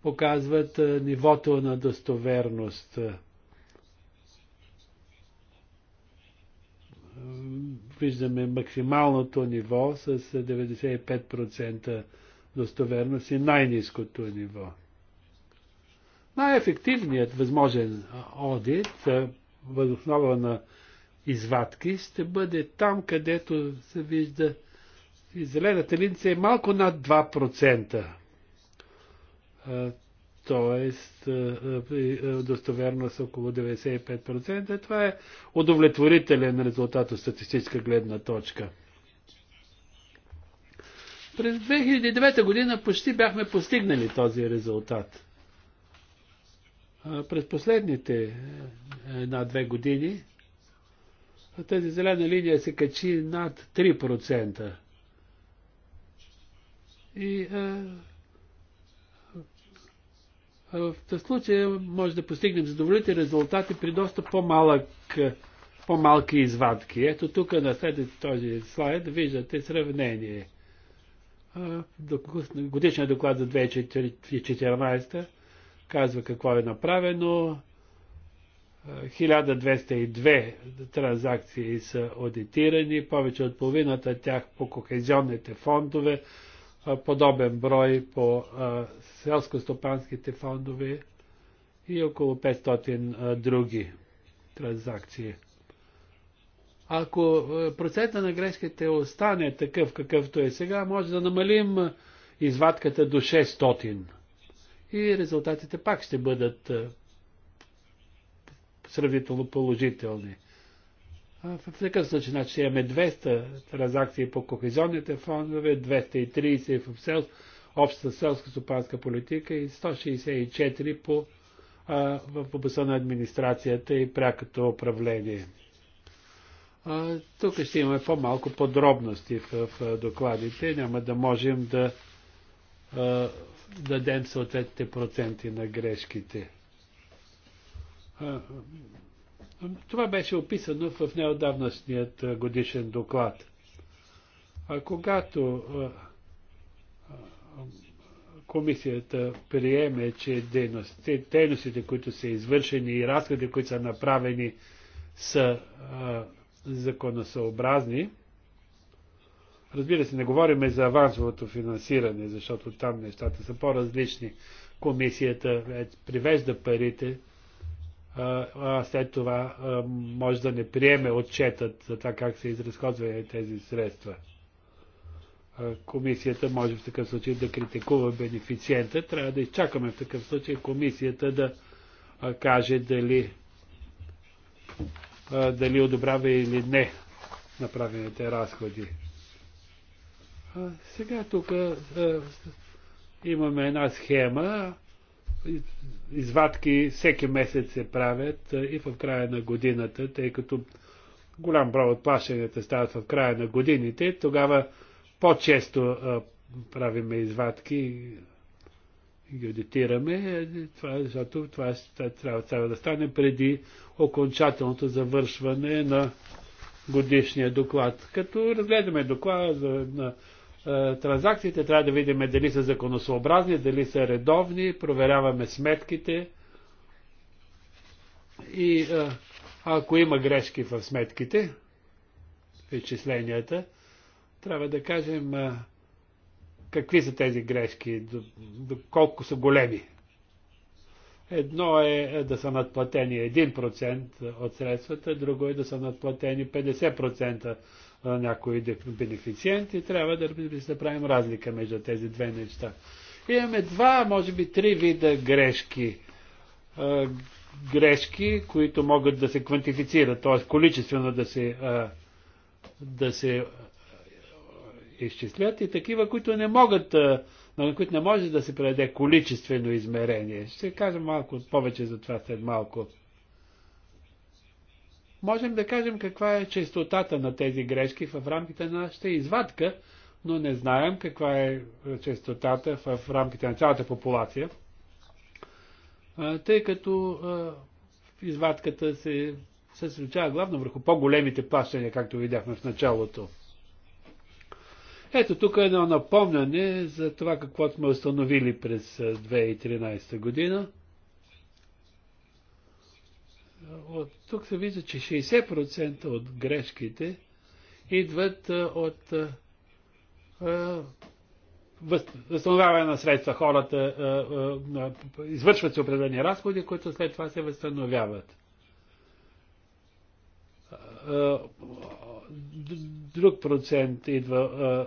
показват нивото на достоверност виждаме максималното ниво с 95% достоверност и най-низкото ниво. Най-ефективният възможен одит възоснова на извадки ще бъде там, където се вижда и зелената линия е малко над 2% т.е. Е, е, достоверност около 95%. Това е удовлетворителен резултат от статистическа гледна точка. През 2009 година почти бяхме постигнали този резултат. През последните е, една-две години тази зелена линия се качи над 3%. И в този случай може да постигнем задоволителни резултати при доста по-малък, по-малки извадки. Ето тук на след този слайд виждате сравнение. Годишният доклад за 2014 казва какво е направено. 1202 транзакции са аудитирани, повече от половината тях по кохезионните фондове, подобен брой по селско-стопанските фондове и около 500 други транзакции. Ако процента на грешките остане такъв какъвто е сега, може да намалим извадката до 600 и резултатите пак ще бъдат сравнително положителни. В такъв случай значи, имаме 200 транзакции по кохезионните фондове, 230 в сел, общата селско супанска политика и 164 по, в областта на администрацията и прякото управление. А, тук ще имаме по-малко подробности в, в докладите. Няма да можем да а, дадем съответните проценти на грешките това беше описано в неодавнашният годишен доклад. А когато комисията приеме, че дейностите, дейностите, които са извършени и разходи, които са направени, са а, законосъобразни. Разбира се, не говориме за авансовото финансиране, защото там нещата са по-различни. Комисията е, привежда парите а след това може да не приеме отчетът за това как се изразходва тези средства. Комисията може в такъв случай да критикува бенефициента. Трябва да изчакаме в такъв случай комисията да каже дали дали одобрява или не направените разходи. А, сега тук а, имаме една схема, извадки всеки месец се правят и в края на годината, тъй като голям брой от плащанията стават в края на годините, тогава по-често правиме извадки и ги аудитираме, е, това, защото това трябва, трябва да стане преди окончателното завършване на годишния доклад. Като разгледаме доклада на е, транзакциите, трябва да видим дали са законосообразни, дали са редовни, проверяваме сметките и е, ако има грешки в сметките, в изчисленията, трябва да кажем е, какви са тези грешки, колко са големи. Едно е да са надплатени 1% от средствата, друго е да са надплатени 50% някои бенефициенти, трябва да да правим разлика между тези две неща. Имаме два, може би три вида грешки. Грешки, които могат да се квантифицират, т.е. количествено да се, да се изчислят и такива, които не могат, на които не може да се предаде количествено измерение. Ще кажа малко повече за това след малко. Можем да кажем каква е честотата на тези грешки в рамките на нашата извадка, но не знаем каква е честотата в рамките на цялата популация, тъй като извадката се съсредоточава главно върху по-големите плащания, както видяхме в началото. Ето тук е едно напомняне за това какво сме установили през 2013 година. Е, от тук се вижда, че 60% от грешките идват е, от е, възстановяване на средства. Хората извършват се определени разходи, които след това се възстановяват. Друг процент идва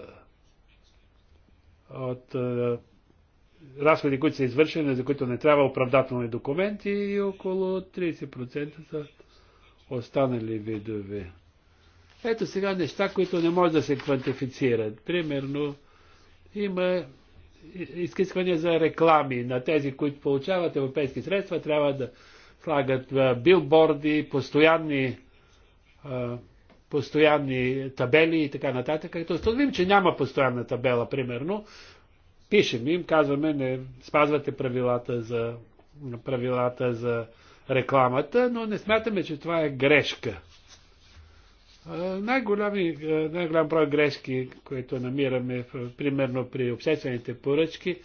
от разходи, които са извършени, за които не трябва оправдателни документи и около 30% са останали видове. Ето сега неща, които не може да се квантифицират. Примерно, има изкисквания за реклами на тези, които получават европейски средства, трябва да слагат билборди, постоянни, постоянни табели и така нататък. Като установим, че няма постоянна табела, примерно, Пишем им, казваме, не спазвате правилата за, правилата за рекламата, но не смятаме, че това е грешка. Най-голям най брой грешки, които намираме, примерно при обществените поръчки,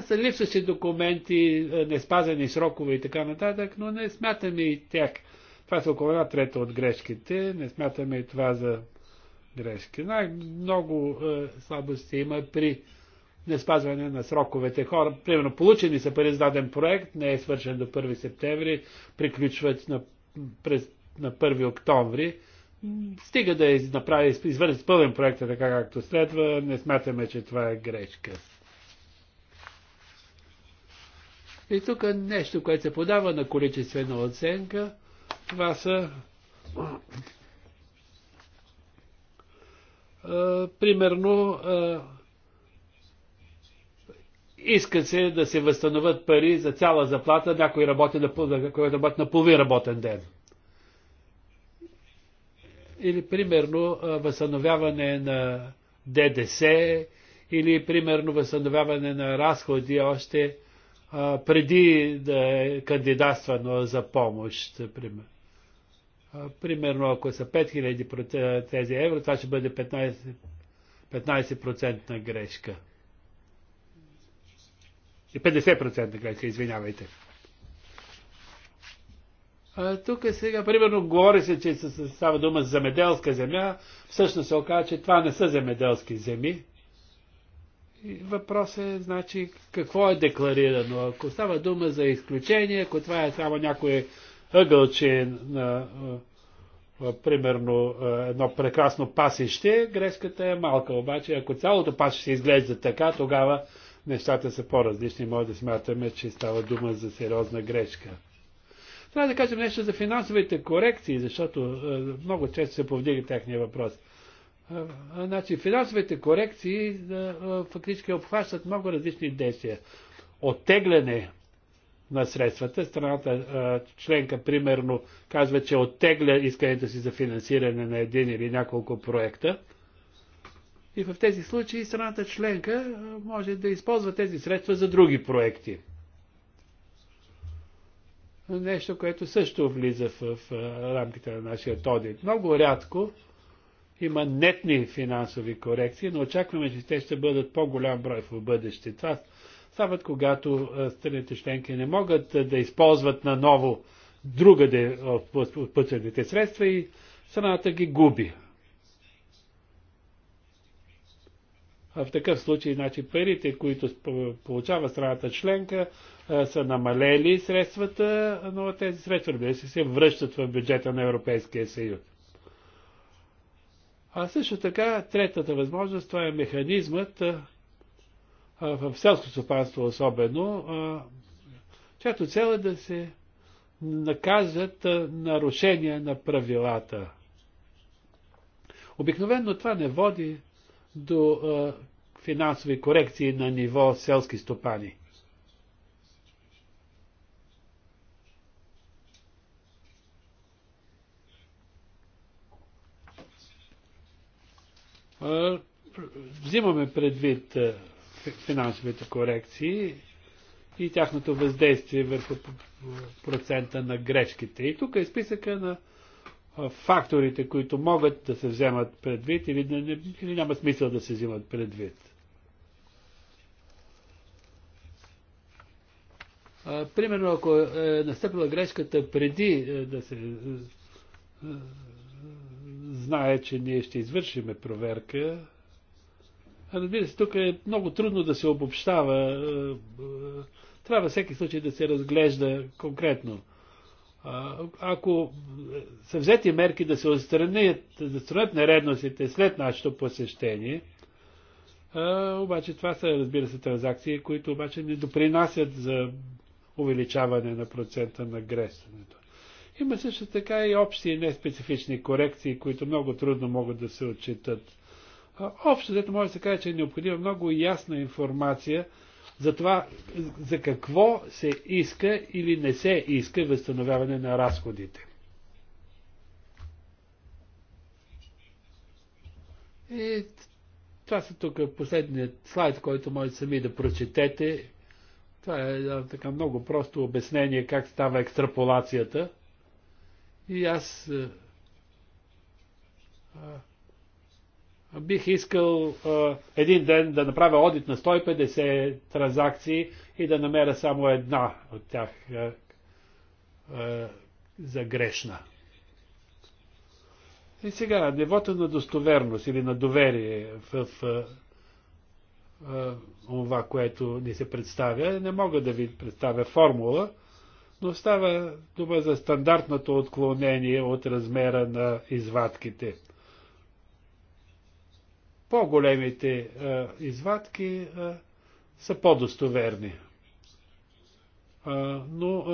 са липсващи документи, неспазени срокове и така нататък, но не смятаме и тях. Това са около една трета от грешките, не смятаме и това за грешки. Най-много слабости има при не спазване на сроковете. Хора, примерно, получени са пари за даден проект, не е свършен до 1 септември, приключват на, през, на 1 октомври. Стига да е направи извърши пълен проект, е така както следва, не смятаме, че това е грешка. И тук нещо, което се подава на количествена оценка, това са примерно иска се да се възстановят пари за цяла заплата, някой работи на, който работи на половин работен ден. Или примерно възстановяване на ДДС, или примерно възстановяване на разходи още а, преди да е кандидатствано за помощ. Пример. А, примерно ако са 5000 тези евро, това ще бъде 15%, 15 грешка. И 50% грешка, извинявайте. А, тук е сега, примерно, говори се, че става дума за земеделска земя. Всъщност се оказа, че това не са земеделски земи. И въпрос е, значи, какво е декларирано. Ако става дума за изключение, ако това е само някое ъгълче на, примерно, едно прекрасно пасище, грешката е малка. Обаче, ако цялото пасище изглежда така, тогава нещата са по-различни, може да смятаме, че става дума за сериозна грешка. Трябва да кажем нещо за финансовите корекции, защото е, много често се повдига техния въпрос. Е, е, значи, финансовите корекции фактически обхващат много различни действия. Оттегляне на средствата. Страната членка, примерно, казва, че оттегля искането си за финансиране на един или няколко проекта и в тези случаи страната членка може да използва тези средства за други проекти. Нещо, което също влиза в, в рамките на нашия одит. Много рядко има нетни финансови корекции, но очакваме, че те ще бъдат по-голям брой в бъдеще. Това стават, когато страните членки не могат да използват наново другаде от пътните средства и страната ги губи. В такъв случай, значи, парите, които получава страната членка, са намалели средствата, но тези средства, разбира се, се връщат в бюджета на Европейския съюз. А също така, третата възможност, това е механизмът в селско стопанство особено, чиято цел е да се наказват нарушения на правилата. Обикновено това не води до финансови корекции на ниво селски стопани. Взимаме предвид финансовите корекции и тяхното въздействие върху процента на грешките. И тук е списъка на факторите, които могат да се вземат предвид или, или няма смисъл да се вземат предвид. А, примерно, ако е настъпила грешката преди е, да се е, е знае, че ние ще извършиме проверка, разбира се, тук е много трудно да се обобщава. Е, е, трябва всеки случай да се разглежда конкретно ако са взети мерки да се отстранят, да отстранят нередностите след нашето посещение, обаче това са, разбира се, транзакции, които обаче не допринасят за увеличаване на процента на гресането. Има също така и общи и неспецифични корекции, които много трудно могат да се отчитат. Общо, дето може да се каже, че е необходима много ясна информация за това за какво се иска или не се иска възстановяване на разходите. И това са тук последният слайд, който можете сами да прочетете. Това е така много просто обяснение как става екстраполацията. И аз бих искал един ден да направя одит на 150 транзакции и да намеря само една от тях за грешна. И сега, нивото на достоверност или на доверие в, това, което ни се представя, не мога да ви представя формула, но става дума за стандартното отклонение от размера на извадките – по-големите е, извадки е, са по-достоверни. Е, но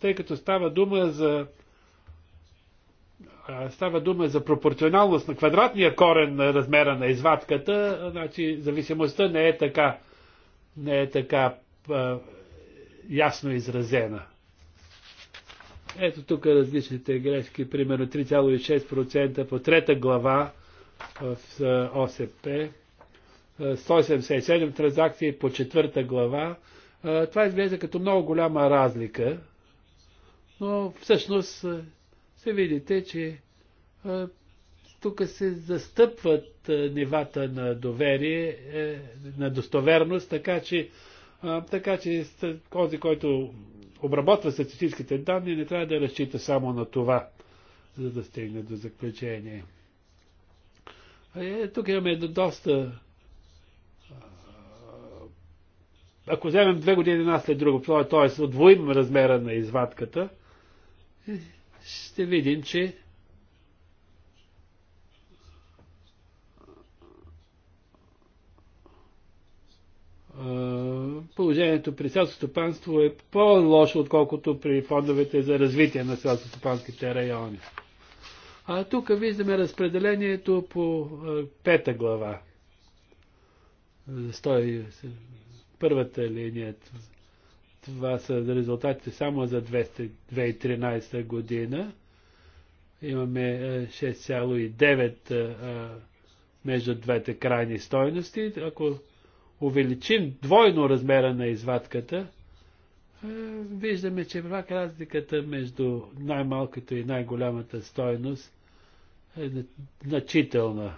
тъй като става дума за става дума за пропорционалност на квадратния корен на размера на извадката, значи зависимостта не е така, не е така а, ясно изразена. Ето тук различните грешки, примерно 3,6% по трета глава в ОСП, 177 транзакции по четвърта глава. Това изглежда като много голяма разлика, но всъщност се видите, че тук се застъпват нивата на доверие, е, на достоверност, така че, така че този, който обработва статистическите данни, не трябва да разчита само на това, за да стигне до заключение. Е, тук имаме доста. Ако вземем две години една след друга, т.е. отвоим размера на извадката, е, ще видим, че положението при селското стопанство е по-лошо, отколкото при фондовете за развитие на селско-стопанските райони. А тук виждаме разпределението по пета глава. Стои първата линия. Това са резултатите само за 2013 година. Имаме 6,9 между двете крайни стойности. Ако увеличим двойно размера на извадката, виждаме, че пак разликата между най малката и най-голямата стойност е значителна.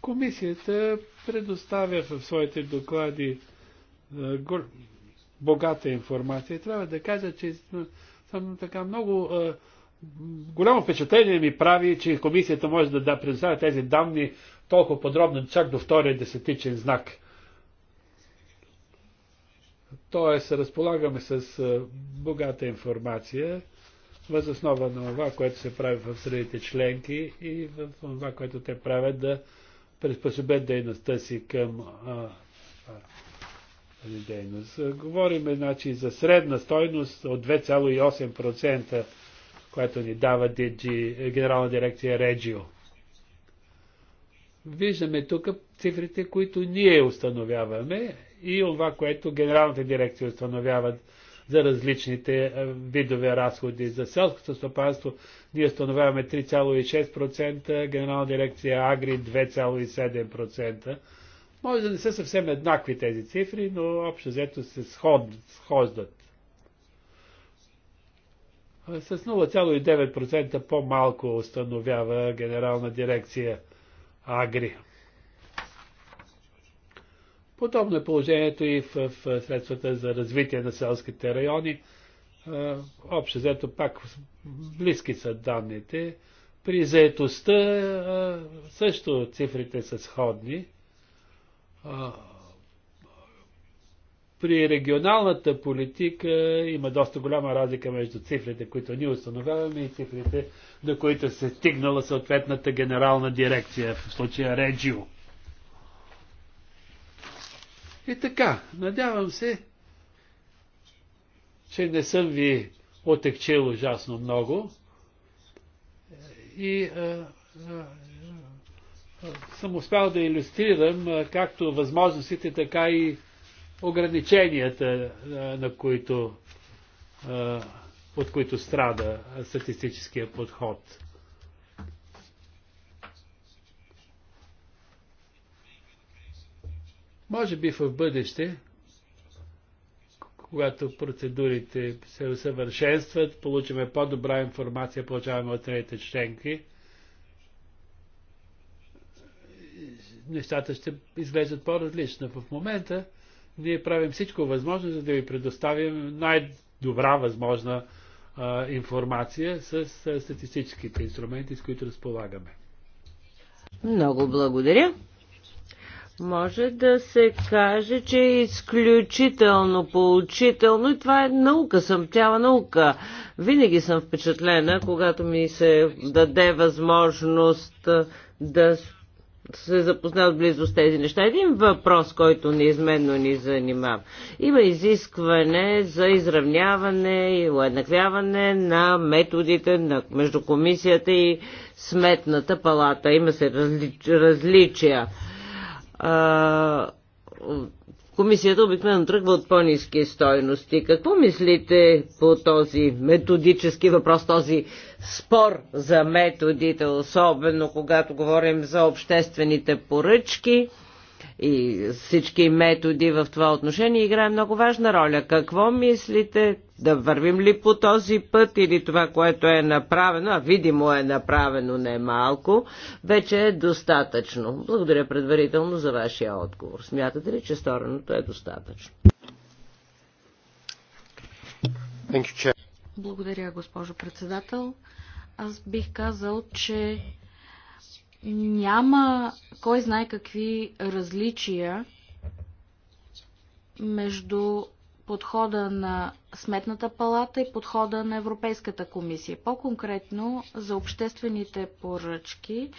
Комисията предоставя в своите доклади е, богата информация. Трябва да кажа, че съм така много е, голямо впечатление ми прави, че комисията може да, да предоставя тези данни толкова подробно, чак до втория десетичен знак т.е. разполагаме с богата информация, въз основа на това, което се прави в средите членки и в това, което те правят да приспособят дейността си към а, а, дейност. Говорим значи, за средна стойност от 2,8%, което ни дава DG, Генерална дирекция Реджио. Виждаме тук цифрите, които ние установяваме и това, което генералните дирекции установяват за различните е, видове разходи. За селското стопанство ние установяваме 3,6%, генерална дирекция Агри 2,7%. Може да не са съвсем еднакви тези цифри, но общо взето се схождат. С 0,9% по-малко установява генерална дирекция Агри. Подобно е положението и в, в средствата за развитие на селските райони. Общо взето пак близки са данните. При заетостта също цифрите са сходни. При регионалната политика има доста голяма разлика между цифрите, които ние установяваме и цифрите, до които се стигнала съответната генерална дирекция, в случая Реджио. И е така, надявам се, че не съм ви отекчил ужасно много и а, а, а, съм успял да иллюстрирам както възможностите, така и ограниченията, на които, от които страда статистическия подход. Може би в бъдеще, когато процедурите се усъвършенстват, получиме по-добра информация, получаваме от трените членки, нещата ще изглеждат по-различно. В момента ние правим всичко възможно, за да ви предоставим най-добра възможна а, информация с а, статистическите инструменти, с които разполагаме. Много благодаря. Може да се каже, че е изключително поучително и това е наука, съм тяла наука. Винаги съм впечатлена, когато ми се даде възможност да се запознат близо с тези неща. Един въпрос, който неизменно ни занимава. Има изискване за изравняване и уеднаквяване на методите на, между комисията и сметната палата. Има се различ, различия а, комисията обикновено тръгва от по-низки стойности. Какво мислите по този методически въпрос, този спор за методите, особено когато говорим за обществените поръчки? и всички методи в това отношение играе много важна роля. Какво мислите да вървим ли по този път или това, което е направено, а видимо е направено не малко, вече е достатъчно? Благодаря предварително за вашия отговор. Смятате ли, че стороното е достатъчно? Благодаря, госпожо председател. Аз бих казал, че няма кой знае какви различия между подхода на Сметната палата и подхода на Европейската комисия. По-конкретно за обществените поръчки.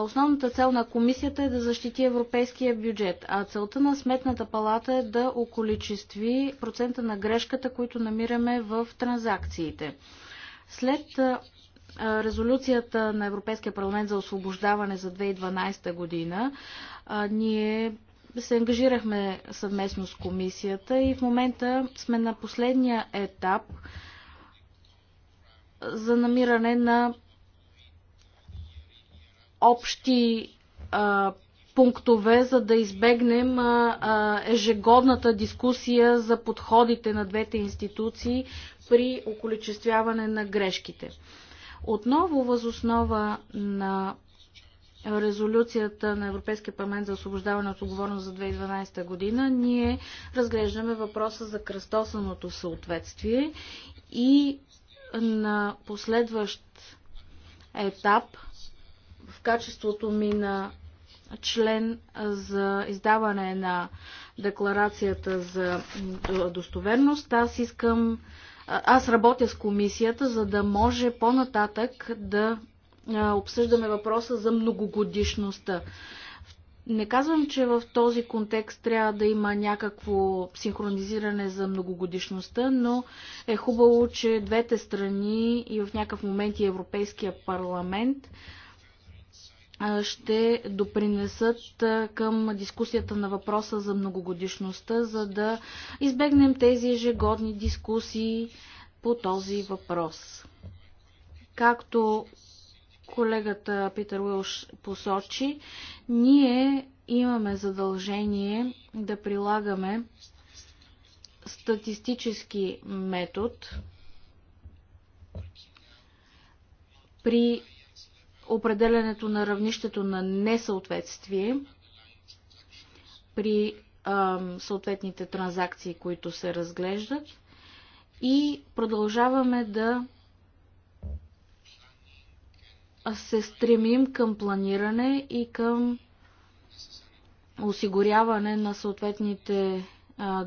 Основната цел на комисията е да защити европейския бюджет, а целта на Сметната палата е да околичестви процента на грешката, които намираме в транзакциите. След резолюцията на Европейския парламент за освобождаване за 2012 година, ние се ангажирахме съвместно с комисията и в момента сме на последния етап за намиране на общи а, пунктове, за да избегнем а, а, ежегодната дискусия за подходите на двете институции при околичествяване на грешките. Отново възоснова на резолюцията на Европейския парламент за освобождаване от отговорност за 2012 година, ние разглеждаме въпроса за кръстосаното съответствие и на последващ етап в качеството ми на член за издаване на декларацията за достоверност, аз искам аз работя с комисията, за да може по-нататък да обсъждаме въпроса за многогодишността. Не казвам, че в този контекст трябва да има някакво синхронизиране за многогодишността, но е хубаво, че двете страни и в някакъв момент и Европейския парламент ще допринесат към дискусията на въпроса за многогодишността, за да избегнем тези ежегодни дискусии по този въпрос. Както колегата Питър Уилш посочи, ние имаме задължение да прилагаме статистически метод при определенето на равнището на несъответствие при а, съответните транзакции, които се разглеждат и продължаваме да се стремим към планиране и към осигуряване на съответните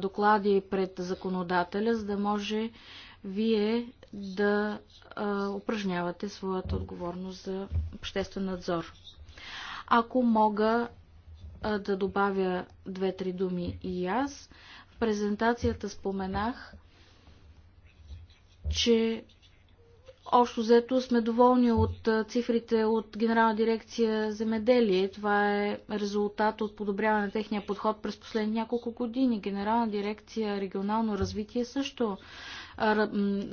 доклади пред законодателя, за да може вие да упражнявате своята отговорност за обществен надзор. Ако мога да добавя две-три думи и аз, в презентацията споменах, че Общо взето сме доволни от цифрите от Генерална дирекция земеделие. Това е резултат от подобряване на техния подход през последни няколко години. Генерална дирекция регионално развитие също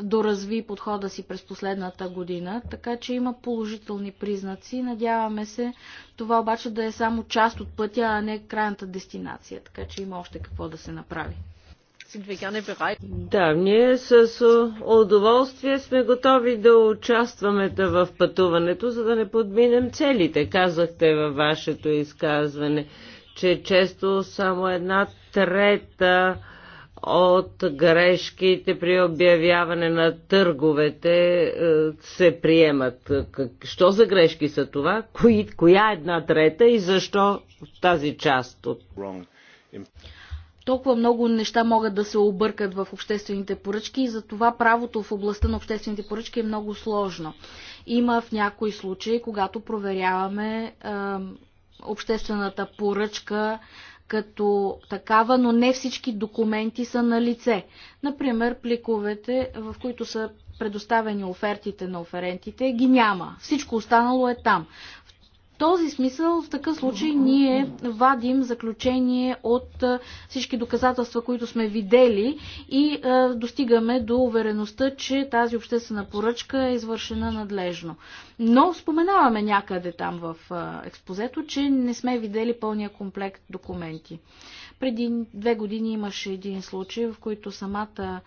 доразви подхода си през последната година, така че има положителни признаци. Надяваме се това обаче да е само част от пътя, а не крайната дестинация, така че има още какво да се направи. Да, ние с удоволствие сме готови да участваме в пътуването, за да не подминем целите. Казахте във вашето изказване, че често само една трета от грешките при обявяване на търговете е, се приемат. Що за грешки са това? коя една трета и защо тази част от толкова много неща могат да се объркат в обществените поръчки и затова правото в областта на обществените поръчки е много сложно. Има в някои случаи, когато проверяваме е, обществената поръчка като такава, но не всички документи са на лице. Например, пликовете, в които са предоставени офертите на оферентите, ги няма. Всичко останало е там този смисъл, в такъв случай, ние вадим заключение от всички доказателства, които сме видели и достигаме до увереността, че тази обществена поръчка е извършена надлежно. Но споменаваме някъде там в експозето, че не сме видели пълния комплект документи. Преди две години имаше един случай, в който самата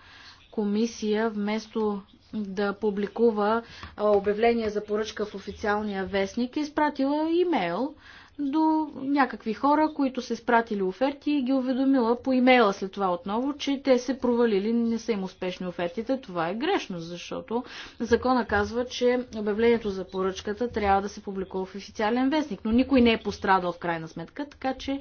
комисия, вместо да публикува обявление за поръчка в официалния вестник, е изпратила имейл до някакви хора, които се спратили оферти и ги уведомила по имейла след това отново, че те се провалили, не са им успешни офертите. Това е грешно, защото закона казва, че обявлението за поръчката трябва да се публикува в официален вестник, но никой не е пострадал в крайна сметка, така че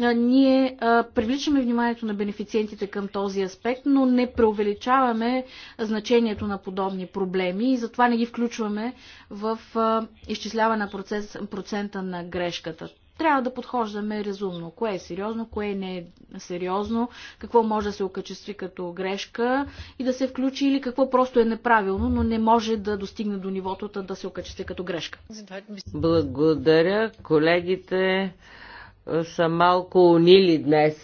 а, ние а, привличаме вниманието на бенефициентите към този аспект, но не преувеличаваме значението на подобни проблеми и затова не ги включваме в а, изчисляване на процес, процента на грешка грешката. Трябва да подхождаме разумно. Кое е сериозно, кое не е сериозно, какво може да се окачестви като грешка и да се включи или какво просто е неправилно, но не може да достигне до нивото да се окачестви като грешка. Благодаря. Колегите са малко унили днес.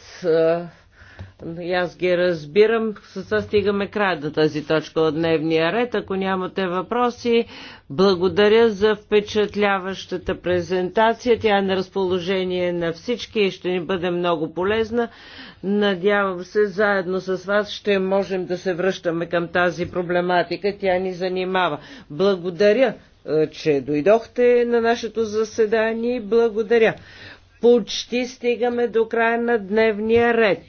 И аз ги разбирам. С това стигаме края до тази точка от дневния ред. Ако нямате въпроси, благодаря за впечатляващата презентация. Тя е на разположение на всички и ще ни бъде много полезна. Надявам се, заедно с вас ще можем да се връщаме към тази проблематика. Тя ни занимава. Благодаря, е, че дойдохте на нашето заседание. Благодаря. Почти стигаме до края на дневния ред.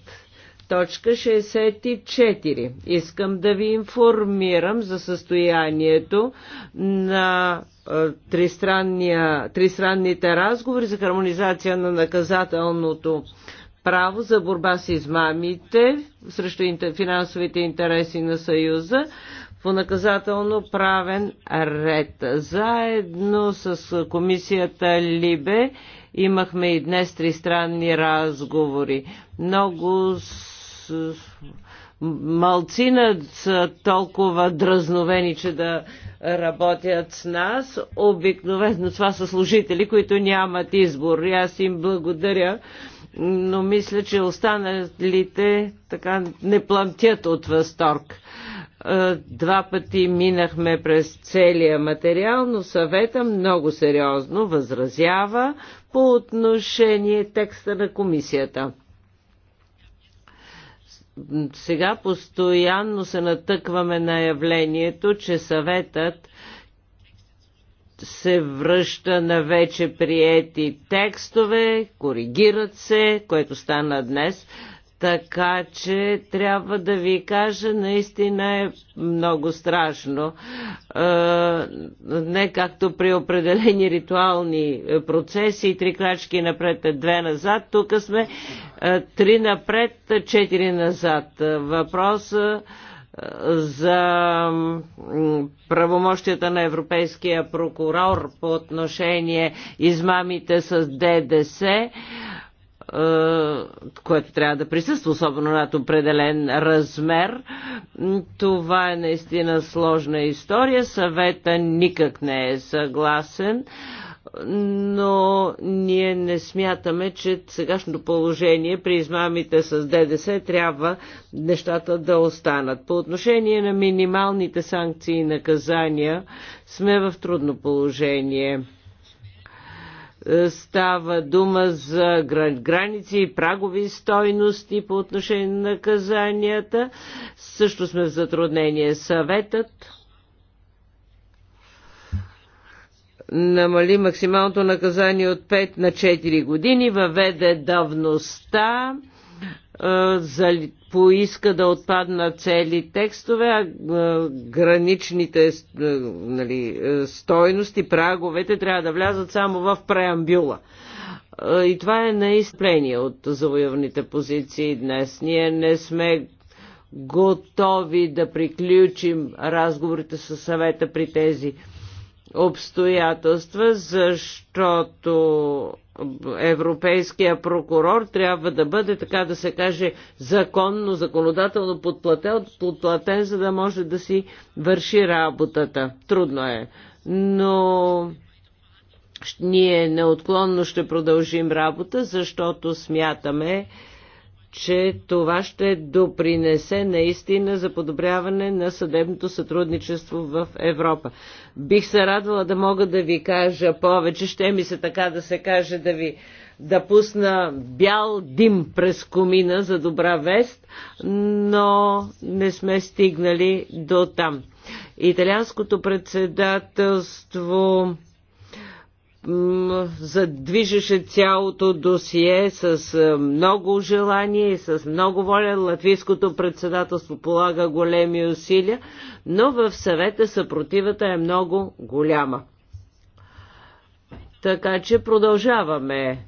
Точка 64. Искам да ви информирам за състоянието на е, тристранните разговори за хармонизация на наказателното право за борба с измамите срещу финансовите интереси на Съюза по наказателно правен ред. Заедно с комисията Либе имахме и днес тристранни разговори. Много малцина са толкова дразновени, че да работят с нас. Обикновено това са служители, които нямат избор. И аз им благодаря, но мисля, че останалите така не плантят от възторг. Е, два пъти минахме през целия материал, но съвета много сериозно възразява по отношение текста на комисията сега постоянно се натъкваме на явлението, че съветът се връща на вече приети текстове, коригират се, което стана днес, така че трябва да ви кажа, наистина е много страшно. Е, не както при определени ритуални е, процеси, три крачки напред, две назад. Тук сме е, три напред, четири назад. Въпрос за правомощията на европейския прокурор по отношение измамите с ДДС е, което трябва да присъства, особено над определен размер. Това е наистина сложна история. Съвета никак не е съгласен но ние не смятаме, че сегашното положение при измамите с ДДС трябва нещата да останат. По отношение на минималните санкции и наказания сме в трудно положение Става дума за граници и прагови стойности по отношение на наказанията. Също сме в затруднение. Съветът намали максималното наказание от 5 на 4 години, въведе давността за поиска да отпаднат цели текстове, а граничните е, нали, е, стойности, праговете трябва да влязат само в преамбюла. И това е неизпление от завоевните позиции днес. Ние не сме готови да приключим разговорите с съвета при тези обстоятелства, защото европейския прокурор трябва да бъде, така да се каже, законно, законодателно подплатен, подплатен за да може да си върши работата. Трудно е. Но ние неотклонно ще продължим работа, защото смятаме, че това ще допринесе наистина за подобряване на съдебното сътрудничество в Европа. Бих се радвала да мога да ви кажа повече, ще ми се така да се каже да ви да пусна бял дим през комина за добра вест, но не сме стигнали до там. Италианското председателство задвижеше цялото досие с е, много желание и с много воля. Латвийското председателство полага големи усилия, но в съвета съпротивата е много голяма. Така че продължаваме.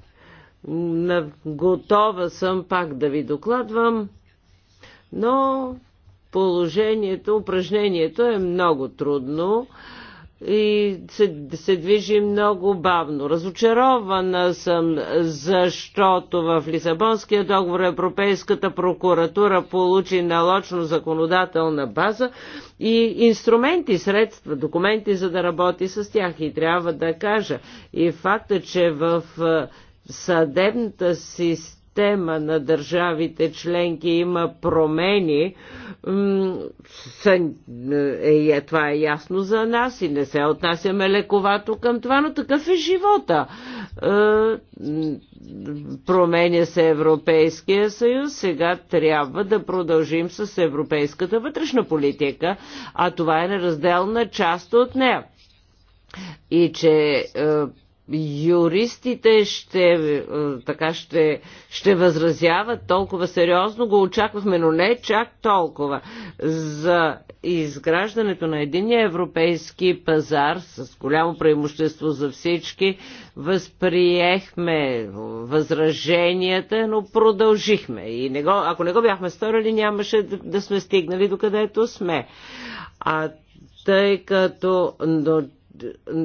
Готова съм пак да ви докладвам, но положението, упражнението е много трудно и се, се движи много бавно. Разочарована съм, защото в Лисабонския договор Европейската прокуратура получи налочно законодателна база и инструменти, средства, документи, за да работи с тях. И трябва да кажа, и факта, че в съдебната система система на държавите членки има промени, е, е, това е ясно за нас и не се отнасяме лековато към това, но такъв е живота. Е, променя се Европейския съюз, сега трябва да продължим с европейската вътрешна политика, а това е неразделна част от нея и че юристите ще, е, така ще, ще възразяват толкова сериозно, го очаквахме, но не чак толкова. За изграждането на единия европейски пазар с голямо преимущество за всички, възприехме възраженията, но продължихме. И не го, ако не го бяхме сторили, нямаше да, да сме стигнали докъдето сме. А тъй като но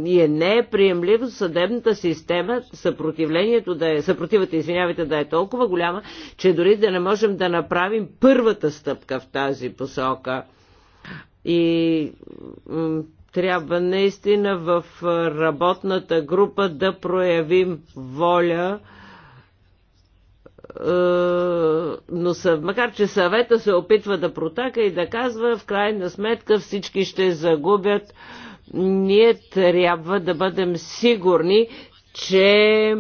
и е не е приемливо съдебната система съпротивлението да е, съпротивата, извинявайте, да е толкова голяма, че дори да не можем да направим първата стъпка в тази посока. И трябва наистина в работната група да проявим воля, е, но съ, макар, че съвета се опитва да протака и да казва, в крайна сметка всички ще загубят ние трябва да бъдем сигурни, че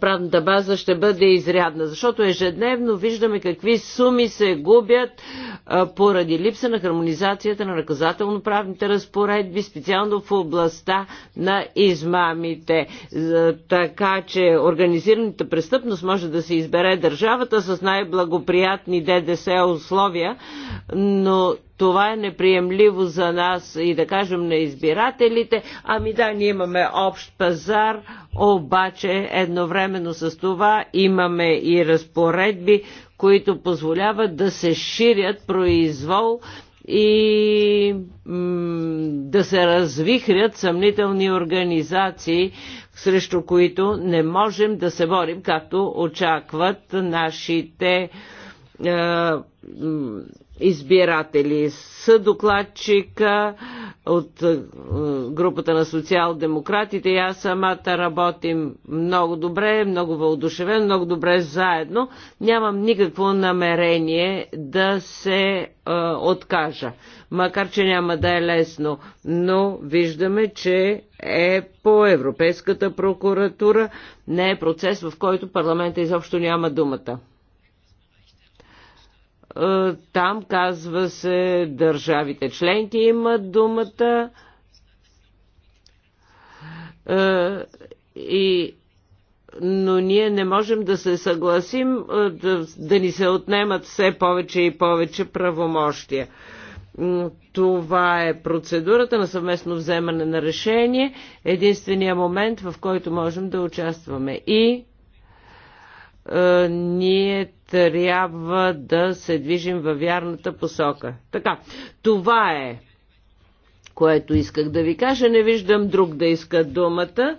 правната база ще бъде изрядна, защото ежедневно виждаме какви суми се губят поради липса на хармонизацията на наказателно-правните разпоредби, специално в областта на измамите. Така че организираната престъпност може да се избере държавата с най-благоприятни ДДС условия, но това е неприемливо за нас и да кажем на избирателите, ами да, ние имаме общ пазар, обаче едновременно с това имаме и разпоредби, които позволяват да се ширят произвол и да се развихрят съмнителни организации, срещу които не можем да се борим, както очакват нашите е, избиратели. Съдокладчика от е, групата на социал-демократите и аз самата работим много добре, много вълдушевен, много добре заедно. Нямам никакво намерение да се е, откажа. Макар, че няма да е лесно, но виждаме, че е по Европейската прокуратура, не е процес, в който парламента изобщо няма думата. Е, там казва се, държавите членки имат думата е, и но ние не можем да се съгласим е, да, да ни се отнемат все повече и повече правомощия. Това е процедурата на съвместно вземане на решение, единствения момент, в който можем да участваме. И е, ние трябва да се движим във вярната посока. Така, това е което исках да ви кажа. Не виждам друг да иска думата,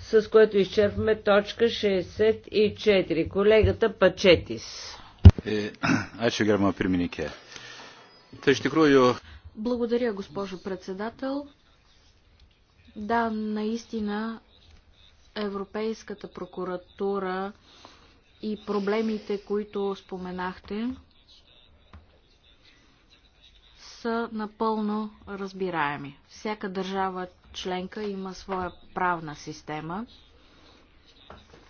с което изчерпваме точка 64. Колегата Пачетис. Е, Аз гърма пирминике. Благодаря, госпожо председател. Да, наистина Европейската прокуратура и проблемите, които споменахте, са напълно разбираеми. Всяка държава членка има своя правна система,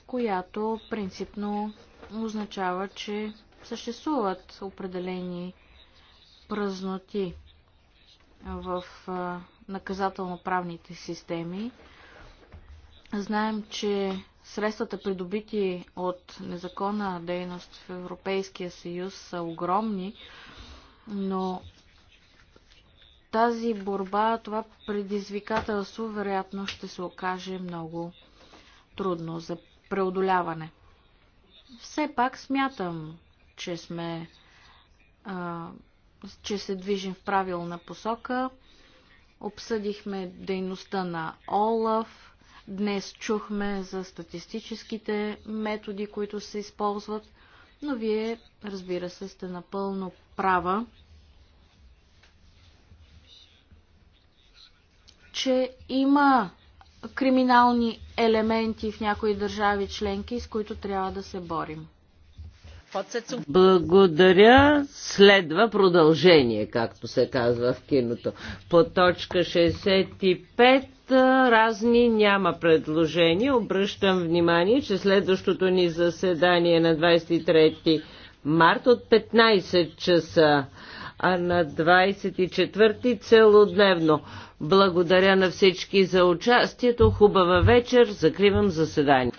която принципно означава, че съществуват определени празноти в наказателно-правните системи. Знаем, че Средствата, придобити от незаконна дейност в Европейския съюз, са огромни, но тази борба, това предизвикателство, вероятно ще се окаже много трудно за преодоляване. Все пак смятам, че сме, а, че се движим в правилна посока. Обсъдихме дейността на Олаф, Днес чухме за статистическите методи, които се използват, но вие, разбира се, сте напълно права, че има криминални елементи в някои държави членки, с които трябва да се борим. Благодаря. Следва продължение, както се казва в киното. По точка 65 разни няма предложения. Обръщам внимание, че следващото ни заседание е на 23 март от 15 часа, а на 24 целодневно. Благодаря на всички за участието. Хубава вечер. Закривам заседание.